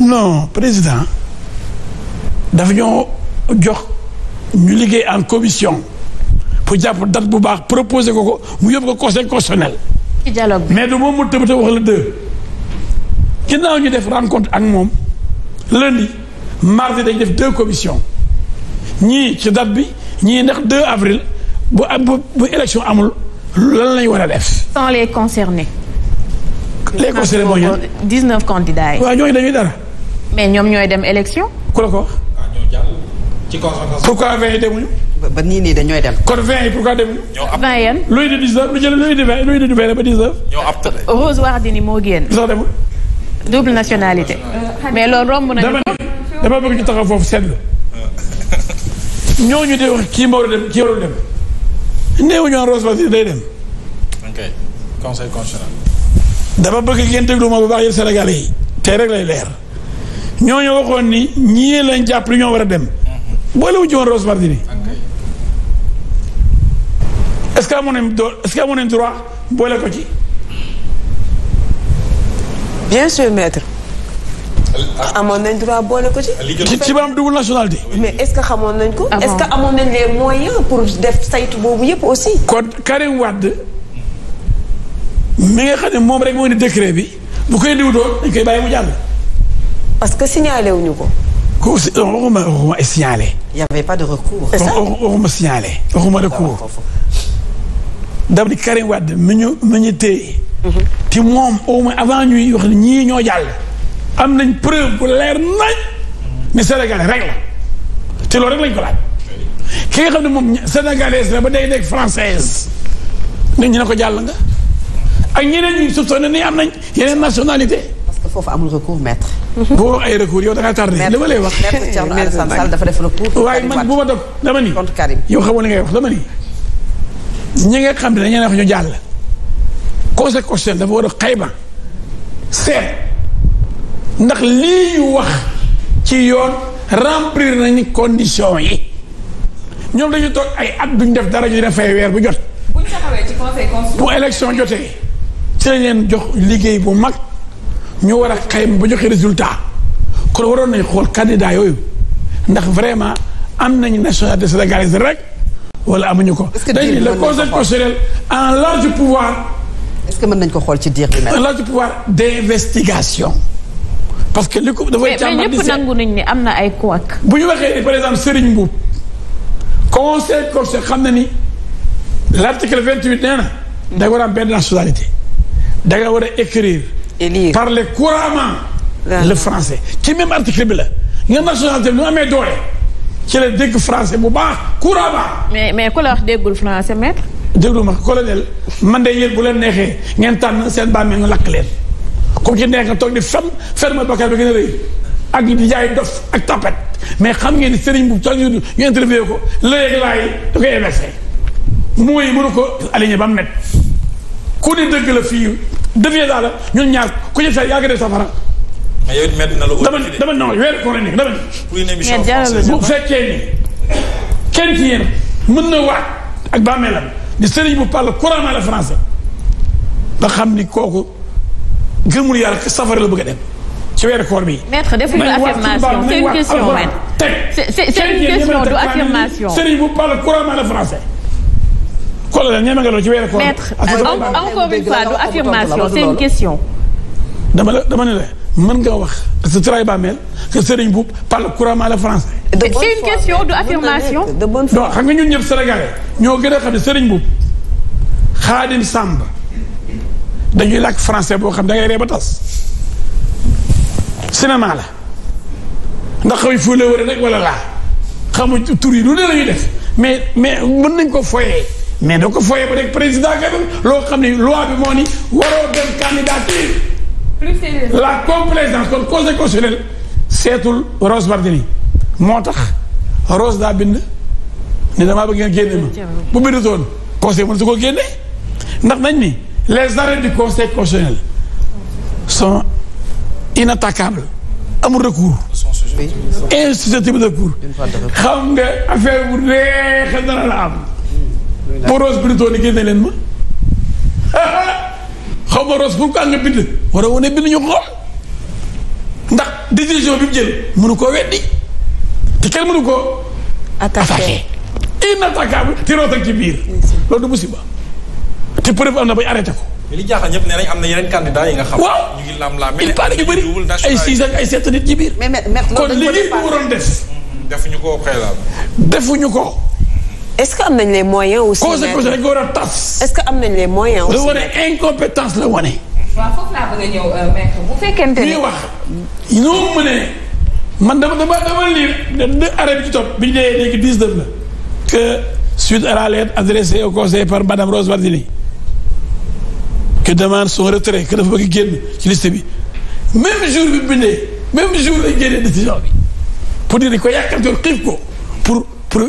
non président daf ñoo jox ñu liggéey en commission. pour jàpp date bu baax proposé ko ko mu yóbbu ko conseil constitutionnel. mais du moom mu tëb tëb wax la deux. ginnaaw ñu def rencontre ak moom lundi mardi dañu def deux commissions ñii ci date bi ñii ndax 2 avril bu bu bu élection amul lan lañ war a def. sans les concernés. les moo mooy ñan 19 candidats yi. waaw ñooñu dañuy dara. mais ñoom ñooy dem élection. ku la ko wax. waaw ah, demuñu. ba nii nii dañooy dem. kon vingt yi pourquoi demuñu. ñoo ab vingt yan. luy di dix neuf lu jëlee luy di vingt luy di vingt ba dix neuf. ñoo ab tëddee Rose Wardini moo génn. sax demul. double nationalité. mais loolu romb nañu. dama ne dama bëgg ñu taxaw foofu seetlu. ñooñu di wax kii moo war a dem kii warul dem. néewuñu woon Rose Wardini day dem. ok conseil constitutionnel. dama bëgg ngeen déglu ma bu baax yéen Sénégalais yi. tey rek lay leer. ñooñu waxoon ni ñii lañ jàpp li ñoo war a dem. Mm-hmm. boolewuñu ci woon Rose Wardini. est-ce que amoon nañ do est-ce que amoon nañ droit boole ko ci. bien sûr maître. amoon nañ droit boole ko ci. ci ba am double nationalité. mais est-ce que xamoon nañ ko. est-ce que amoon nañ les moyens pour def saytu boobu yëpp aussi. kon Karim Wade mi nga xam ne moom rek moo indi décret bi bu koy diwutoo dañ koy bàyyi mu jàll. parce que signalé wuñu ko. ko si waxuma waxuma signalé. y avait pas de recours. c'est ça waxuma signalé daf di Karim Wade mi ñu mi ñu téye. ci moom au moins avant ñuy wax ñii ñoo jàll. am nañ preuve bu leer nañ ni sénégalais rek la te rek lañ ko laaj. ki nga xam ni moom sénégalaise la ba day nekk française nit ñi ne ko jàll nga ak ñeneen ñuy soupçonné ni am nañ yeneen nationalité. parce que foofu amul recours maître. boo ay recours yow da ngaa tardé. li ma lay wax maître Thierno ni. contre yow xamoo ni. ñi nga xam ne dañu wax ñu jàll conseil constitutionnel dafa war a xayma seet ndax lii ñu wax ci yoon remplir nañu condition yi ñoom dañu toog ay at duñ def dara ñu def fay weer bu jot. bu ñu taxawee ci conseil bu élection jotee ci lañ leen jox liggéey bu mag ñu war a xayma ba joxe résultat kon waroon nañ xool candidat yooyu ndax vraiment am nañu nationalité sénégalaise rek. wala amuñu ko. est dañuy le conseil constitutionnel en large pouvoir. est-ce que mën nañu ko xool ci diir bi en large pouvoir d'investigation. parce que li ko dafay càmbar di mais ñëpp nangu nañu ne am na ay couac. bu ñu waxee par exemple Serigne Mboub conseil constitutionnel xam na ni l'article vingt huit nee na. da nga war a am benn nationalité. da nga war a écrire. et lire parler couramment. le français ci même article bi la. nga nationalité bi nu amee doole. ci la dégg français bu baax couramment. mais mais ku la wax déggul français maître. déglu ma colonel man de yéen bu leen neexee ngeen tànn seen bàmmeel nga lakk leen ku ci neex nga toog di fen fen ma bakkaar bi gën a rëy ak di jaay dof ak tapet mais xam ngeen ni sëriñ bu toog ñu interview ko léeg laay da koy inversé mooy mënu ko aligné ba mu nekk ku ne dëgg la fii defee daal ñun ñaar ku ñu fay yaa ngi dee safara mais yow it métti na la. dama ni dama non weeru koor la nekk dama ni. pour une émission française bu fekkee ni kenn ci yéen mën na waat ak bàmmeelam ni sëriñ bu parle couramment le français nga xam ni kooku gëmul yàlla safara la bëgg a dem. ci weeru koor bi. maître defuñu affirmation c'est une question maître. teg c'est une question du affirmation. sëriñ bu parle couramment le français. kóolal ñeme nga doon ci weeru koor. maître encore une fois du affirmation c'est une question. dama la dama ne la mën nga wax sa travail bàmmeel sa sëriñ buub parle couramment le français. c'est une question d'affirmation. non xam nga ñun ñëpp sénégalais ñoo gën a xam ne sëriñ buub xaadim sàmb dañuy làkk français boo xam da ngay ree ba tas. cinéma la ndax xaw foo la wër rek wala laa xamu tur yi lu ne la def mais mais mën nañ ko foyee. mais da ko foyee ba rek président ka loo xam ne loi bi moo ni waroo dem candidature. la complaisance kon conseil constitutionnel seetul Rose Bardini moo tax Rose daa bind ne damaa bëgg ngeen génne ma bu bindutoon conseil mën su ko génne ndax nañ ni les arrêts du conseil constitutionnel sont inattaquables amul recours insusceptible de recours xam nga affaire bu neexee dana la am bu Rose bindutoon ni génne leen ma xaw ma Rose pourquoi nga bind war a wane bind ñu xool ndax décision bi mu jël mënu koo weddi te kenn mënu koo attaqué inattaquable te rootal ci biir loolu du musiba te preuve am na bay arrêté ko li jaaxal ñëpp nee nañ am na yeneen candidat yi nga xam. waaw ñu ngi lam lam il paraît yu bëri ay six ak ay sept nit ci biir. mais mais kon liggéey bi waroon def. defuñu ko préalable. defuñu ko. est-ce que am nañ les moyens aussi. conseil conseil incompétence la wane. waaw foofu a ñëw euh, maître bu wax ñoo mu ne man dama dama dama de arrêt bi ci topp bi la. que suite à la lettre adressée au conseil par madame Rose Wardini que demande son retrait que dafa bëgg génn ci liste bi même jour bi bindee même jour lañ génnee décision bi pour dire ko yàkkamtoon xiif ko pour pour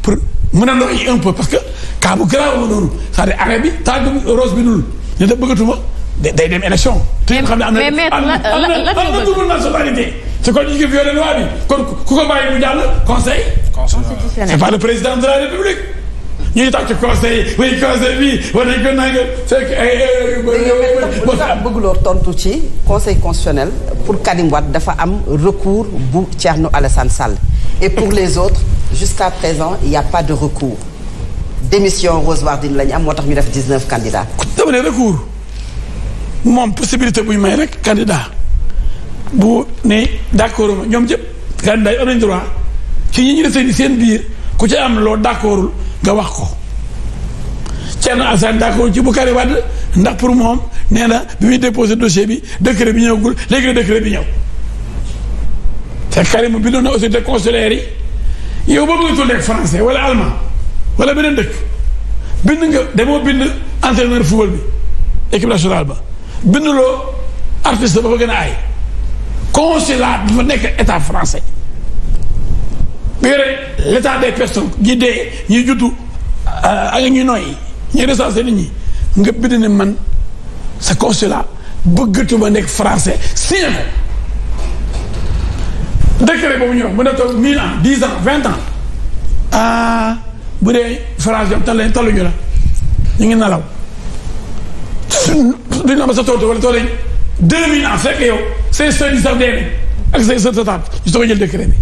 pour. mën a noyyi un peu parce que cas bu grave ma c'est-à-dire arrêt bi tànk rose bi nul ne da bëggatuma day dem élection. te ngeen xam ne am na am na am na double nationalité. te kon ñu ngi violé loi bi kon conseil. c'est pas le président de la république. ñuy tàcc conseil conseil bi war nañ ko nanga tontu ci conseil constitutionnel pour Karim Wade dafa am recours bu Thierno Alassane Sall et pour les autres. jusqu'à présent il n'y a pas de recours démission Rose Wardini la am moo tax ñu def dix-neuf candidats. dama ne recours moom possibilité bu ñu may rek candidat bu ne d'accord ma ñoom ñëpp candidat yi am nañ droit ci ñi ñu dese seen biir ku ci am loo d'accordul nga wax ko. na Thierno Assane d'accord ci Boukhari Wade ndax pour moom nee na bi muy déposé dossier bi décret bi ñëwagul léegi la décret bi ñëw te Karim bi bindoon na autorité consulaire yi. yow ba bëgg tuddeeg français wala allemand wala beneen dëkk bind nga demoo bind entraîneur football bi équipe nationale ba bind loo artiste ba fa gën aay consulat bi fa nekk état français bu yore l' état des personnes ñi dee ñi juddu euh, ak ñi noyyi ñi recensé nit ñi nga bind ne man sa consulat bëggatuma nekk français signé ko décret boobu ñu wax mën na toog mille ans dix ans vingt ans ah bu dee France ñoom tal taluñu la ñu ngi nalaw duñ la ma sa tóortoo wala tool yi deux mille ans fekk yow say sœurs yi sax dee nañ ak say sœurs sa taat ñu soog a jël décret bi.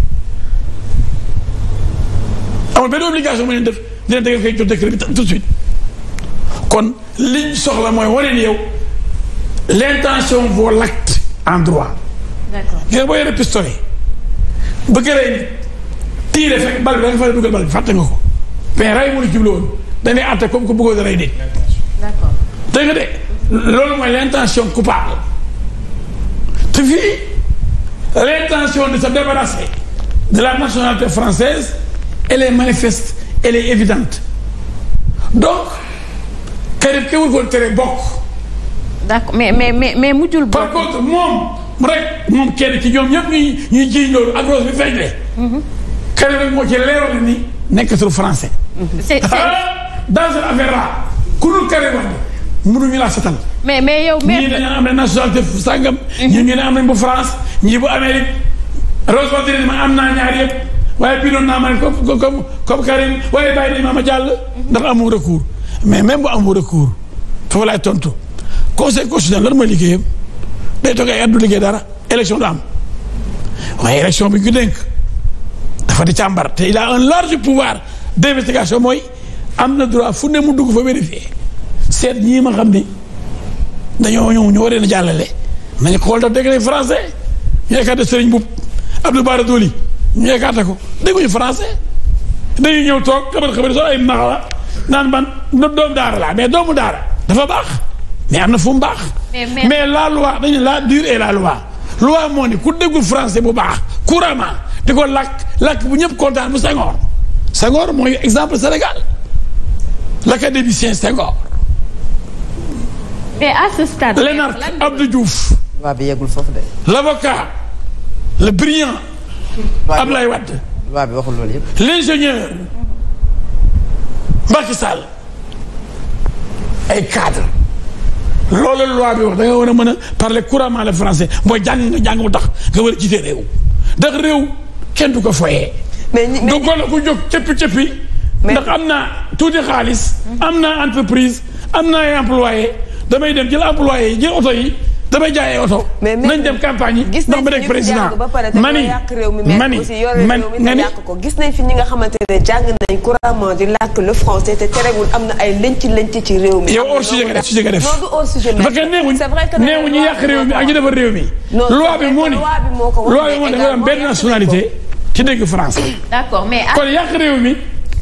amul benn obligation bu ñu def dina dégg koy jot décret bi tout kon liñ soxla mooy wane ni yow l'intention vaut l'acte en droit. d'accord nga boo yore bëgg rey nit tiire fekk bal bi da nga fa dugal bal bi fàtte nga ko mais rey mu la jublu woon dañuy àtte comme ko bëggoon rey nit. d'accord nga de loolu mooy l'intention coupable te fii l'intention de se débarrasser de la nationalité française elle est manifeste elle est évidente donc Karim ki wul ko tere bokk. d'accord mais mais mais mais mujjul bokk. moom. rek moom kenn ci ñoom ñëpp ñuy ñuy jiiñ loolu ak rose bi feeñ le kenn rek ci leeral ni nekk sur français ah, dans cette affaire là ku dul mais mais yow ñii dañu am nationalité sàngam mhm. ñii ñu ne am nañ bu France ñii bu Amérique Rose Wardini ma am naa ñaar yëpp waaye bii naa ma ne comme comme comme Karim waaye bàyyi nañ ma ma jàll mhm. ndax amu recours mais même bu amu recours foofu laay tontu conseil constitutionnel lan mooy liggéeyam day toog ay at du liggéey dara élection du am waaye élection bi ñu dénk dafa di càmbar te il a un large pouvoir d' mooy am na droit fu ne mu dugg fa vérifier seet ñii ma xam ni dañoo ñëw ñu waree na jàllale nañu xool daf dégg nañ français ñu écarté Serigne Boub Abdou Bara Dolly ñu écarté ko dégguñu français dañuy ñëw toog xabar xabar soo ay maxala naan man doom daara laa mais doomu daara dafa baax mais am na fu mu baax. mais la loi dañu la dure et la loi. loi moo ni ku déggul français bu baax couramment di ko làkk làkk bu ñëpp kontaan bu Senghor Senghor mooy exemple Sénégal l'académicien Senghor. mais à ce stade. foofu de. l'avocat le brillant. Ablaye Wade. loi yëpp. l'ingénieur Macky ay cadre loolu loi bi wax da war a mën a parler couramment le français mooy jàng nga jàng mu tax nga war a jiite réew ndax réew kenn du ko foyee. mais ñi du golo ku jóg cëppi cëppi. ndax am naa tuuti xaalis. am naa entreprise am na ay employé damay dem jël employé yi jël oto yi. damay jaayee oto. nañ dem campagne gis nañ fi ñu nga xamante ne jàng làkk le français te terewul am na ay lënc lënc ci réew mi. yow hors sujet nga def sujet nga def. non du hors sujet mais c'est vrai que neewuñ ñu yàq réew mi ak ñu defar réew mi. loi bi moo ni loi bi moo ni dafa am benn nationalité ci dégg français. d'accord mais kon yàq réew mi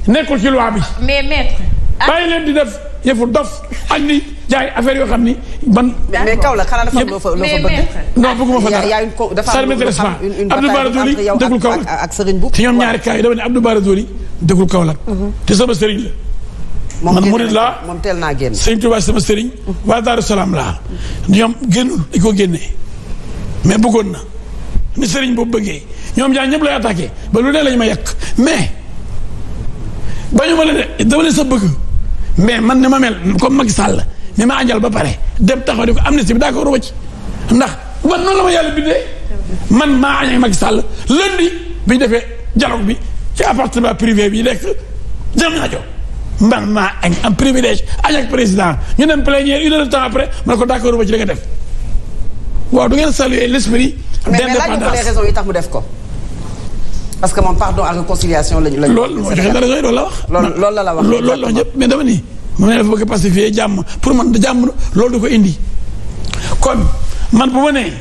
nekkul ci loi bi. mais maître. bàyyi leen di def yëfu dof ak ni. jaay affaire yoo xam ni ban. mais kaw la xanaa dafa am loo fa loo fa bëgg. non bëgguma fa ah, dara y' a une co dafa am lu xam une Abdou Bara Dolly dëggul mhm. te sëriñ la. man murid laa moom teel naa génn. sëñ Tuubaa sama sëriñ. waa Daaru Salaam laa. ñoom génnul di ko génnee mais bëggoon na ni sëriñ boobu bëggee ñoom ñaar ñëpp lay attaqué ba lu ne lañu ma yàq mais bañu ma dama leen sa bëgg mais man ni ma mel comme Macky Sall mi ma àjjal ba pare dem taxaw ne ko amnistie bi d'accord wacc ndax man noonu la ma yàlla bi bindee man maa añak Macky Sall lundi bi ñu defee dialogue bi ci appartement privé bi nekk jam ñaajo man maa añ am privilège añak président ñu neen dem plénière une heure de temps après man ko d'accord wacc da nga def waaw du ngeen saluer l'esprit d'indépendance mais raisons yi tax mu def ko parce que moom pardon ak réconciliation lañu lañu loolu la wax loolu la la wax loolu la wax ñëpp mais dama mu ne dafa bëgg pacifier jàmm pour man jàmm loolu du ko indi kon man bu ma nee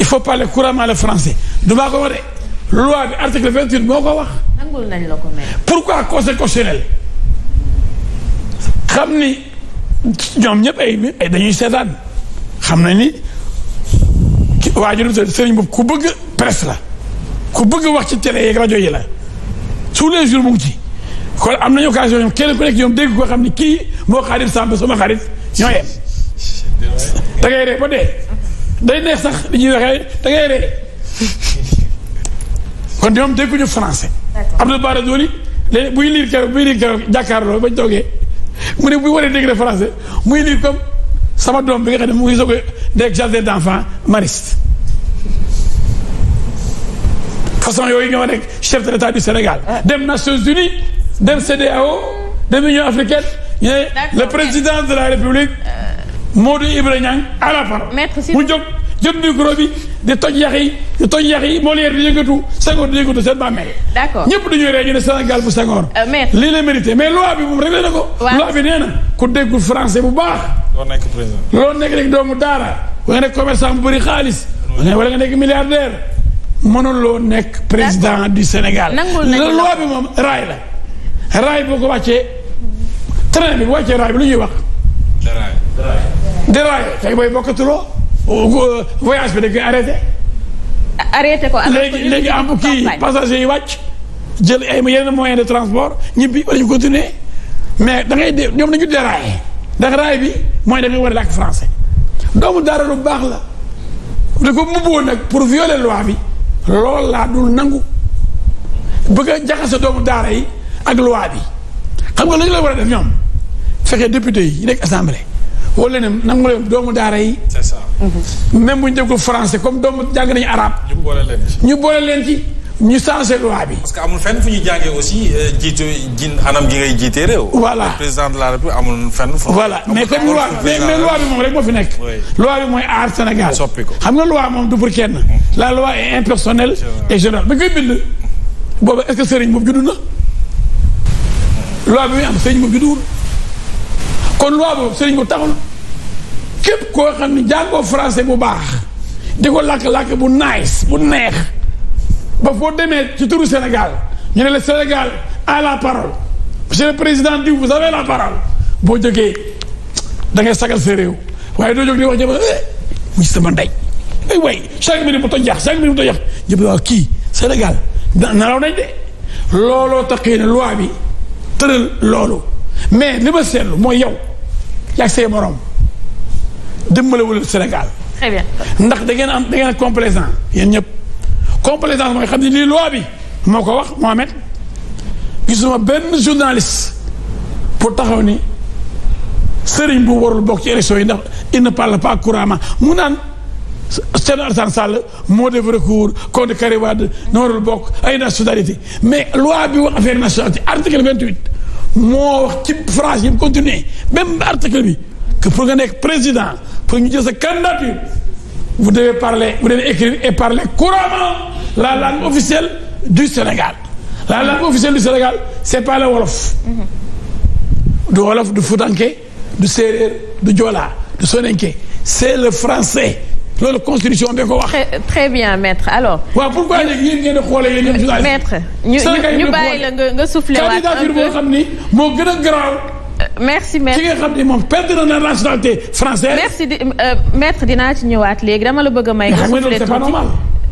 il faut parler couramment le français du maa ko wax de loi bi article vingt huit moo ko wax. nangul nañ la ko mais. pourquoi conseil constitutionnel xam ni ñoom ñëpp ay dañuy seetaan xam na ni waajur sëriñ boobu ku bëgg presse la ku bëgg wax ci télé yeeg rajo yi la tous les jours mu ci. kon am nañu occasion ñoom kenn dégg ko xam ne kii moo xarit Samba sama xarit ñoo yem. da ngay ree day neex sax li ñuy waxee da ngay kon ñoom dégguñu français. Abdou Bara Dolly léegi buy liir keroog buy liir keroog jàkkaarloo bañ joge mu ne bu waree dégg français muy liir comme sama doom bi nga xam ne mu ngi soog a nekk jardin d'enfant mariste. façon yooyu ñoo nekk chef de l'État du Sénégal ah. dem Nations Unies. dem CEDEAO dem Union africaine. ñu ne le président de la république. Euh, Modou Ibra Niang à la parole. mu jóg jëm micro bi di toj yax yi di toj yax yi Molière di yëngatu Senghor di yëngatu seen bàmmeel. d' accord ñëpp dañuy rey ñu ne Sénégal bu Senghor. Euh, maître la mérité mais loi bi moom réglé na ko. loi bi nee na ku déggul français bu baax. loo nekk président loo nekk rek doomu daara. wala nga nekk commerçant bu bëri xaalis. wala nga nekk milliardaire. mënuloo nekk président du Sénégal. la loi bi la. raay boo ko wàccee train bi bu wàccee raay bi lu ñuy wax. déraillé déraillé tey booy bokkatuloo euh, voyage bi dañ koy arrêté. ko léegi léegi am kii passagers yi wàcc jël ay yenn moyen de transport ñibbi wala ñu continuer mais da ngay dé ñoom dañu déraillé ndax raay bi mooy da ngay war a làkk français doomu daara lu baax la da ko mubboo nag pour violer loi bi loolu laa dul nangu bëgg a jaxase doomu daara yi. ak loi bi xam nga lu la war a def ñoom fekkee député yi nekk assemblée wala ne nangu leen doomu daara yi. c'est ça. Mm-hmm. même bu ñu déggul français comme doomu jàgg nañu arabe. ñu boole leen ci ñu boole changé loi bi. parce que amul fenn fu ñu jàngee aussi euh, jiitu ji anam gi ngay jiitee réew. voilà président de la république amul fenn fu. mais comme loi bi moom rek moo fi nekk. loi bi mooy aar Sénégal. soppi ko xam nga loi moom du pour kenn. Mm. la loi est impersonnelle et générale ba boobu est-ce que sëriñ boobu juddu na. loi bi muy am sëriñ boobu judduwul kon loi boobu sëriñ boobu taxul képp koo xam ne jàngoo français bu baax di ko lakk làkk bu nice bu neex ba foo demee ci turu Sénégal ñu ne le Sénégal à la parole monsieur le président diw vous avez la parole boo jógee da ngay sagal sa réew waaye doo jóg di wax jëba eh, muy sama ndey ay eh, way chaque minute bu toj yax chaque minute bu toj yax jëba waaw kii Sénégal nalaw nañ de looloo taxee ne loi bi tëral loolu mais li ma seetlu mooy yow yaa say morom dimbalewul Sénégal. très bien ndax da ngeen am da ngeen complaisant yéen ñëpp complaisance mooy xam ne lii loi bi moo ko wax Mohamed gisuma benn journaliste pour taxaw ni sëriñ bu warul bokk ci élection yi ndax il ne parle pas couramment mu naan. Thierno Alassane Sall moo def recours contre Karim Wade noorul bokk ay nationalité mais loi bi wax affaire nationalité article vingt huit moo wax ci France yi mu continuer même article bi que pour nga nekk président pour ñu jël sa candidature vous devez parler vous devez écrire et parler couramment la langue officielle du Sénégal la langue officielle du Sénégal c'est pas le wolof du wolof du futanke du séeréer du joola du soninke c'est le français loolu constitution de ko wax. très bien maître alors. waaw pourquoi léegi yéen ngeen di xoolee yéen ñoom. journaliste maître ñu ñu bàyyi la nga nga soufflé waat candidature xam ni moo gën a garaaw. Euh, merci maître ki nga xam ne moom perdre na nationalité française. merci di euh, dinaa ci ñëwaat léegi dama la bëgg a may. nga soufflé tuuti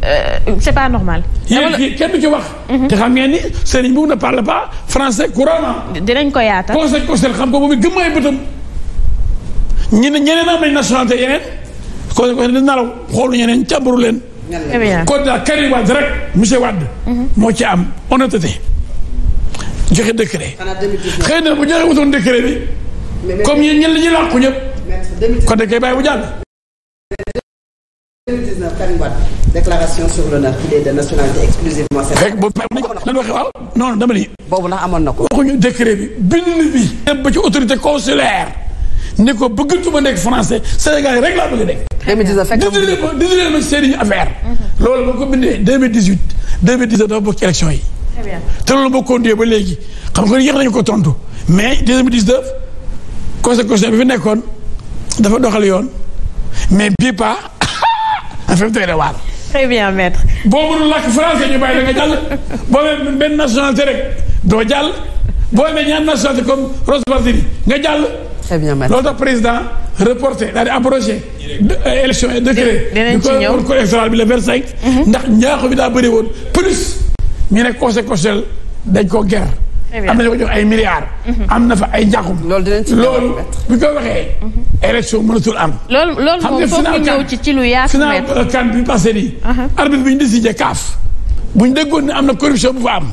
euh, c'est pas normal. dama la kenn du ci wax. Mhm. te xam ngeen ni Serigne Mbow ne parle pas français couramment. dinañ ko yaatal conseil conseil xam ko moom it gëm ay bëtam. ñeneen ñeneen am nañ nationalité yeneen. conséquence di nalaw xoolu ñeneen càmbaru leen. Eh kon daal rek monsieur Wade. Mhm. moo ci am honnêteté. joxe décret. xëy na bu joxe wutoon décret bi. comme yéen ñenn ñi làqu ñëpp. kon da koy bu jàll. 2019 dama ni. boobu ndax amoon ko. bi bind bi. dem ba ci autorité consulaire. ni ko bëggatuma nekk français Sénégal yi rek laa bëgg a nekk. 2018 dindi leen ma dindi leen ma seen i affaire. loolu ba ko bindee 2018 2019 dafa bokk ci élection yi. très bien te loolu boo continué ba léegi xam nga yéex nañu ko tontu mais 2019 conseil constitutionnel bi fi nekkoon dafa doxal yoon mais bii pas affaire bi doy na waar. très bien maître. boo mënul làkk français ñu bàyyi la nga jàll boo benn nationalité rek doo jàll. boo mee ñaan am nationalité comme Rose Wardini nga jàll. très bien merci loolu tax président reporté daal di approché. Euh, élection et décret. dinañ ci ñëw bi ko bi le 25. Mhm. ndax ñaaxu bi daa bëri woon plus. ñu ne conseil constitutionnel dañ koo ger am na ñu jox ay milliards. Mhm. am na fa ay njàqum. loolu dinañ ci loolu bu ñu waxee. Mhm. élection mënatul am. loolu loolu moom foog ñu ñëw ci ci lu yaatu. final kan bi passé nii. arbitre bi ñu décidé kaaf. bu ñu déggoon ni am na corruption bu fa am.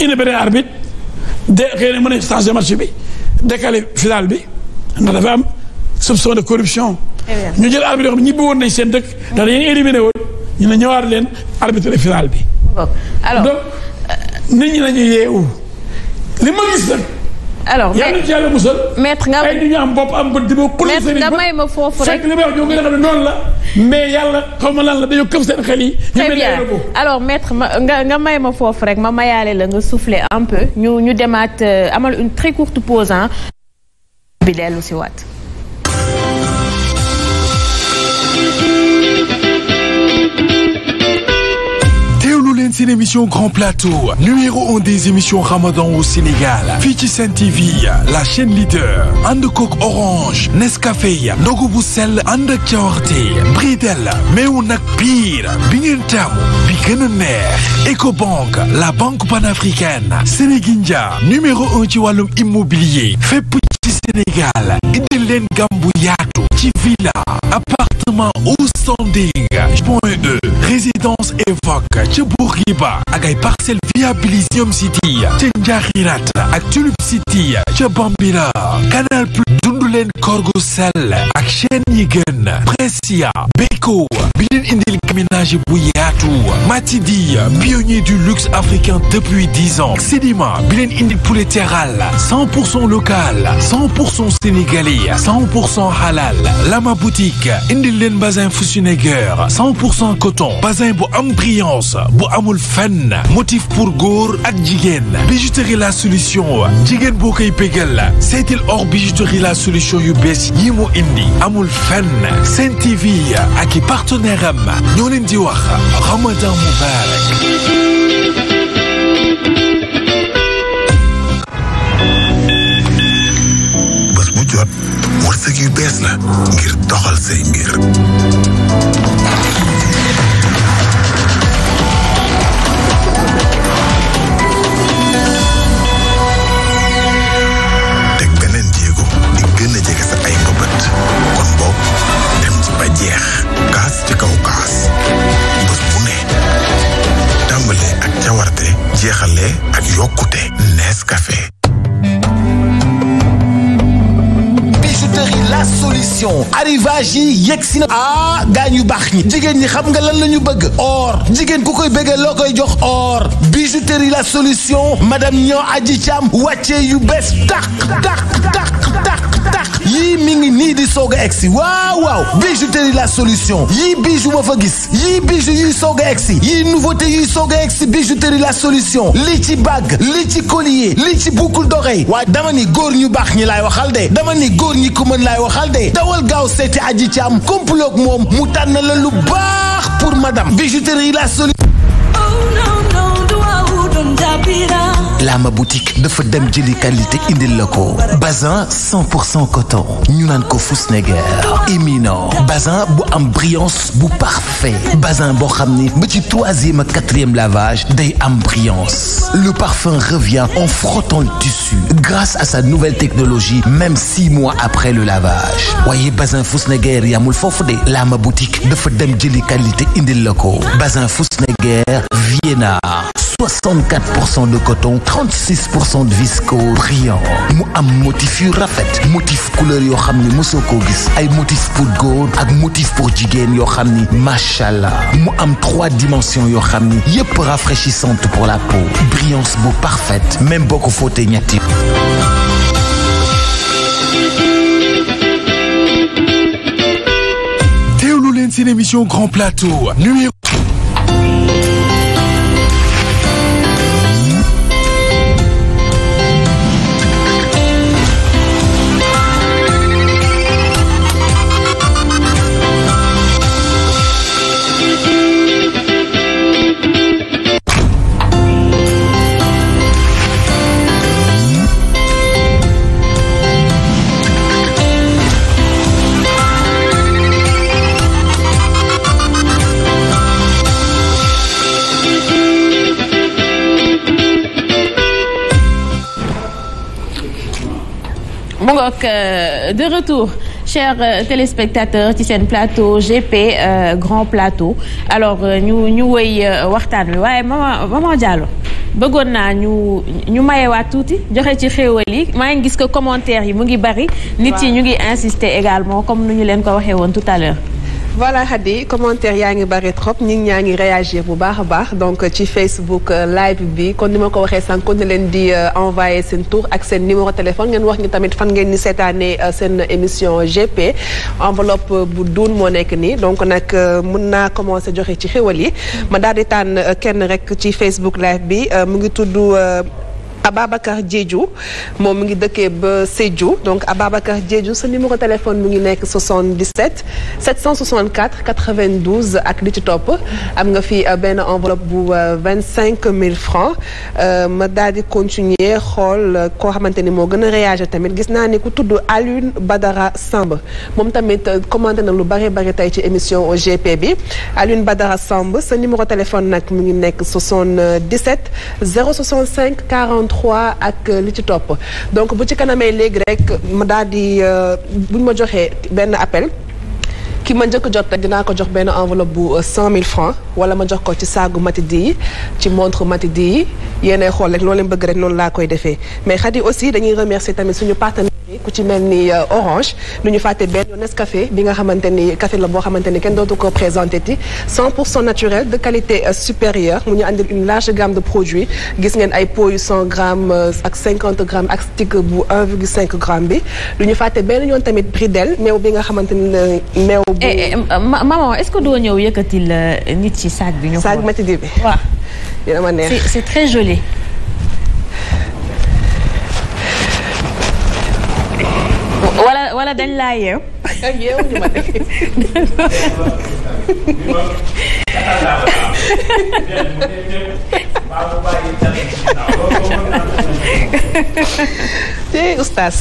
inhibé arbitre de xëy na mën a changer match bi décalé final bi ndax dafa am soupçon de corruption. Eh ñu jël arbitre yoo xam ne ñibbi nañ seen dëkk. ndax dañuy éliminé woon ñu ne ñëwaat leen arbitre final bi. alors donc nit ñi nañu yeewu li ma gis nag. alors mais yàlla ci yàlla musal. maître nga ay nit ñu am bopp am bët di ma. may ma foofu rek fekk li may wax ñoo ngi la. mais yàlla xaw ma lan la dañoo këf seen xel yi. très bien alors maître nga nga may ma foofu rek ma mayaale la nga souffler un peu ñu ñu demaat euh, amal une très courte pause bi dellu si waat. seen émission Grand Plateau numéro un des émissions Ramadan au Sénégal fii ci Sen TV la chaîne leader ànd kook Orange Nescafé ndogu bu sell ànd ak cawarte Bridel meew nag piir bi ngeen Ecobank la banque panafricaine Sénégindia numéro un ci wàllum immobilier Sénégal indil leen gam bu yaatu ci villa appartement au standing point E résidence évoque ca Bourguiba ak ay parcelle viabilisé ñoom city ca Njaaxirat ak Tulip City ca Bambila Canal Plus dund leen korgu sell ak chaîne yi Pressia Beko bi leen indil ménage bu yaatu Matidi pionnier du luxe africain depuis ans Sedima bi leen indil local 100% sénégalais 100% halal Lama Boutique indi leen bazin fusinégueur 100% coton bazin bu am brillance bu amul fenn motif pour góor ak jigéen bijouterie la solution jigéen boo koy pégal seetil or bijouterie la solution yu bees yi mu indi amul fenn Sen TV ak i partenaire am ñoo leen di wax Ramadan Mubarak jot wërsëg yu bees la ngir doxal say mbir. teg beneen jéego di gën a jege sa ay mbëbët kon boog dem ci jeex kaas ci kaw kaas bés bu ne tàmbalee ak cawarte jeexalee ak yokkute Nescafé. bijouterie la solution arrivage yi yegg si na ah gaañ yu baax ñi jigéen ñi xam nga lan la ñu bëgg or jigéen ku koy bëggee loo koy jox or bijouterie la solution madame ñoo aji caam wàccee yu bees tàq tàq tàq tax yii mi ngi nii di soog a egsi waaw waaw bijouterie la solution yii bijou ma fa gis yii bijou yuy soog a egsi yii nouveauté yuy soog a egsi bijouterie la solution li ci bague li ci collier li ci boucle d'oreille waaye dama ni góor ñu baax ñi laay waxal de dama ni góor ñi ko mën laay waxal de dawal gaaw seeti aji ci am complot moom mu tànn la baax pour madame bijouterie la solution. Oh, no, no, laama boutique dafa dem jëli qualité indil la ko bazin 100 pour cent coton ñu ko Fusneger éminent bazin bu am brillance bu parfait bazin boo xam ni ba ci troisième ak quatrième lavage day am brillance le parfum revient en frottant le tissu grâce à sa nouvelle technologie même six mois après le lavage waaye bazin Fusneger yamul foofu de laama boutique dafa dem jëli qualité indil la ko bazin Fusneger Vienna de coton 36 pour cent de viscose riant mu am motif yu rafet motif couleur yoo xam ni mosoo koo gis ay motif pour góor ak motif pour jigéen yoo xam ni macha allah mu am trois dimensions yoo xam ni yépp rafraîchissante pour la peau brillance bu parfaite même boo ko fóotee ñetti. teewlu leen émission grand plateau mu ngoog euh, de retour cher euh, téléspectateurs ci seen plateau GP euh, grand plateau alors euh, ñu ñu wëy waxtaan wi waaye maman maman Diallo bëggoon naa ñu ñu mayewaat tuuti joxe ci xéewal yi maa ngi gis que commentaire yi mu ngi bari nit yi ñu ngi insister également comme nu ñu leen ko waxee woon tout à l'heure voilà Khady commentaire yaa ngi bari trop ñi ñaa ngi réagir bu baax a baax donc ci Facebook euh, live bi kon ni ma ko waxee sànq ne leen di euh, envoyé seen tour ak seen numéro téléphone ngeen wax ñu tamit fan ngeen ni seetaanee euh, seen émission GP enveloppe bu duun moo nekk nii donc nag mun naa commencé joxe ci xéwal yi ma daal di tànn kenn rek ci Facebook live bi mu ngi tudd. Ababacar jéeju moom mu ngi dëkkee ba Sédhiou donc Ababacar Diédhiou sa numéro téléphone mu ngi nekk 77 764 92 ak li ci topp am nga fi euh, benn enveloppe bu 25 euh, 000 francs euh, ma daal di continuer xool koo xamante ni moo gën a réagir tamit gis naa ni ku tudd Alioune Badara Samb moom tamit commenté na lu bare bare tey ci émission OGP bi Alioune Badara Samb sa numéro téléphone nag mu ngi nekk 77 065 40 2023 ak li ci topp donc bu ci kanamee léegi rek ma daal di euh, buñ ma joxee benn appel ki ma njëkk jot rek dinaa ko jox benn enveloppe bu 100000 euh, francs wala ma jox ko ci saagu Matidi yi ci montre di yi yéenay xool rek loo bëgg rek loolu laa koy defee mais Khady aussi dañuy remercier tamit suñu partenaire ku ci mel ni euh, Orange du ñu fàtte benn Nescafé bi nga xamante ni café la boo xamante ni kenn dootu ko présenté ti naturel de qualité euh, supérieure mu ñu àndil une large gamme de produits gis ngeen ay pots yu 100 grammes euh, ak 50 grammes ak stick bu 1,5 bi lu ñu fàtte benn yoon tamit Bridel meew bi nga xamante ni meew bu eh, eh, maman est-ce que doo ñëw yëkkatil nit ci saag bi ñu saag matidi bi waaw dina ma neex c'est très joli wala dañ laa yeew. tey oustaz.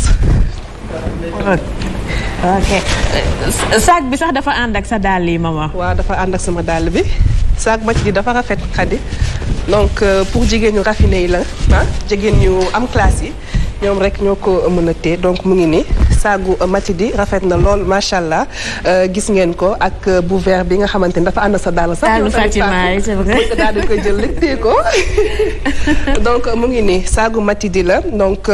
saag bi sax dafa ànd ak sa dàll yi ma waaw dafa ànd ak sama dàll bi saag ma ci dafa rafet xadi donc euh, pour jigéen ñu raffiné yi la ah jigéen am classe yi. ñoom rek ñoo ko mën a téye donc mu ngi ni saagu matidi rafet na lool macha allah euh, gis ngeen ko ak euh, bu vert bi nga xamante ni dafa ànd sa dàll sax. dàllu Fatima daal di koy jël ko donc euh, mu ngi ni saagu matidi la donc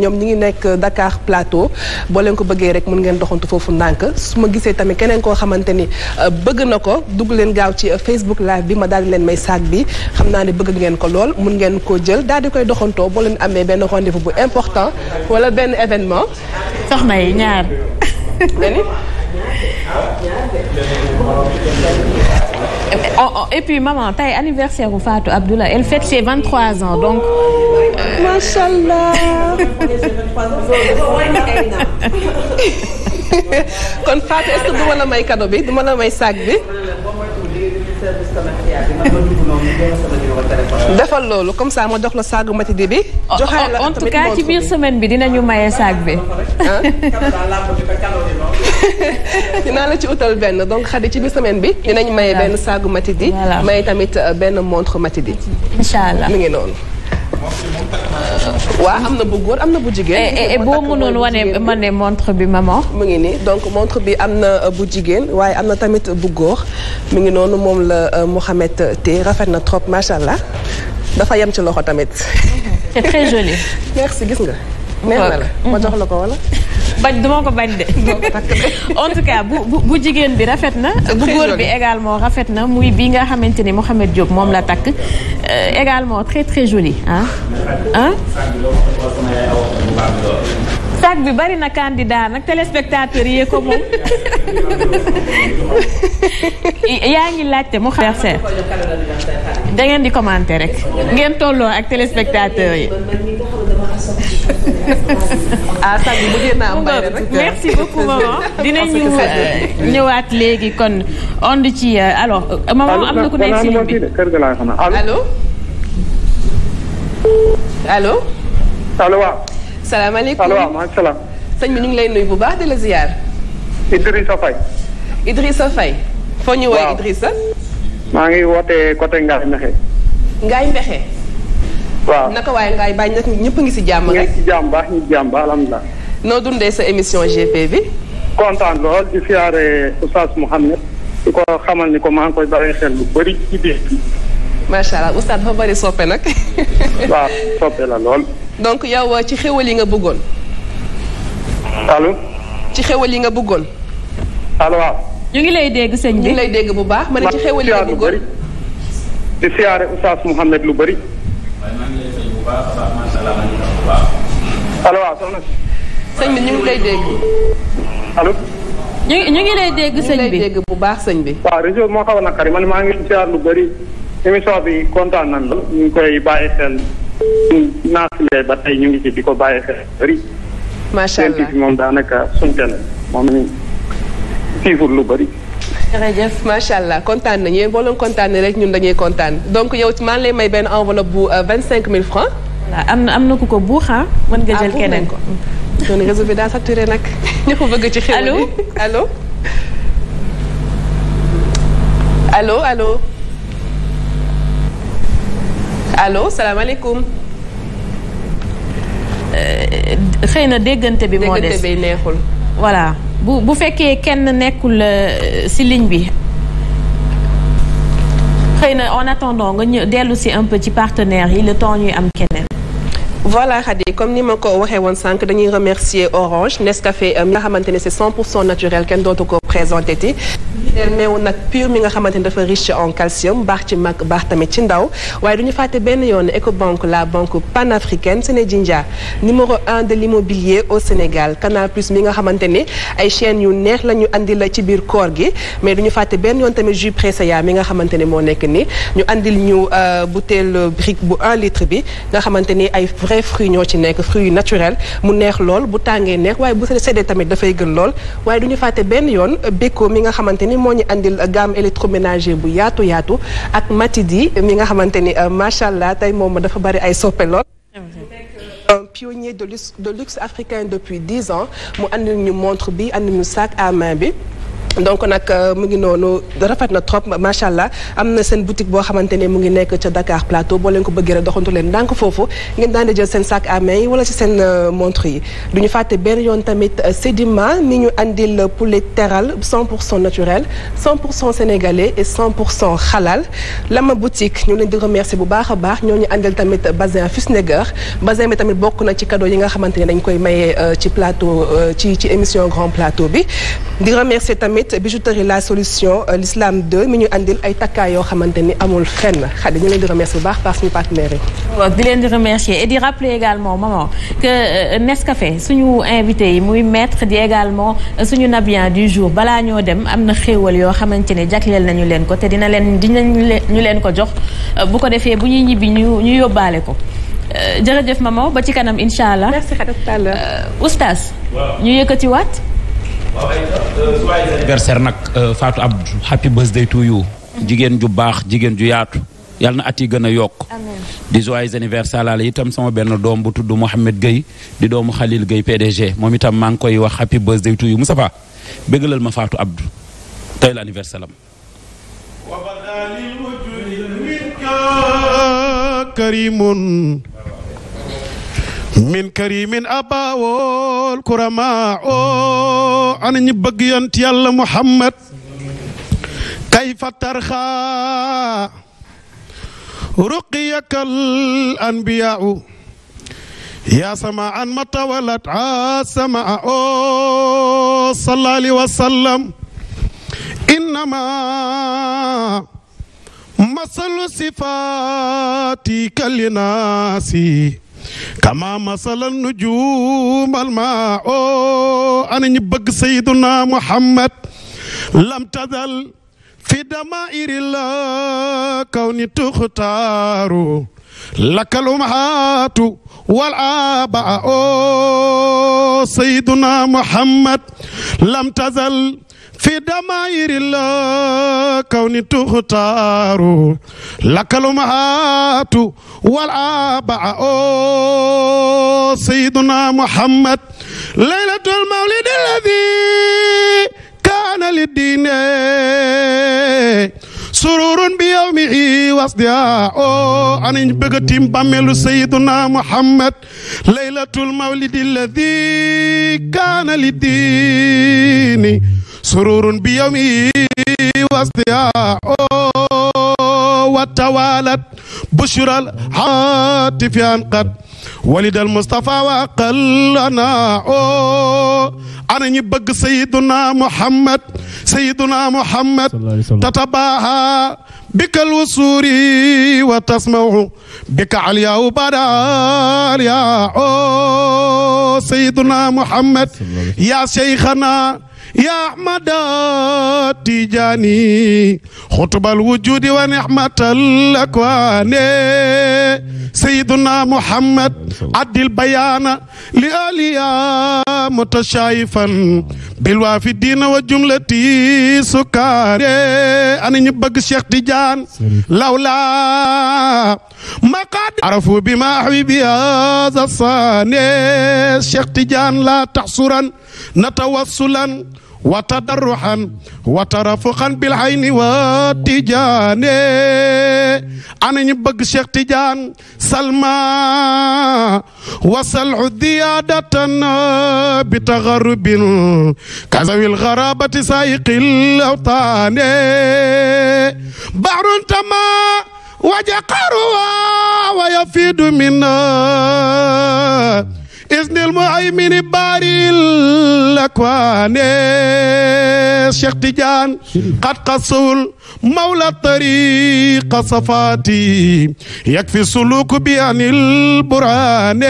ñoom ñi ngi nekk Dakar Plateau boo leen ko bëggee rek mun ngeen doxantu foofu ndànk su ma gisee tamit keneen koo xamante ni bëgg na ko dugg leen gaaw ci Facebook live bi ma daal di leen may saag bi xam naa ne bëgg ngeen ko lool mun ngeen koo jël daal di koy doxantoo boo leen amee benn rendez-vous bu important important wala benn événement. soxna yi ñaar. Oh, oh, et puis maman tey anniversaire bu Fatou Abdoulaye elle fête ses 23 ans donc. Euh, macha allah. kon Fatou est-ce que du ma la may cadeau bi du ma la may sac bi. service commercial bi man ma dugg defal loolu comme ça ma la saagu matidi bi. on la en ci biir semaine bi dinañu maye saag bi. dinaa la ci utal benn donc xadi ci biir semaine bi. dinañ maye benn saagu matidi. maye tamit euh, benn montre matidi. incha allah mi waaw am na bu góor am na bu jigéen. et eh, eh, eh, boo mënoon wane ma ne montre bi maman. mu ngi nii donc montre bi am na euh, bu jigéen waaye am na tamit bu góor mu ngi noonu moom la euh, Mouhamed te rafet na trop macha allah dafa yem ci loxo tamit. c'est très joli. gis nga. neex na la ma jox la ko wala. bañ duma ko bañ de. en tout cas bu bu jigéen bi rafet na. bu góor bi également rafet na muy bi nga xamante ni Mouhamed Diop moom la takk. Euh, également très très joli ah. ah. bi bari na candidat nag téléspectateur yee ko yaa ngi laajte mu xam. da ngeen di commenter rek. ngeen tolloo ak téléspectateur yi. ah sànni bëggee naa am bay rek merci beaucoup maman dinañu euh, ñëwaat léegi kon ond ci euh, alors. Euh, maman am na ku nekk si ligne bi allo allo. allo waaw. salaamaaleykum allo waaw maaleykum salaam. bi ñu ngi lay nuyu bu baax di la ziar. Idrissa Faye. Idrissa Faye. foo ñu woowee Idrissa. maa ngi wootee côté Ngaye Mekhe. Ngaye Mekhe. waaw naka waaye ngaay bàyyi nag ñëpp ngi si jàmm ngi si jàmm baax ñu jàmm baax alhamdulilah. noo dundee sa émission GP bi. kontaan lool di siyaare Oustaz Mouhamed. ni ko maa ngi ci biir. macha allah soppe nag. waaw la lool. donc yow ci xéwal yi nga bëggoon. allo. ci xéwal yi nga bëggoon. allo waaw. ñu ngi lay dégg sëñ bi ñu lay dégg bu baax. ma ne ci xéwal yi nga bëggoon di siyaare Oustaz Mouhamed lu bari waaye maa ngi lay bi ñu ngi lay dégg. allo. ngi ñu ngi bi dégg bu baax sëñ bi. waa réseau moo xaw a naqari man maa ngi siyaar lu bëri émission bi kontaan nañ la ñu ngi koy bàyyi xel naasulee ba tey ñu ngi ci di ko bàyyi xel bëri. macha allah moom daanaka suñu kenn lu bëri. jërëjëf macha allah kontaan nañu yéen boo leen kontaanee rek ñun dañuy kontaan donc yow maa ngi lay may benn enveloppe bu euh, vingt cinq mille francs waaw am na am na ku ko buux ah. mën nga ah, jël keneen ko doon réseau bi daa saturé nag ñu ko bëgg ci. xew allo allo allo allo allo salaamaaleykum. Euh, xëy na déggante bi moo des déggante bi neexul voilà. bu bu fekkee kenn nekkul euh, si ligne bi xëy na en attendant nga ñu dellu ci un ci partenaire yi le temps ñuy am keneen. voilà Khady comme ni ma ko waxee woon sànq dañuy remercier Orange Nescafé euh, mi nga xamante ne c'est 100 pour cent naturel kenn dootu ko. présenté ti meew nag pur mi nga xamante ni dafa riche en calcium baax ci mag baax tamit ci ndaw waaye du ñu fàtte benn yoon Ecobank la banque panafricaine Sénégindia numéro un de l'immobilier au Sénégal Canal Plus mi nga xamante ni ay chaînes yu neex la ñu andi la ci biir koor gi mais du fàtte benn yoon tamit jus pressé ya mi nga xamante ni moo nekk ni ñu indil ñu euh, bouteille brique bu un litre bi nga xamante ni ay vrai fruits ñoo ci nekk fruits yu naturel mu neex lool bu tàngee neex waaye bu sedee tamit dafay gën lool waaye du ñu fàtte benn yoon Beko mi nga xamante ni moo ñu andil gamme électroménager bu yaatu yaatu ak Matidi mi nga xamante ni euh, macha allah tey moom dafa bari ay soppe lool. un pionnier de luxe de luxe africain depuis dix ans mu andil ñu montre bi andil ñu sac à main bi. donc nag euh, mu ngi noonu rafet na trop macha allah am na seen boutique boo xamante ne mu ngi nekk ca Dakar Plateau boo leen ko bëggee rek doxantu leen ndànk foofu ngeen daan di jël seen sac à main yi wala ci seen euh, montre yi. du ñu fàtte benn yoon tamit euh, Sedima ni ñu andil poulet teral 100 pour cent naturel 100 pour cent sénégalais et 100 pour cent xalal lama boutique ñu leen di remercier bu baax a baax ñoo ñu andil tamit basin Fusneger basin bi tamit bokk na ci cadeau yi nga xamante ne dañ koy maye ci plateau ci ci émission grand plateau bi di remercier tamit. it bijouterie la solution euh, l'islam 2 mi ñu andil ay takkaay yoo xamante ni amul fenn xadi ñu leen di remercier bu baax baax suñu partenaire yi. waaw di leen di remercier et di rappeler également maman que euh, Nescafé suñu invité yi muy maître di également euh, suñu nabien du jour balaa ñoo dem am na xéewal yoo xamante ne jagleel nañu leen ko te dina leen dinañ ñu leen ko jox bu ko defee bu ñuy ñibbi ñu ñu yóbbaale ko. jërëjëf maman ba ci kanam incha allah. merci xarit ñu waaw anniversaire nag euh, Fatou Abdou happy birthday to you jigéen ju baax jigéen ju yaatu. yàlla na at yi gën a yokk di joyeux anniversaire laala itam sama benn doom bu tudd Mouhamed di doomu Khalil Gueye PDG moom itam maa ngi koy wax happy birthday to you Moustapha béggalal ma Fatou Abdou tey la anniversaire am min karimin abaawol kurama o ana ñi bëgg yant yàlla muhammad kayfa tarxa ruqiyakal anbiyaau yaa sama an matawalat a sama o salla alayhi wa sallam innama masalu sifatika linaasi kama masalal nujum almaa ana ñu bëgg sayduna muhammad lam tazal fi damairi la kaw ni tuxtaaru lakal umahaatu wal abaa sayduna muhammad lam tazal في دمائر الكون تختار لك الأمهات والآباء سيدنا محمد ليلة المولد الذي كان للدين سرور بيومه واصدياء أنا بغتيم بامل سيدنا محمد ليلة المولد الذي كان للدين سرور بيومه واصدعاء وتوالت بشرى الهاتف قد ولد المصطفى وقلنا أنا نبغ سيدنا محمد سيدنا محمد تتباهى بك الوسور وتسمع بك عليا وبرا يا سيدنا محمد يا شيخنا يا أحمد تجاني خطب الوجود ونعمة الأكوان سيدنا محمد عد البيان لأليا متشايفا بالوافدين وجملة سكاري أنا نبغ الشيخ تجان لولا ما قد عرفوا بما حبيبي هذا الصاني الشيخ تجان لا تحصرا نتوصلا وتضرعا وترفقا بالعين والتجان انا نبغ شيخ تجان سلمى وسلع ديادتنا بتغرب كذوي الغرابة سايق الأوطان بحر تما وجقرها ويفيد منا isnil muhaymini baaril akwaane Cheikh Tidiane xat xasul مولى الطريق صفاتي يكفي السلوك بأن البرهان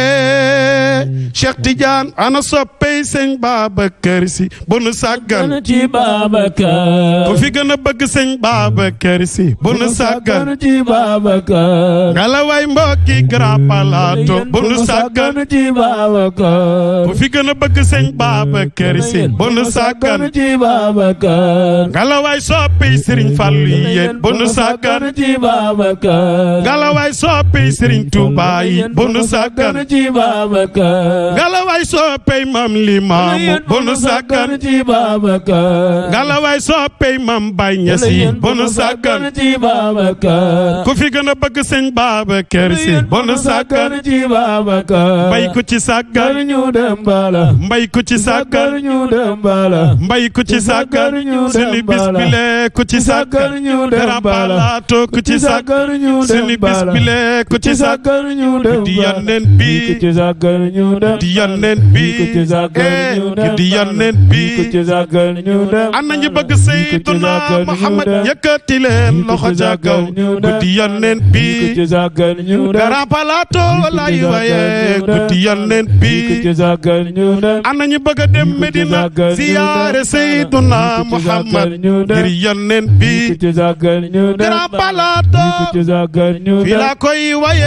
شيخ تجان أنا صبي سن بابا كرسي بن ساكن تي بابا كر كفي غن بك سن بابا كرسي بن ساكن تي بابا كر غلاوي مبكي غرابالاتو بن ساكن تي بابا كر كفي غن بك سن بابا كرسي بن ساكن تي بابا كر غلاوي صبي سرين فال yi yéen bu nu sàggan ci Babacar ngalawaay soppey Serigne Touba yi bu nu sàggan ci Babacar ngalawaay soppey Mam Limaamu bu nu sàggan ci Babacar ngalawaay soppey Mam Baye Niass yi bu nu sàggan ci Babacar ku fi gën a bëgg sëñ Babacar si bu nu sàggan ci Babacar mbay ku ci sàggan ñu dem bala mbay ku ci sàggan ñu dem bala mbay ku ci sàggan suñu bis bi lee ku ci sàggan ñu dem bala ku ci sàggan ñu dem bala ku ci sàggan ñu dem bala di yonent bi ku ci sàggan ñu dem di yonent bi ku ci sàggan ñu dem di yonent bi ku ci sàggan ñu dem ana ñu bëgg Seydina Muhammad yëkkati leen loxo ca kaw ku di yonent bi ku ci sàggan ñu dem grand plateau lay waye ku di yonent bi ku ci sàggan ñu dem ana ñu bëgg dem Medina ziyaare Seydina Muhammad ngir yonent bi ci sagal ñu grand palato ci sagal ñu fi la koy waye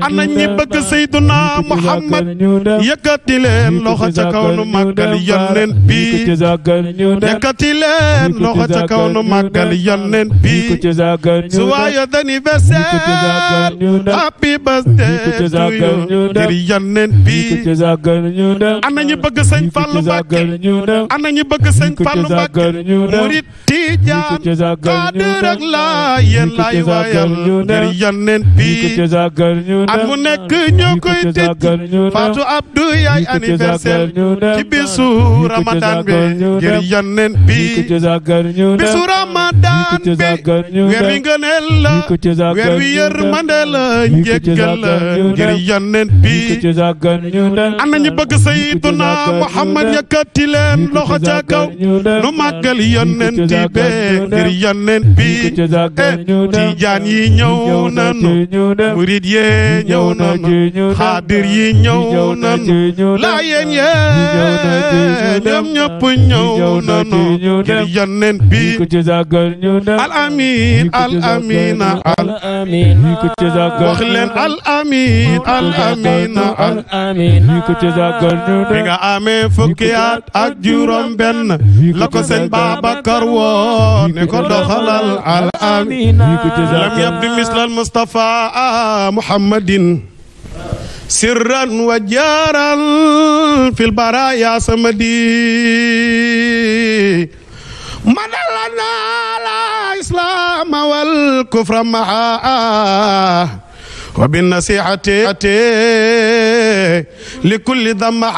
ana ñi bëgg Seyduna Muhammad yëkkati leen loxo ca kaw nu màggal yonent bi yëkkati leen loxo ca kaw nu màggal yonent bi su waayo d'anniversaire happy birthday to you ngir yonent bi ana ñi bëgg Sëñ Fallu Mbakke ana ñi bëgg Sëñ Fallu Mbakke murit Tijaan xaadir ak laa yéen laay waayal ngir yónneen bi at mu nekk ñoo koy tëj Fatou Abdou yaay anniversaire ci bisu Ramadan bi ngir yónneen bi bisu Ramadan bi weer wi ngëneel la weer wi yërmande la njëggal la ngir yónneen bi am nañu bëgg Sayyiduna Muhammad yëkkati leen loxo ca kaw nu màggal yónneen bi yoneen bi tijaan yi ñëw nanu murid yee ñëw nanu xaadir yi ñëw nanu laayeen yee dem ñëpp ñëw nanu ngir yoneen bi al amin al amina al amin wax leen al amin al amina al amin bi nga amee fukki at ak juróom benn la ko seen Babacar woo ne ko دخل العالم لم يبد مثل المصطفى محمد سرا وجارا في البرايا سمدي من لنا الإسلام والكفر معاه wa bi nasihati li kulli damma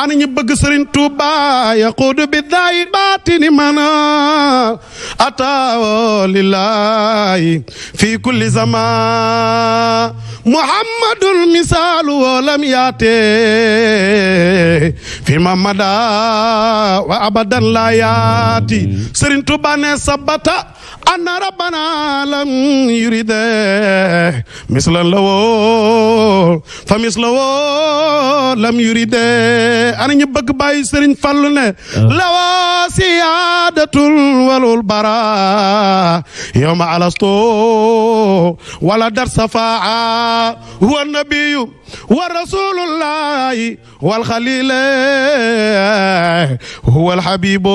ana ñi bëgg sëriñ Tuuba yaquudu bi daay baatini mana ataawo lillahi fi kulli zaman muhammadul misaalu wolam yaate fi mamada wa abadan la yaati sëriñ Tuuba ne sabata أن ربنا لم يرد مثلا له فمثله لم يرد أنا نبغ باي سرين فلنا لو سيادة ولول برا يوم ألستو ولا در صفاعة هو النبي والرسول الله والخليل هو الحبيب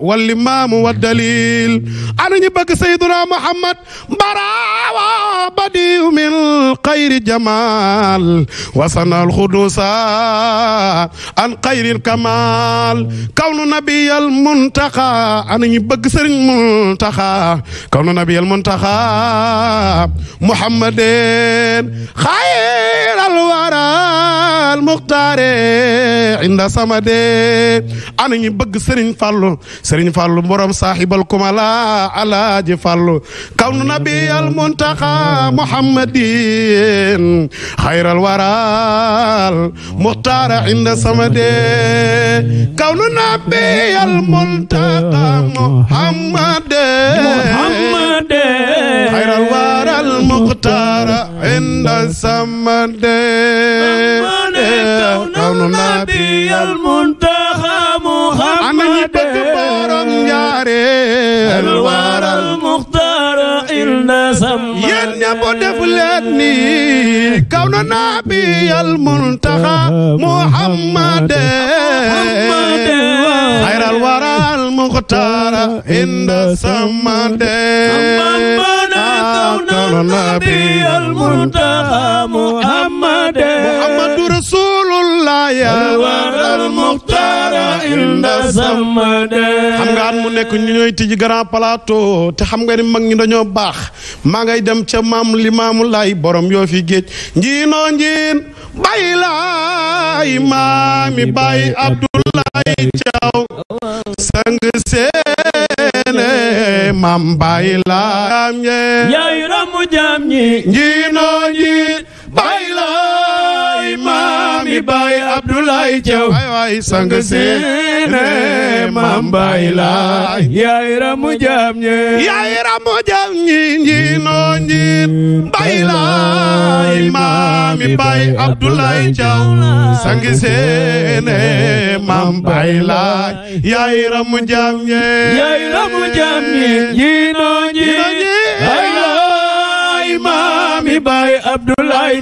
والإمام والدليل ana ñu bëgg sayduna muhammad barawa badiu min xayri jamal wasana alxudusa an xayril kamal kawnu nabiyal muntaxa ana ñu bëgg sëriñ muntaxa kawnu nabiyal muntaxa muhammadin xayral waral muxtaare inda samade ana ñu bëgg sëriñ fàllu sëriñ fàllu borom kumala alaaji fallu kawnu nabiyal muntaqa muhammadin xayral waral muxtaara inda samade kawnu nabiyal muntaqa muhammadin xayral waral muxtaara inda samade kawnu nabiyal muntaqa muhammadin njaareel waral muxtaar inda sama yéen ñëpp def leen ni kaw na nabiyal muntaxa muhammade xayral waral muxtaar inda sama de kaw na nabiyal muntaxa muhammade muhammadu rasul مولاي الورى المختار عند الصمد xam nga at mu nekk ñu ñooy tijji grand plateau te xam nga ni mag ñi dañoo baax maa ngay dem ca maam li maamu laay borom yoo fi géej njiinoo njiin bay laay maami bay abdoulaay caw sang seene maam bay laay jaam ñi yaay jaam ñi njiinoo njiin doomi baay Abdoulaye Thiaw waay sang seene maam baay laay yaay ramu jaam ñi yaay ramu jaam ñi njiinoo njiin baay laay maami baay Abdoulaye Thiaw sang seene maam baay laay yaay ramu jaam ñi yaay ramu jaam ñi njiinoo njiin baay laay maami baay Abdoulaye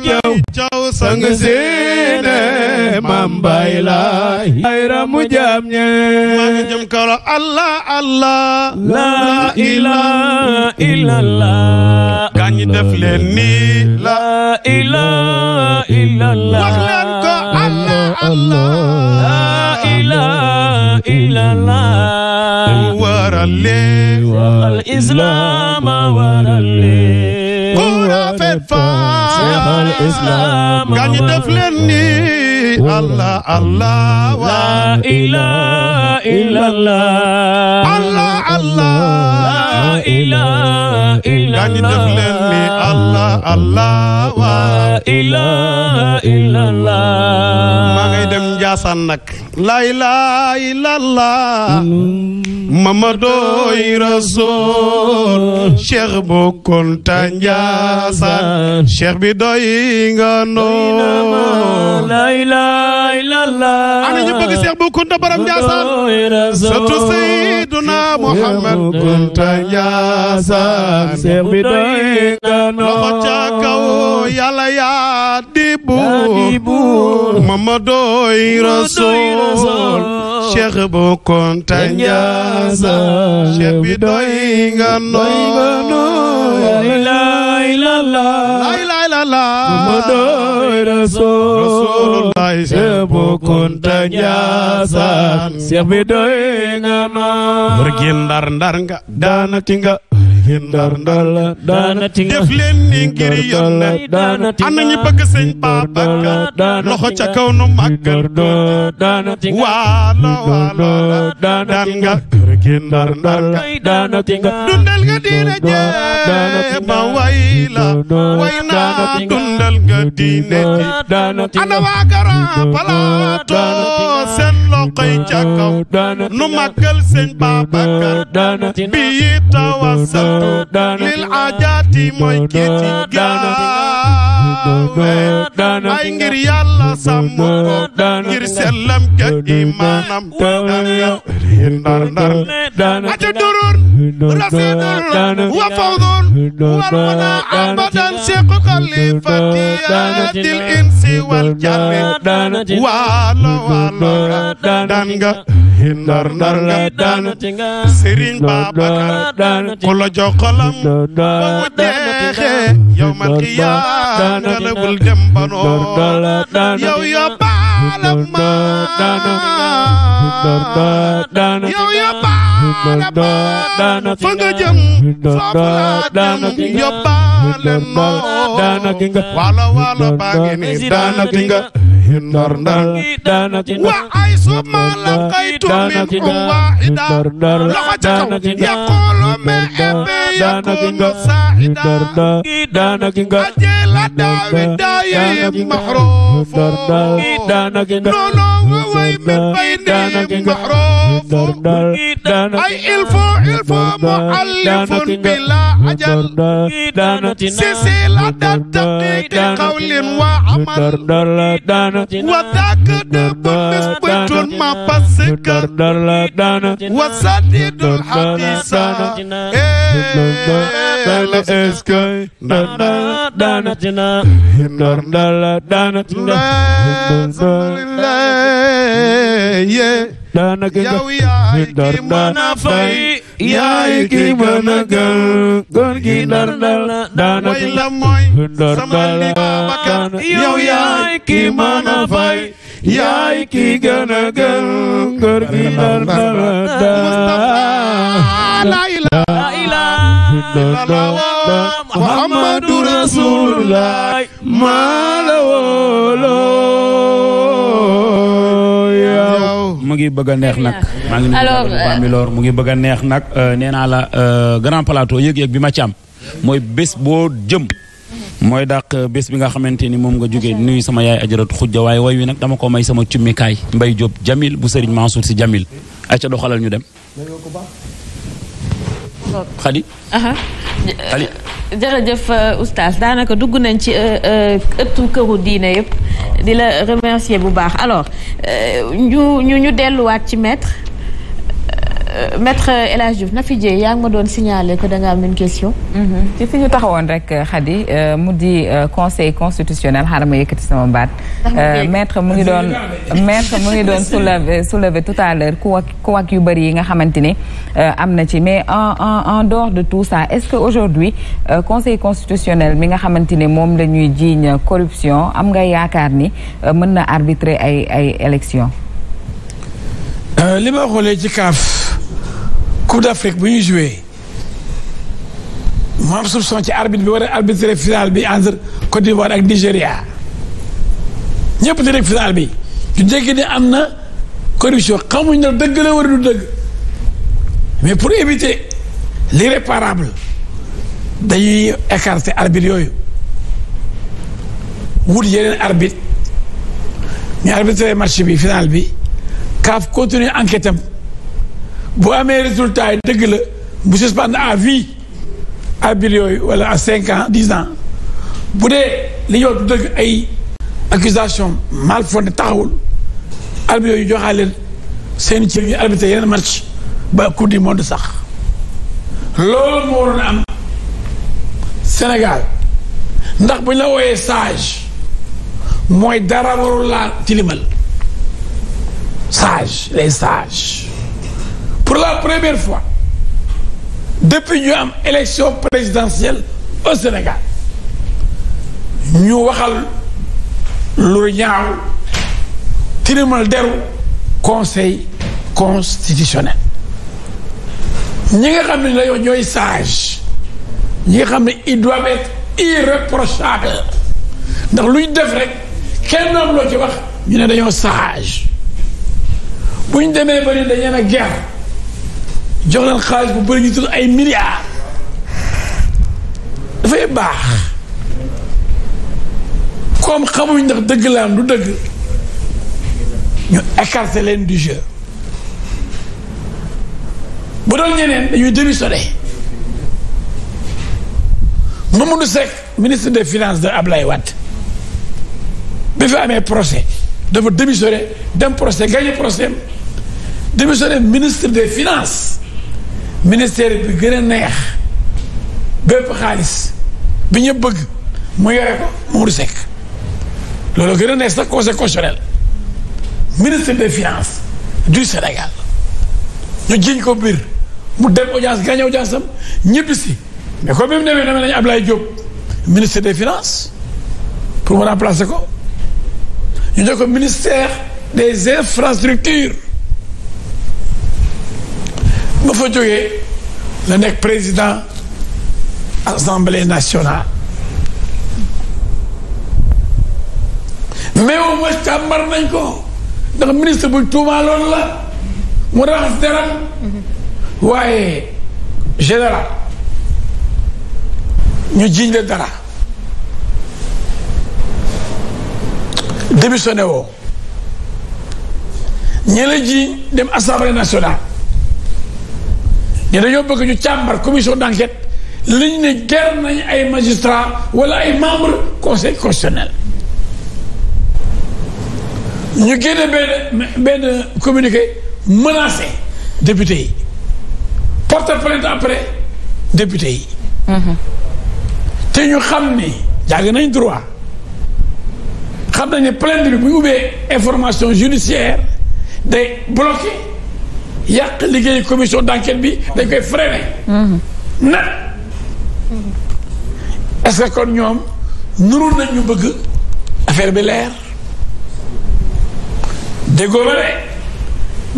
Thiaw sang siine mam bay lay ayra mu jaam ñe maa ngi jëm allah allah la ilaha illallah gaa ñi def leen nii la ilaha illallah wax leen ko allah allah la ilaha illallah warale al islam warale xurafet faal islam gaa ñi def leen ni allah allah wa ilaa ilaa allah allah la ilaha illallah allah la ilaha illallah maa ngay dem Njaasaan nag la ilaha illallah Mamadou Rasoul Cheikh bu Kunta Njaasaan Cheikh bi doy nga noon la ilaha illallah ana ñu bëgg Cheikh bu Kunta borom Njaasaan surtout Seydina Muhammad Kunta Njaasaan seex bi doy nga noon loxo ca kaw yàlla yaa di buur mama doy rasool seex bu kontaan Njaasaan seex bi doy nga noon la ilaha illallah Muhammadu Rasulullah Sebu Kunta Njaasaan Seex bi doy nga noon Burgi ndar ndar nga daanati nga ndar ndar la daana ti gi ndar ndar la daana ti nga dundal nga jee dundal nga diine ana waa garaa palaato seen loxoy ca kaw nu màggal sëñ Babacar bi tawassal lil ajaati mooy géeti gaal ay ngir yàlla sàmm ngir sellam ke imaanam ndar ndar ati durun rasidun wa fawdun wal wada abadan seeku xalifati adil insi wal janni waalo waalo dan nga ndar ndar nga dan Serigne Babacar ku la jox xolam ba yow man xiyaam nga ne bul dem ba noon yow yóbbaale ma yow yóbbaale ma fa nga jëm foofu laa dem yóbbaale ma wala wala baa ngi nii daana dinga ndar ndar wa ay su ma laqaytu minkum waahida loxo ca kaw yaqulu ma ebe yakunu saahida ajila daawi daayi maxruufu noonu wa way min bayni maxruuf ay il faut il faut muallifun bila ajal sisil adata bi qawlin wa amal wa dak debun misbitun ma pasikar wa sadidul haqisa Dana eskay, dana dana tina, dana dana dana tina, dana dana tina, daanaka yow yaay ki mën a fay yaay ki mën a gël góor gi dar dar daanaka way dar dar la ilaha Muhammadu Rasulullah maa la wóoloo mu ngi bëgg neex nag. maa ngi nuyu Bambilor mu ngi bëgg a neex nag euh, euh, nee naa la euh, grand plateau yëg-yëg bi ma ci am mooy bés boo jëm. mooy daq bés bi nga xamante ni moom nga jógee nuyu sama yaay ajarat xujja waaye way wi nag dama ko may sama cummikaay Mbay Jóob Jamil bu Sëriñ Mansour si Jamil ay ca doxalal ñu dem xadi xadi jërëjëf euh, oustaz daanaka dugg nañ ci euh, euh, ëttu këru diine yëpp di la remercier bu baax alors ñu ñu ñu delluwaat ci maître Euh, maître El Hadj Diouf na fi jee yaa ngi ma doon signaler que da am une question. Mm-hmm. ci fi ñu taxawoon rek euh, Khady euh, mu di conseil constitutionnel xaaral ma yëkkati sama baat. maître mu ngi doon maître mu ngi doon soulever soulever tout à l'heure ku wak yu bëri yi nga xamante ne am na ci mais en en en dehors de tout ça est-ce que aujourd'hui conseil constitutionnel mi nga xamante ne moom la ñuy jiiñ corruption am nga yaakaar ni mën na arbitrer ay ay élections. Coupe d'Afrique bu ñuy joué mu am ci arbitre bi war a final bi entre Côte d'Ivoire ak Nigéria ñëpp di final bi ñu dégg ni am na corruption xamuñ na dëgg la war du dëgg mais pour éviter l'irréparable dañuy écarter arbitre yooyu wut yeneen arbitre ñu arbitrer marché bi final bi kaaf continuer enquête am bu amee résultat yi dëgg la bu suspendre à vie à biir yooyu wala à cinq ans dix ans bu dee li ñuy ay accusation mal fondée taxawul arbitre yooyu joxaale leen seen ci ñu arbitre yeneen match ba coupe du monde sax loolu moo waroon am Sénégal ndax bu ñu la wooyee sage mooy dara warul laa tilimal sage les sages pour la première fois depuis ñu am élection présidentielle au Sénégal ñu waxal lu ñaaw tirimal deru conseil constitutionnel ñi nga xam ne la ñooy sage ñi nga xam ne il doit être irréprochable ndax luñ def rek kenn doom loo ci wax ñu ne dañoo sage bu ñu demee ba ni dañu ne jox leen xaalis bu bëri ñu tudd ay milliards dafay baax comme xamuñ ndax dëgg la du dëgg ñu écarter du jeu bu doon ñeneen dañuy mu démissionné Mamadou Seck ministre des finances de Ablaye Wade bi fi amee procès dafa démissionné dem procès gagné procès démissionné ministre des finances ministère bi gën a neex bépp xaalis bi ñu bëgg mu yore ko Mamadou Seck loolu gën a neex sax conseil constitutionnel ministre des finances du Sénégal ñu jiñ ko biir mu dem audience gagné audience am ñëpp si mais comme bi mu demee demee nañu Ablaye Diop ministre des finances pour mu remplacer ko ñu jox ko ministère des infrastructures ba fa jógee la nekk président assemblée nationale mais au moins càmbar nañ ko ndax ministre buñ tuumaaloon la mu raxas deram waaye général ñu jiñ la dara démissionné woo ñi la jiñ dem assemblée nationale ne dañoo bëgg ñu càmbar commission d' enquête liñ ne ger nañ ay magistrat wala ay membre conseil constitutionnel ñu génne benn benn communiqué menacé député yi porte plainte après député yi mm-hmm. te ñu xam ni jàng nañ droit xam nañ ne plainte bi bu ubbee information judiciaire day bloqué yàq liggéey commission d'enquête bi dañ koy freiné mm-hmm. na est-ce que kon ñoom nuru nañ ñu bëgg affaire bi leer déggoo ma ne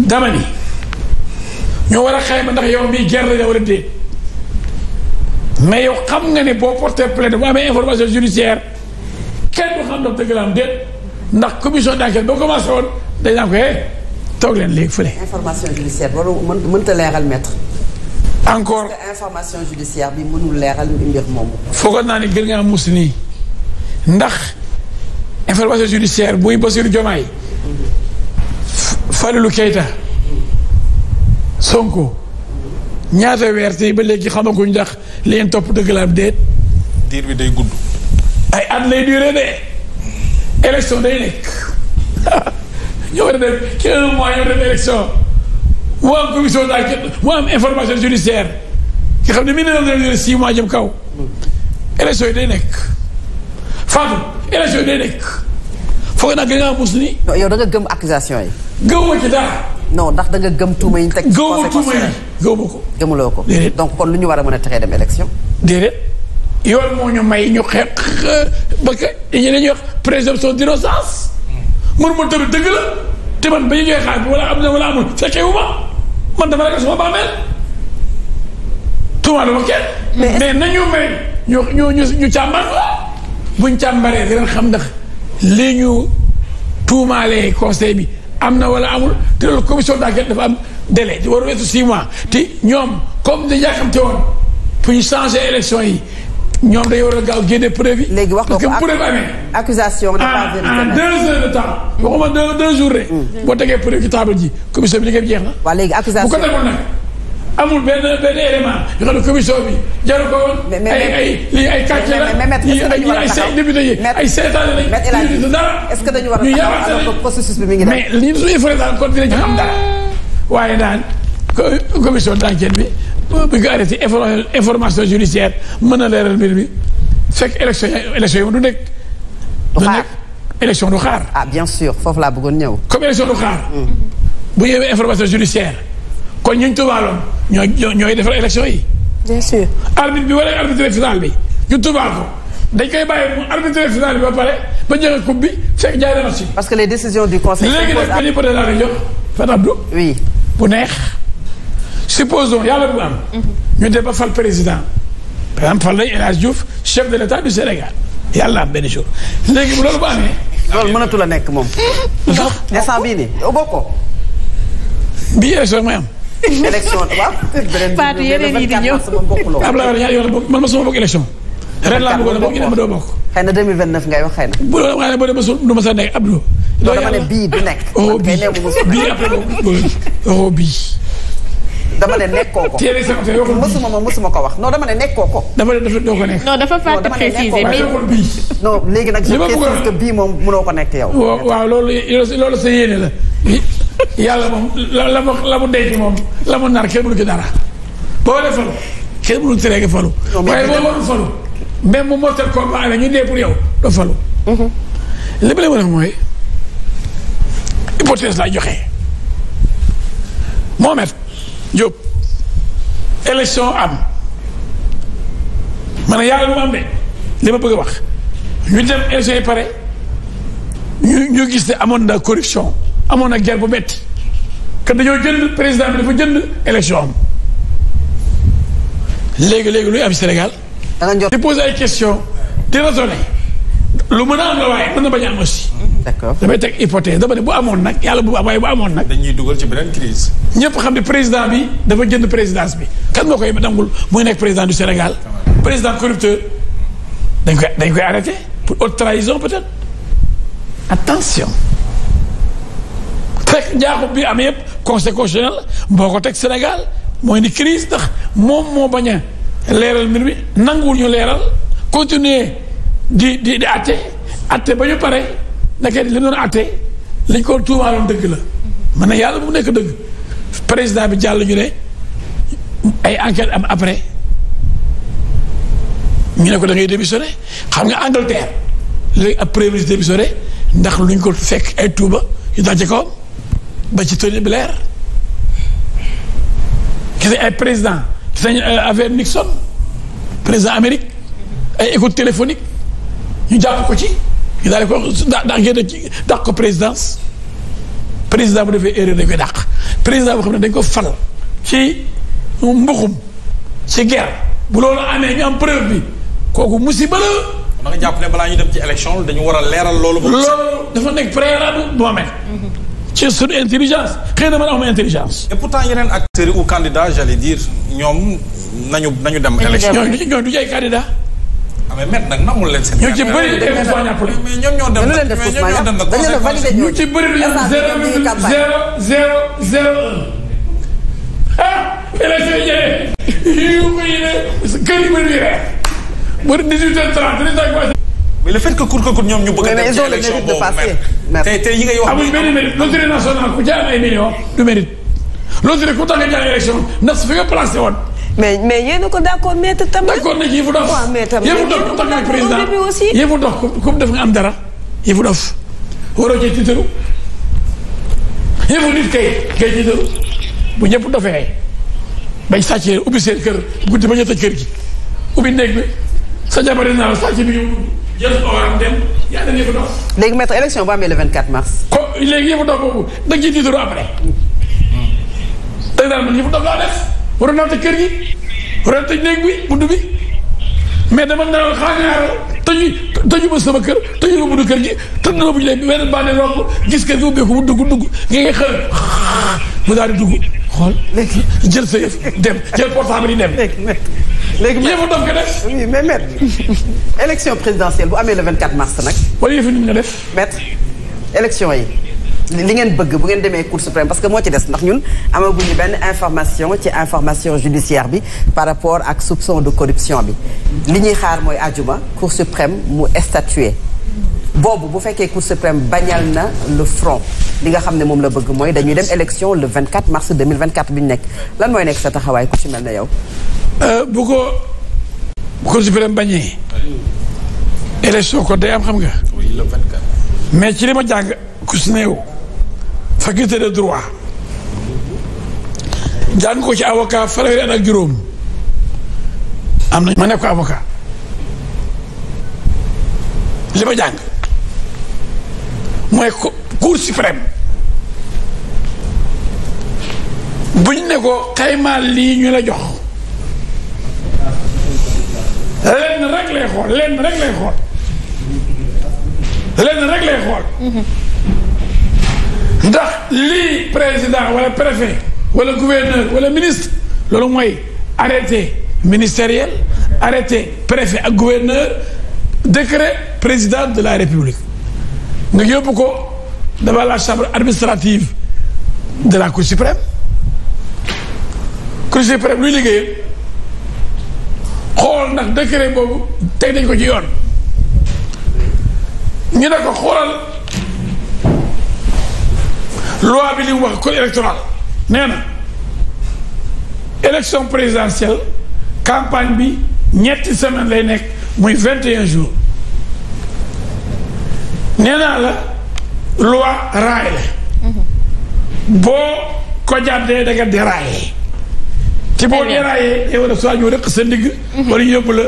dama ni ñoo war a xayma ndax yow mii gerte la wala déet mais yow xam nga ne boo porté plainte bu amee information judiciaire kenn du xam ndax dëgg la am déet ndax commission d'enquête boo commencé woon dañ naan ko eh, toog leen léegi fële. information judiciaire waru mën mënta leeral maître. encore information judiciaire bi mënul leeral mbir moomu. foogoon naa ni ndax information buy Bassirou Diomaye. Fadilou Keita. Sonko. ñaata weer tey ba léegi xamaguñ ndax li topp dëgg la am déet. bi day gudd. ay at lay duré de. élection day nekk. ñoo war a dem ci un mois ñoo am commission d'enquête mu am information judiciaire ki xam ne mi na def six mois jëm kaw élection yi day nekk Fatou élection yi de nekk foog naa gën a mus ni yow da nga gëm accusation yi gëmuma ci dara non ndax da nga gëm tuuma yi teg gëmuma tuuma ko gëmuloo ko donc kon lu ñu war a mën a teree dem élection déedéet yoon moo ñu may ñu xeex ba que ñu ne ñu wax présomption d'innocence mërmal tamit dëgg la te man ba ñu koy xaar bi wala am amul fekkee wu man dama ragal sama bàmmeel tuuma dama kenn. mais nañu may ñu ñu ñu ñu càmbar buñ càmbaree dinañ xam ndax lii ñu tuumaalee conseil bi am na wala amul te loolu commission d'enquête dafa am délai di war a weesu six mois te ñoom comme dañu xam woon pour ñu changer élection yi. ñoom day war a gaaw génne preuve yi. léegi wax nga ko preuve amee. accusation de ah, pas en ah, deux heures de temps. waxuma deux deux jours hmm. boo tegee preuve ci table ji commission bi liggéey bi jeex na. léegi accusation bu ko defoon nag amul benn élément yoo xam commission bi jaru ko woon. mais mais ay ay lii la lii ay ay député yi est que dañu war a taxaw alors que processus bi mi ngi mais lii suñu frais daal kon dinañu xam daan ah. commission d'enquête bi. bëgg arrêté information judiciaire mën na leeral mbir mi fekk élection élection yi du nekk. du xaar élection du xaar. ah bien sûr foofu laa bëggoon ñëw. comme élection du xaar. Mm. bu ñëwee information judiciaire kon ñu ñu tubaaloon ñooy ñooy defar élection yi. bien bi wala arbitre final bi ñu tubaal ko dañ koy bàyyi mu arbitre bi ba pare ba jël coupe bi fekk jaay na match bi. parce que les décisions du conseil. léegi nag dañuy peut être daal bu neex. supposons yàlla bu am. Mhm. ñu def ba fal président par exemple fal nañ El Hadj Diouf chef de l' du Sénégal yàlla am benn jour léegi bu loolu bu amee. loolu nekk moom. ndax instant bii nii bokkoo. bii élection mooy am. élection waaw. Fatou yeneen yi élection. ren laa bëggoon a bokk ñu ne ma doo bokk. xëy na 2029 ngay wax xëy ne bii oh, bi dama ne nekkoo ko. téere sama téere ma ko wax non dama nekkoo ko. dama ne dafa doo ko nekk. non dafa fàtte préciser mais non moom ko nekk yow. waaw loolu loolu sa yéene la. yàlla moom la la la mu denc moom la mu nar kenn dara. boo dee falu kenn mënu ci rek falu. waaye boo warul falu. la ñu dee pour yow doo falu. Mhm. li ma leen wax mooy hypothèse laa joxe Mohamed. Diop élection am ma ne yàlla lu mu am de li ma bëgg a wax ñu dem élection yi pare ñu ñu gis ne amoon na corruption amoon ak guerre bu metti que dañoo jënd président bi dafa jënd élection am léegi léegi luy am Sénégal. da di poser ay questions di raisonner lu mën a am la waaye mën na bañ am aussi. d'accord damay teg hypothèse dama ne bu amoon nag yàlla bu waaye bu amoon nag. dañuy dugal ci beneen crise ñëpp xam ne président bi dafa jënd présidence bi kan moo koy dangul muy nekk président du Sénégal président corrupteur dañ koy dañ koy arrêté pour haute trahison peut-être attention. fekk njaaxum bi am yëpp conseil constitutionnel boo ko teg Sénégal mooy ni crise ndax moom moo bañ a leeral mbir mi nanguwul ñu leeral continuer di di di àtte àtte ba ñu pare. nekkee li doon àtte lañ ko tuumaaloon dëgg la ma na yàlla bu nekk dëgg président bi jàll ñu ne ay enquête am après ñu ne ko da ngay xam nga Angleterre léegi ab premier ministre démissionné ndax luñ ko fekk ay tuuba yu dal ci kawam ba ci Tony Blair kese ay président gis nañu euh, affaire Nixon président Amérique ay écoute téléphonique ñu jàpp ko ci ñu daal di daa daa génn ci dàq ko présidence président bu defee erreur dañ koy dàq président boo xam ne dañ ko fal ci mbuxum ci guerre bu loolu amee ñu am preuve bi kooku musiba la. ma nga jàpp ne balaa ñu dem ci élection dañu war a leeral loolu. loolu dafa nekk préalable bu ma ci suñu intelligence xëy na man amuma intelligence. et pourtant yeneen acteurs yi ou candidats j'allais dire ñoom nañu nañu dem. élection ñooñu du ñu ay candidats. mais maître nag nangul leen seen. ñu ci bëri dañu ñoo dem nag dañu la validé ñu ci bëri du ñu zéro zéro zéro zéro un. mais le fait que court court ñoom ñu bëgg a dem ci élection boobu maître tey tey yi ngay wax. amul benn mérite loterie nationale ku jaar ay millions du mérite loterie ku tax nga jaar élection ndax su fi nga placé woon. mais mais yéen ko d'accord maître Tamba. d'accord nag yëfu dof waaw mais Tamba yëfu dof ku nekk nga am dara yëfu dof waroo cee tiitaru yëfu nit kay kay tiitaru bu ñëpp dofee bañ sàccee ubbi seen kër guddi ba ñu tëj kër gi ubbi néeg bi sa jabari naa sàcc bi ñëw jël dof. léegi maître élection bu amee le 24 mars. ko léegi yëfu dof boobu da nga ciy après. Hmm. dëgg daal man yëfu dof laa def. waroon naa tëj kër gi waroon naa tëj néeg bi budd bi mais dama ne la xaajaaral tëju tëju ma sama kër tëju ma budd kër gi tëj na ma bu ñu lay weneen baa ne romb gis kër gi ubbeeku mu dugg dugg nga ngi xëy mu daal di dugg xool jël sa yëf dem jël portable yi dem. léegi mais yëfu dof nga def. oui mais maître élection présidentielle bu amee le 24 mars nag. wala yëfu nit nga def. maître élection yi. li ngeen bëgg bu ngeen demee cour suprême parce que moo ci des ndax ñun amaguñu benn information ci information judiciaire bi par rapport ak soupçon de corruption bi li ñuy xaar mooy ajuma cour suprême mu statuer boobu bu fekkee cour suprême bañal na le front li nga xam ne moom la bëgg mooy dañuy dem élection le 24 mars 2024 bi ñu nekk lan mooy nekk sa taxawaay ku ci mel na yow. Euh, bu ko cour suprême bañee. élection ko day am xam nga. oui mais ci li ma jàng faculté de droit jàng ko ci avocat fanweeri at ak juróom am na ma nekk ko avocat li ma jàng mooy cour suprême buñ ne ko xaymaa lii ñu la jox lenn rek lay xool lenn rek lay xool ndax lii président wala préfet wala gouverneur wala ministre loolu mooy arrêté ministériel arrêté préfet ak gouverneur décret président de la république nga yóbbu ko devant la chambre administrative de la cour suprême cour suprême luy liggéeyam xool ndax décret boobu teg nañ ko ci yoon ñu ne ko xoolal loi bi li mu wax code électoral nee élection présidentielle campagne bi ñetti semaine lay nekk muy vingt jours nee naa la loi raay la boo ko jàddee da nga déraillé ci boo déraillé day war a soit ñu rëq sa ndigg mhm. wala yóbbu la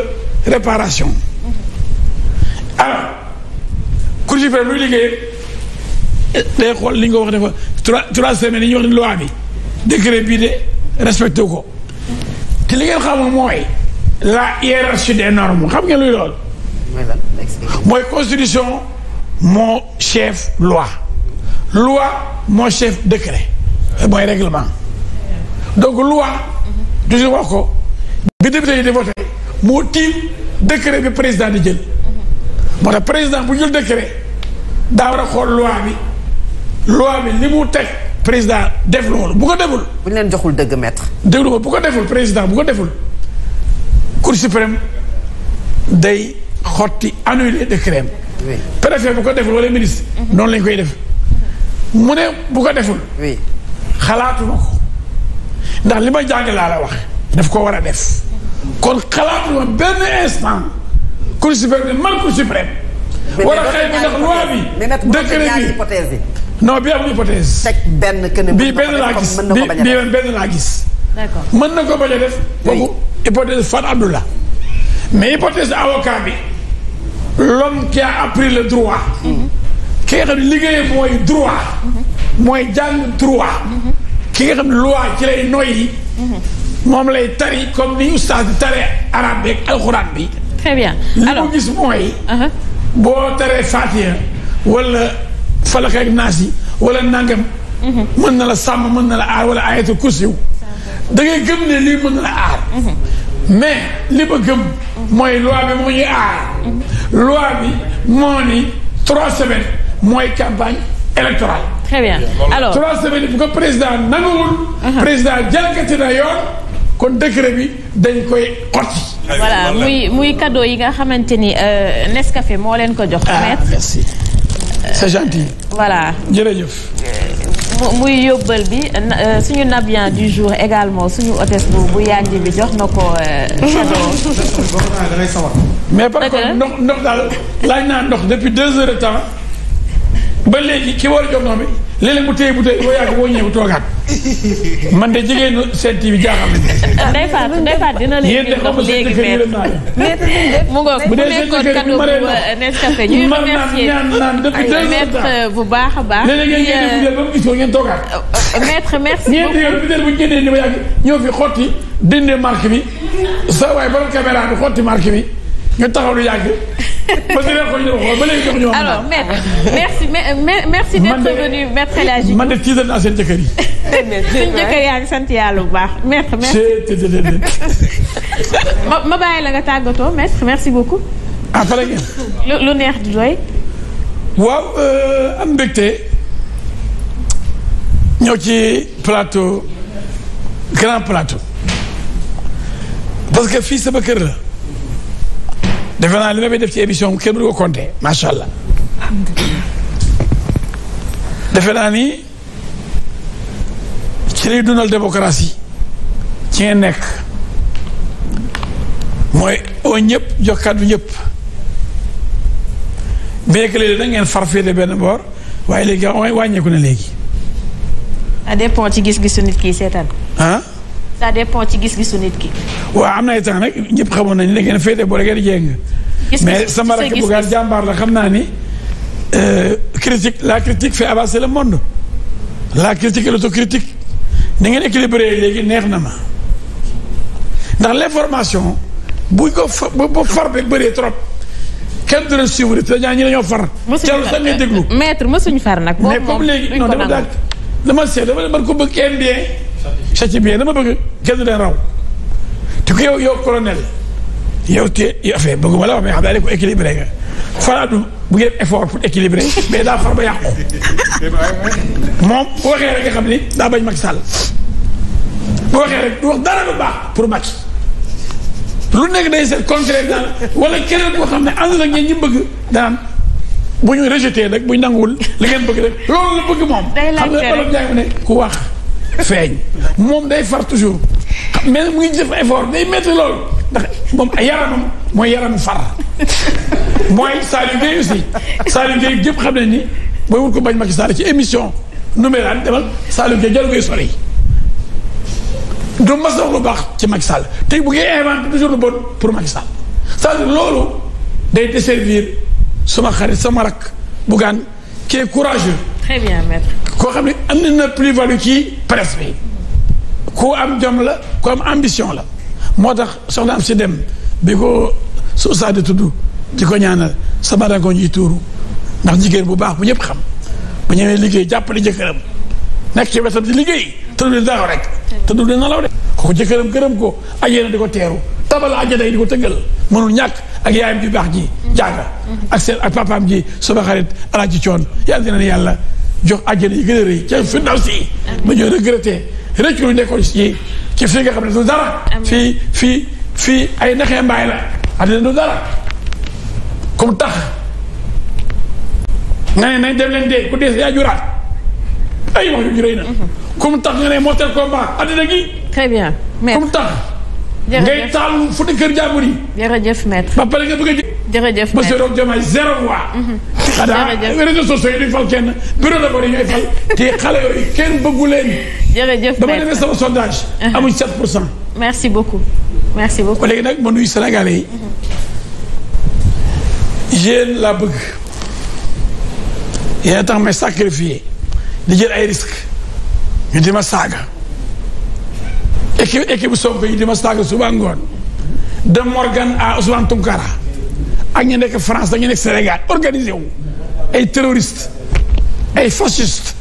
réparation mhm. alors cour suprême luy liggéey day xool li nga wax dafa trois trois semaines yi ñu wax ne loi bi décret bii de respecté ko te li ngeen xamul mooy la hiérarchie des normes xam ngeen luy lool mooy constitution moo chef loi loi moo chef décret mooy règlement donc loi toujours wax ko bi député yi di moo tiim décret bi président di jël moo tax président bu jël décret daa war a xool loi bi loi bi li mu teg président def loolu bu ko deful. bu leen joxul dëgg maître. déglu bu ko deful président bu ko deful cour suprême day xotti annuler décret oui bu ko deful wala ministre. Mhm. noonu lañ koy def. mu ne bu ko deful. oui xalaatuma ko ndax li ma jàng laa la wax daf ko war a def. kon xalaatuma benn instant cour suprême man cour suprême. wala xëy bi ndax loi bi. dëkk bi non bi amul benn keneen bii benn laa gis bii benn laa gis. d'accord na ko bañ a def. boobu hypothèse Fat Abdoulah mais hypothèse avocat bi l'homme qui a appris le droit. ki nga xam ne liggéeyam mooy droit. mooy jàng droit. ki nga loi ci lay noyyi. moom lay tari comme ni oustaz di bi. très bien alors mooy. Uh-huh. boo taree Fatiha wala. falak ak naas yi wala nangam. Mhm. mën na la sàmm mën na la aar wala ayatul kursiw da ngay gëm lii mën na la aar. Mhm. mais li ma gëm. Mhm. mooy loi bi moo ñuy aar. loi mooy campagne électorale. très bien alors trois semaines bu ko président nanguwul. président jalgati na yoon. kon décret bi dañ koy xotti. voilà muy muy yi nga xamante ni euh, Nescafé moo leen ko jox. Ah, Euh, c'est gentil. voilà euh, mu muy yóbbal bi euh, suñu nabiyan du jour également suñu hôtesse bu bu yànji bi jox na ko. mais par contre ndox ndox daal laaj naa ndox depuis deux heures de temps. ba léegi ki war a jox ndox mi léeg-léeg mu téye bu téye boo yàgg boo ñëwee man de jigéenu seen TV jaaxal nañu. day faat day faat dina leen indi léegi mu nekkoon kaddu euh, euh, bu baax a baax. léeg-léeg ngeen jël ba mu gisoo ngeen toogaat. Euh, maître merci beaucoup ñeenti yoon bu ñu génnee ni ba yàgg ñoo fi xotti dindi marque bi sa waay borom caméra bi xotti marque bi. nga taxaw lu yàgg. parce que ko ñu waxoon ba léegi jox ñu wax. alors maître merci merci d'être venu maître El Hadji. man de tiital naa seen jëkkër yi. suñu jëkkër yaa sant yàlla bu baax maître merci. ma ma bàyyi la nga tàggatoo maître merci beaucoup. ah pare ngeen. lu di doy. waaw euh, am mbégte ñëw ci plateau grand plateau parce que fii sama kër la. defe naa li ma def ci émission kenn du ko compté macha allah. defe naa ni ci lay dundal démocratie ci ngeen nekk mooy oo ñëpp jox kàddu ñëpp. bi que léegi da ngeen farfeete benn boor waaye léegi wàññeeku na léegi. à dépend ci gis-gisu nit ki seetaan. ça dépend ci gis-gisu nit ki. am na ay temps nag xamoon nañu ne ngeen féete boole ngeen mais sama rakk bu la xam naa ni. Euh, critique la critique fait avancer le monde la critique et l'autocritique ni ngeen équilibré léegi neex na ma ndax l'information buñ ko fa bu far beeg bëree trop kenn du leen suivre te ñaa ñi dañoo far. mosuñu far déglu maître mosuñu far nag. mais comme léegi non dama daal dama seet dama leen mën ko bëgg bien. châtie bien dama bëgg kenn leen raw te ko yow yow colonel yow te yow affaire bëgguma la wax mais xam naa ne ko équilibré nga bu ngi def effort pour équilibrer mais daa far ba yàqu moom bu waxee rek xam ni daa bañ Macky Sall bu waxee rek du wax dara lu baax pour Macky lu nekk day seet contraire daal wala keneen boo xam ne ànd la ngeen ñu bëgg daan bu ñu rejeté rek bu ñu nanguwul li ngeen bëgg rek loolu la bëgg moom xam nga olof jaay mu ne ku wax feeñ moom day far toujours mais mu ngi def effort day métti loolu ndax moom yaramam mooy yaram far mooy Saliou Gueye aussi Saliou Gueye gépp xam ne ni booy wut ko bañ Macky Sall ci émission numérale demal Saliou Gueye jarul ngay sori du mas wax lu baax ci Macky Sall te bu ngay inventé toujours lu bon pour Macky Sall c'est-à-dire loolu day desservir suma xarit sama rakk bugaan qui est courageux. très bien koo xam ne am na na plus value ci presse ku am jom la ku am ambition la moo tax soxnaam si dem bi ko su saa di tudd di ko ñaanal sama rangoñ yi tuuru ndax jigéen bu baax bu ñëpp xam bu ñëwee liggéey jàppale jëkkëram nekk ci wetam di liggéey te du di daaw rek te du di nalaw rek kooku jëkkëram gërëm ko ak yéen di ko teeru tabal ajjana yi di ko tëggal mënul ñàkk ak yaayam ju baax ji jaaga a seen ak papaam ji sama xarit alaaji coon yàlla dina ne yàlla jox ajjana yi gën a rëy ca firdaw si ma ñëw regretté rëccu lu ci ci fii nga xam ne du dara fii fii fii ay naxee mbaay la àddina du dara comme tax nga ne nañ dem leen dee ku dee yaa juraat ay wax yu rëy na mhm. comme tax nga ne mortel combat àddina gi très bien comme tax ngay taal fu ne kër jàmbur yi. jërëjëf maître. ba pare nga bëgg a ji. jërëjëf maître monsieur Roch Diomaye zéro voix. Mhm. jërëjëf xanaa réseaux sociaux yi duñ fal kenn bureau de vote yi ñooy fal te xale yooyu kenn bëggu leen. jërëjëf maître dama demee sama sondage. Mhm. amuñ 7 pour cent. merci beaucoup merci beaucoup. léegi nag ma nuyu Sénégalais yi. Mhm. yéen laa bëgg. yéen a tax may sacrifier di jël ay risques ñu di ma saaga. équipe équipe Sonko yi di ma saaga de Morgan à Ousmane Tounkara ak ñu nekk France ak nekk Sénégal organisé wu ay terroriste ay fasciste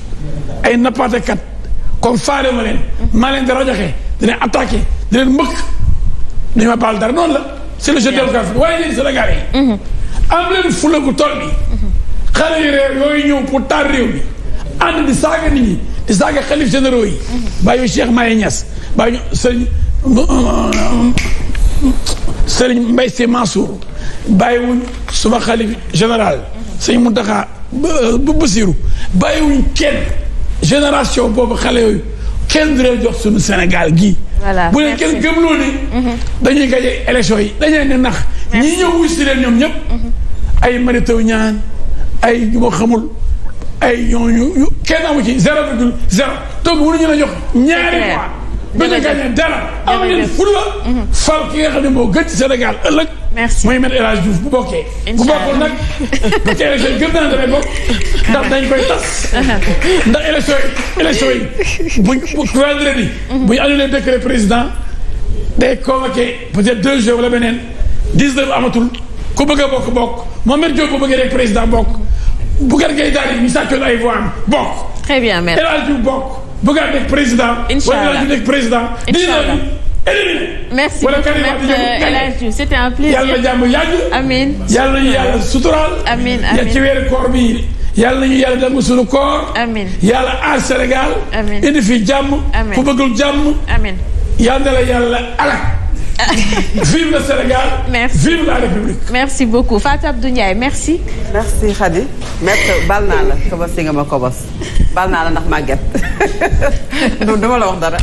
ay nappatekat comme faale ma leen maa rajaxe di leen attaqué di leen mbëkk dañu ma baal dara noonu la c'est le jeu démocratique waaye leen Sénégalais yi mm-hmm. am leen fula gu toll bi mm-hmm. xale yu réer yooyu ñëw pour taal réew mi ànd di saaga nit ñi di saaga xalif mm-hmm. Maye Niass baa ñu sëriñ sëriñ Mbaye Sy Mansour bàyyiwuñ suma xalif général sëriñ Mountakha bu Bassirou bàyyiwuñ kenn génération boobu xale yooyu kenn du leen jox suñu Sénégal gii bu leen kenn gëmloo ni mhm. dañuy gaje élection yi dañuy ne nax ñi ñëw wuy si leen ñoom ñëpp mhm. ay maritaw ay ñu ma xamul ay ñooñu kenn amu ci zéro virgule wu donc mënuñu la jox ñaari fois ba ñu gagné dara am ngeen fulla mhm. fal ki nga xam ne moo gën ci Sénégal ëllëg mooy Me El Hadji Diouf bu bokkee bu bokkul nag bu ci élection yi gëm naa ndax dañ koy tas mhm. ndax élection yi élection yi buñ mhm. président de convoqué peut-être deux jours wala beneen dix amatul ku bëgg a bokk bokk Mohamed Diop bu bëggee rek président bokk bu gar ngay daal yi ñu ay voix bokk très bien El Hadji Diouf bokk bëggaat nekk président. incha président. incha allah merci beaucoup El Hadj c'était un plaisir yàlla jàmm yàgg. ci weeru koor bi yàlla ñu yàlla dem yàlla aar Sénégal. jàmm. amiin ku jàmm. amiin yàlla la yàlla vive le Sénégal. merci vive la République. merci beaucoup Fatou Abdou Ndiaye merci. merci Khady. maître bal naa la kobos yi nga ma kobos bal naa la ndax màgget dama la wax dara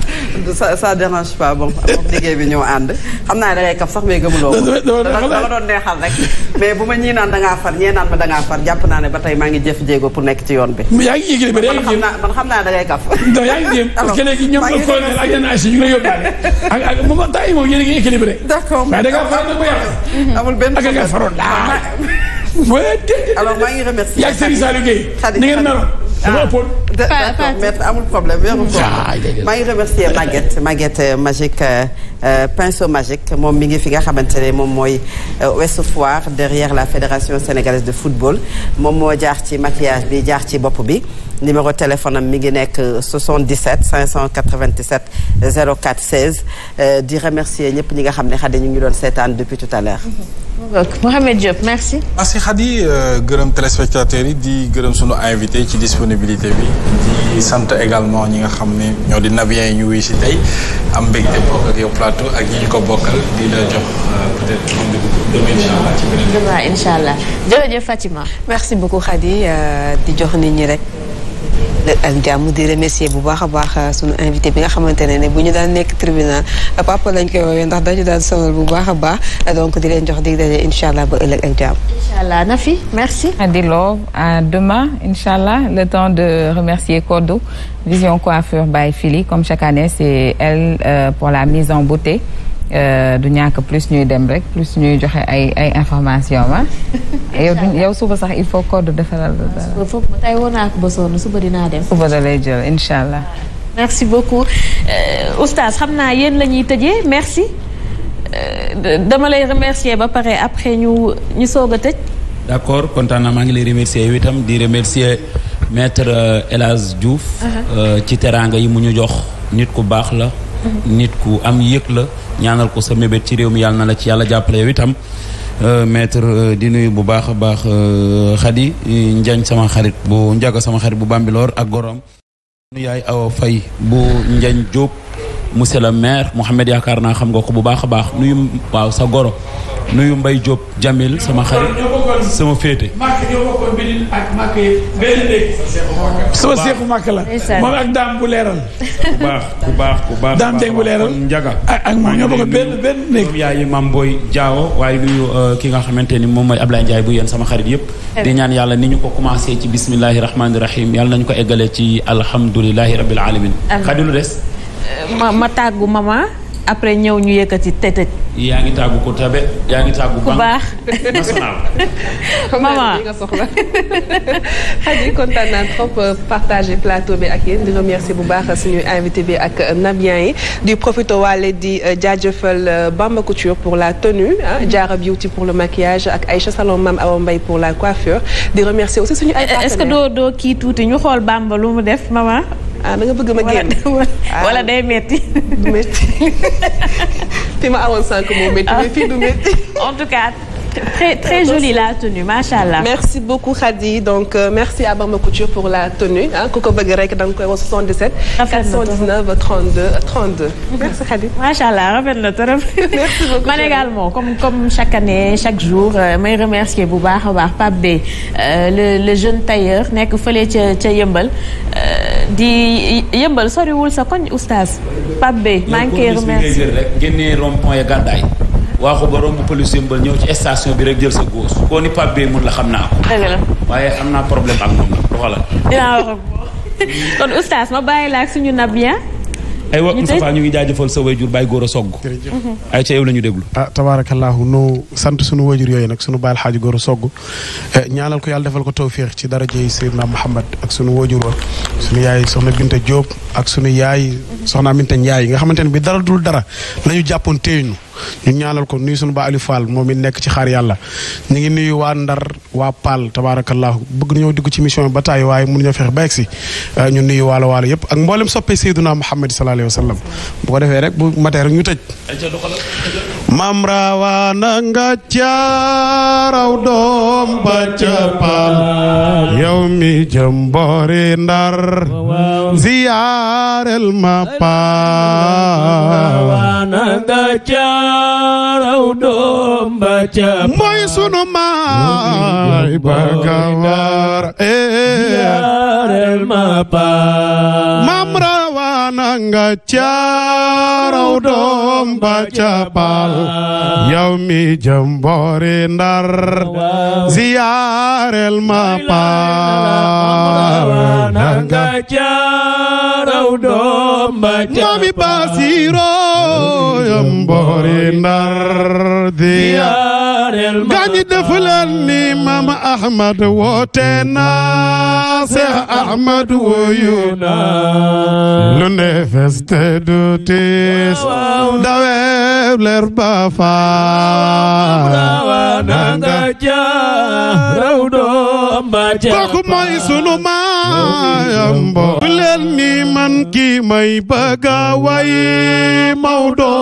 sa ça dérange pas bon moom liggéey bi ñëw ànd xam naa da ngay kaf sax mais loo ko dama doon neexal rek mais bu ma ñii naan da ngaa far ñee naan ma da ngaa far jàpp naa ne ba tey maa ngi jëf jéego pour nekk ci yoon bi. yaa ngi jéem man xam naa man xam kaf. moom tay moom yéen a ngi équilibré. d'accord waaye da ngaa faral di ko yàq. amul benn ah, problème ak nga faroon daal. Ah. mooy déedéet alors maa ngi remercier. yaa ngi Serigne Saliou Gueye. ni ngeen naroon. Ah. amul problème weeru koor maa ngi remercier Maguette Maguette euh, Magique euh, euh, pinceau magique moom mi ngi fi nga xamante ne moom mooy Ouest Foire derrière la fédération sénégalaise de football moom moo jaar ci maquillage bi jaar ci bopp bi numéro téléphone am mi ngi nekk 77 597 04 16 di remercier ñëpp ñi nga xam ne xade ñu ngi doon seetaan depuis tout à l'heure mm-hmm. Mouhamed Diop merci. merci Khady euh, gërëm téléspectateurs yi di gërëm sunu invité ci disponibilité bi di sant également ñi nga xam ne ñoo di nabiyen yi ñu wuy si tey am mbégte bokk ak yow plateau ak ñi ñu ko bokkal di la jox euh, peut-être rendez-vous demain incha allah jërëjëf Fatima. merci beaucoup Khady euh, di jox nit ñi rek. ak jàmm di remercier bu baax a baax euh, sunu invité bi nga xamante ne ne bu ñu daan nekk tribunal euh, papa lañ ko woowee ndax dañu daan sonal bu baax a baax euh, donc di leen jox dig daje incha allah ba ëllëg ak jàmm. incha allah Nafi merci. Adi Lo à demain incha allah le temps de remercier Kodo Vision Coiffure by Fili comme chaque année c'est elle euh, pour la mise en beauté. Euh, du ñàkk plus ñuy dem rek plus ñuy joxe ay ay information ma yow yow suba sax il faut code defaral dara foofu tey woo naa ko ba sonn suba dinaa dem suba da lay jël incha allah merci beaucoup euh, oustaz xam naa yéen la ñuy tëjee merci euh, dama lay remercier ba pare après ñu ñu soog a tëj d' accord kontaan naa maa ngi lay remercier yow itam di remercier maître El Hadj Diouf uh-huh. ci teraanga yi mu ñu jox nit ku baax la nit ku am yëg la ñaanal ko sa mébét ci réew mi yàlla na la ci yàlla jàppale yow itam euh, maître euh, di nuyu bu baax a baax xadi euh, njañ sama xarit bu njaga sama xarit bu bambiloor ak gorom nu yaay awa fay bu njañ jóob monsieur le maire Mouhamed yaakaar naa xam nga ko bu baax a baax nuyu waaw sa goro nuyu mbay jóob Jamil sama xarit sama féete. sama seexu màkk la. moom ak daam bu leeral. bu baax bu baax bu baax. daam dégg bu leeral njaga ak moom ñoo bokk benn maam booy Diawo waaye nuyu euh, ki nga xamante ni moom mooy Ablaye Ndiaye bu yéen sama xarit yëpp. Eh. di ñaan yàlla ni ñu ko commencé ci bismillahi rahmaani rahim yàlla nañu ko eggalee ci alhamdulilahi rabbil alamin. xadilu des. ma ma tàggu mama après ñëw ñu yëkkati te tëj. yaa ngi tàggu ku tabe yaa ngi tàggu. baax national. maman nga soxla xaj kontaan naa trop euh, partager plateau bi ak yéen di remercier bu baax suñuy invité bi ak euh, nabiens yi di profité waale di euh, jaajëfal Bamba Couture pour la tenue ah Diarra Beauty pour le maquillage ak ay Salon Mame Awa Mbaye pour la coiffure di remercier aussi suñu. ay partenaires que doo doo kii tuuti ñu xool Bamba lu mu def maman. ah da nga bëgg ma génn. Ah. wala day metti du metti fi ma awoon sànq moo metti mais fii du metti en tout cas. très jolie la tenue macha allah. merci beaucoup Khady donc euh, merci à Bamba Couture pour la tenue ah ku ko bëgg rek da nga koy wax 77. rafet na 419 32 32. merci macha allah na trop. merci beaucoup man également comme chaque année chaque jour euh, may remercier bu baax a baax Pape Bey euh, le jeune tailleur nekk fële ca ca Yëmbal euh, di Yëmbal soriwul sa koñ oustaz Pape Bey maa ngi koy remercier. waaxu ba romb policier ba ñëw ci station bi rek jël sa góos koo ni Pape Beye mun la xam naa ko. waaye am naa problème ak moom nag doxalal. dinaa wax ak kon oustaz ma bàyyi la ak suñu nabiyan. Ah. ay wa Moustapha ñu ngi jaajëfal sa wayjur Baye Sogg mhm. ay ca yow la ñu déglu ah tabaarakallaahu nu sant sunu wayjur yooyu nag suñu baal xaaji Gora Sogg eh, ñaanal ko yàlla defal ko tawfiix ci daraja yi Seydina Muhammad ak suñu wayjur wa sunu yaay soxna Binta Diop ak sunu yaay mhm. soxna Aminta Njaay yi nga xamante ne bi dara dul dara la ñu jàppoon téyuñu ñu ñaanal ko nuyu sunu ba Aliou Fall moom it nekk ci xaar yàlla ñu ngi nuyu waa Ndar waa Paal tabaarakallah bëgg ñoo dugg ci mission ba taay waaye mënuñoo fexe ba egsi euh, ñu nuyu waalo waalo yëpp ak mboolem soppee Seyduna Muhammad sallallahu alayhi wa sallam bu ko defee rek bu matee rek ñu tëj maam rawaana nga caaraw doom ba ca Paal yow mi raw doom ba mooy sunu maay ba gawaar yaareel eh. ma paa maam rawaana nga ca raw doom ba ca yow mi jëmboori ndar ziyaareel ma paa yow doom ba moomi baasiiroo yam boori ndar diya gaañi dafa leen ni mama ahmad woote naa lu ne feste du tiis daweeb leer ba faa nanga jaa raw doom ba jaa kooku mooy sunu maam yaayam bo bu leen ni man kii may bëgga way Maodo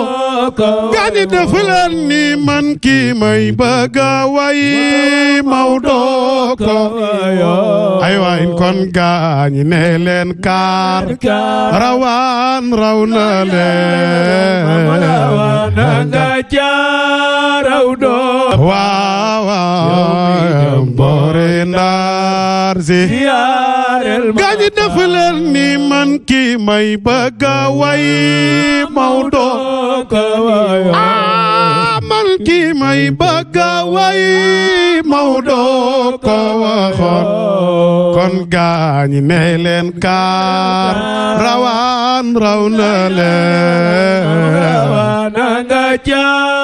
gani def leen ni man kii may bëgga way Maodo ko ay waay kon gaañi ne leen kaar rawaan raw na leen raw doon waaw waaw mboore ndaar si yaareel ma gaañi def leen ni man ki may bëgg a way Maodo ka way ah, man ki may bëgg a way Maodo ko waxoon kon gaañi ne kaar rawaan raw na leen rawaana nga jaar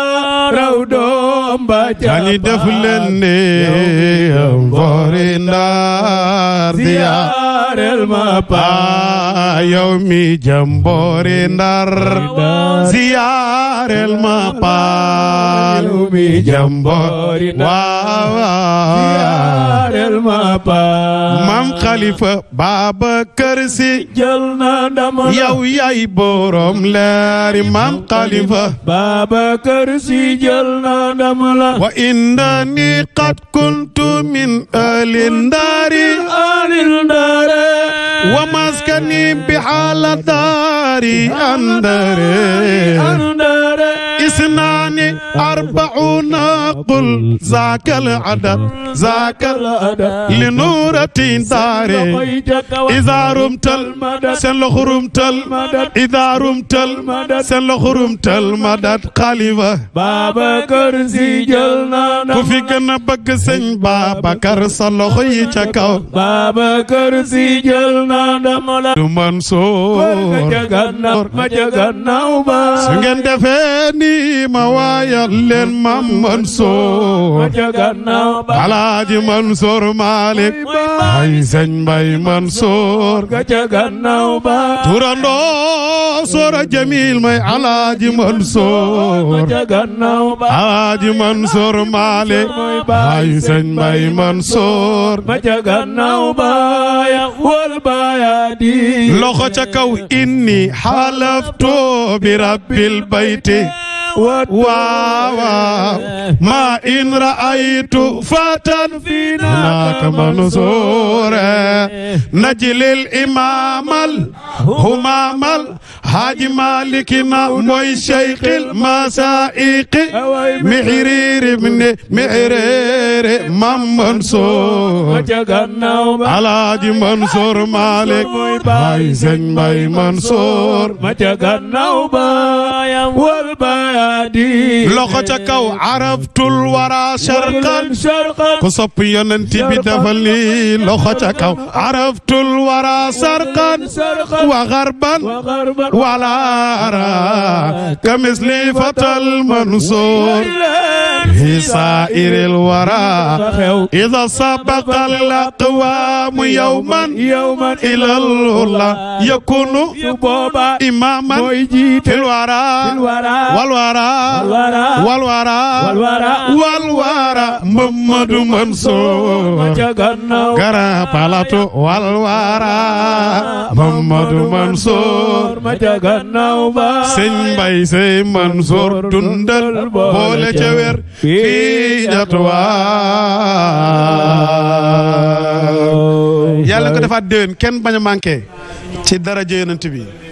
hani def leen ne mboori ah, ndaar ziyaareel ma paa yow mi jëm mboori ndaar ziyaareel ma paa yow mi jëm mboori waaw ziyaareel ma paa mam Khalifa Babacar Sy jël na ndam yow yaay borom leer mam Khalifa la wa innani qad kuntu min alin dari alin dari wa maskani bi haladari andare andare اثنان أربعون قل ذاك العدد ذاك العدد لنورة دار إذا رمت المدد سن رمت المدد إذا رمت المدد سن رمت المدد خليفة بابا كرسي جلنا كفي كنا بك سن بابا كرس الله يتكاو بابا كرسي جلنا دملا منصور ما جغنا وما سنجن دفني ma waayal leen maam Mansoor alaaji Mansoor Maalik ay sëñ Mbay Mansoor turando soora Jamil may alaaji Mansoor alaaji Mansoor Maalik ay sëñ Mbay Mansoor loxo ca kaw inni xalaftu bi rabbil bayti واوا ما إن رأيت فتى فينا كمنصورا نجل الإمام الهمام الحاج مالكنا موي شيخ المسائق محرير من محرير مم منصور الحاج منصور مالك باي زين باي منصور ما تغنوا بايا والبايا milaadi loxo ca kaw arabtul wara sharqan ku sopp yonent bi dafa lii loxo ca kaw arabtul wara sarqan wa garban wala ara kamisli fatal mansoor fi saa'iril wara ida sabaqa al aqwaamu yawman ilal ula yakunu imaaman fil wara wal wara walwara walwara walwara Mamadu Mansour Grand Palato walwara Mamadu Mansour Sey Mansour dundal boole ca wér fii Ñattuwaar yàlla defaat déwén kenn bañ a ci daraja Yonent bi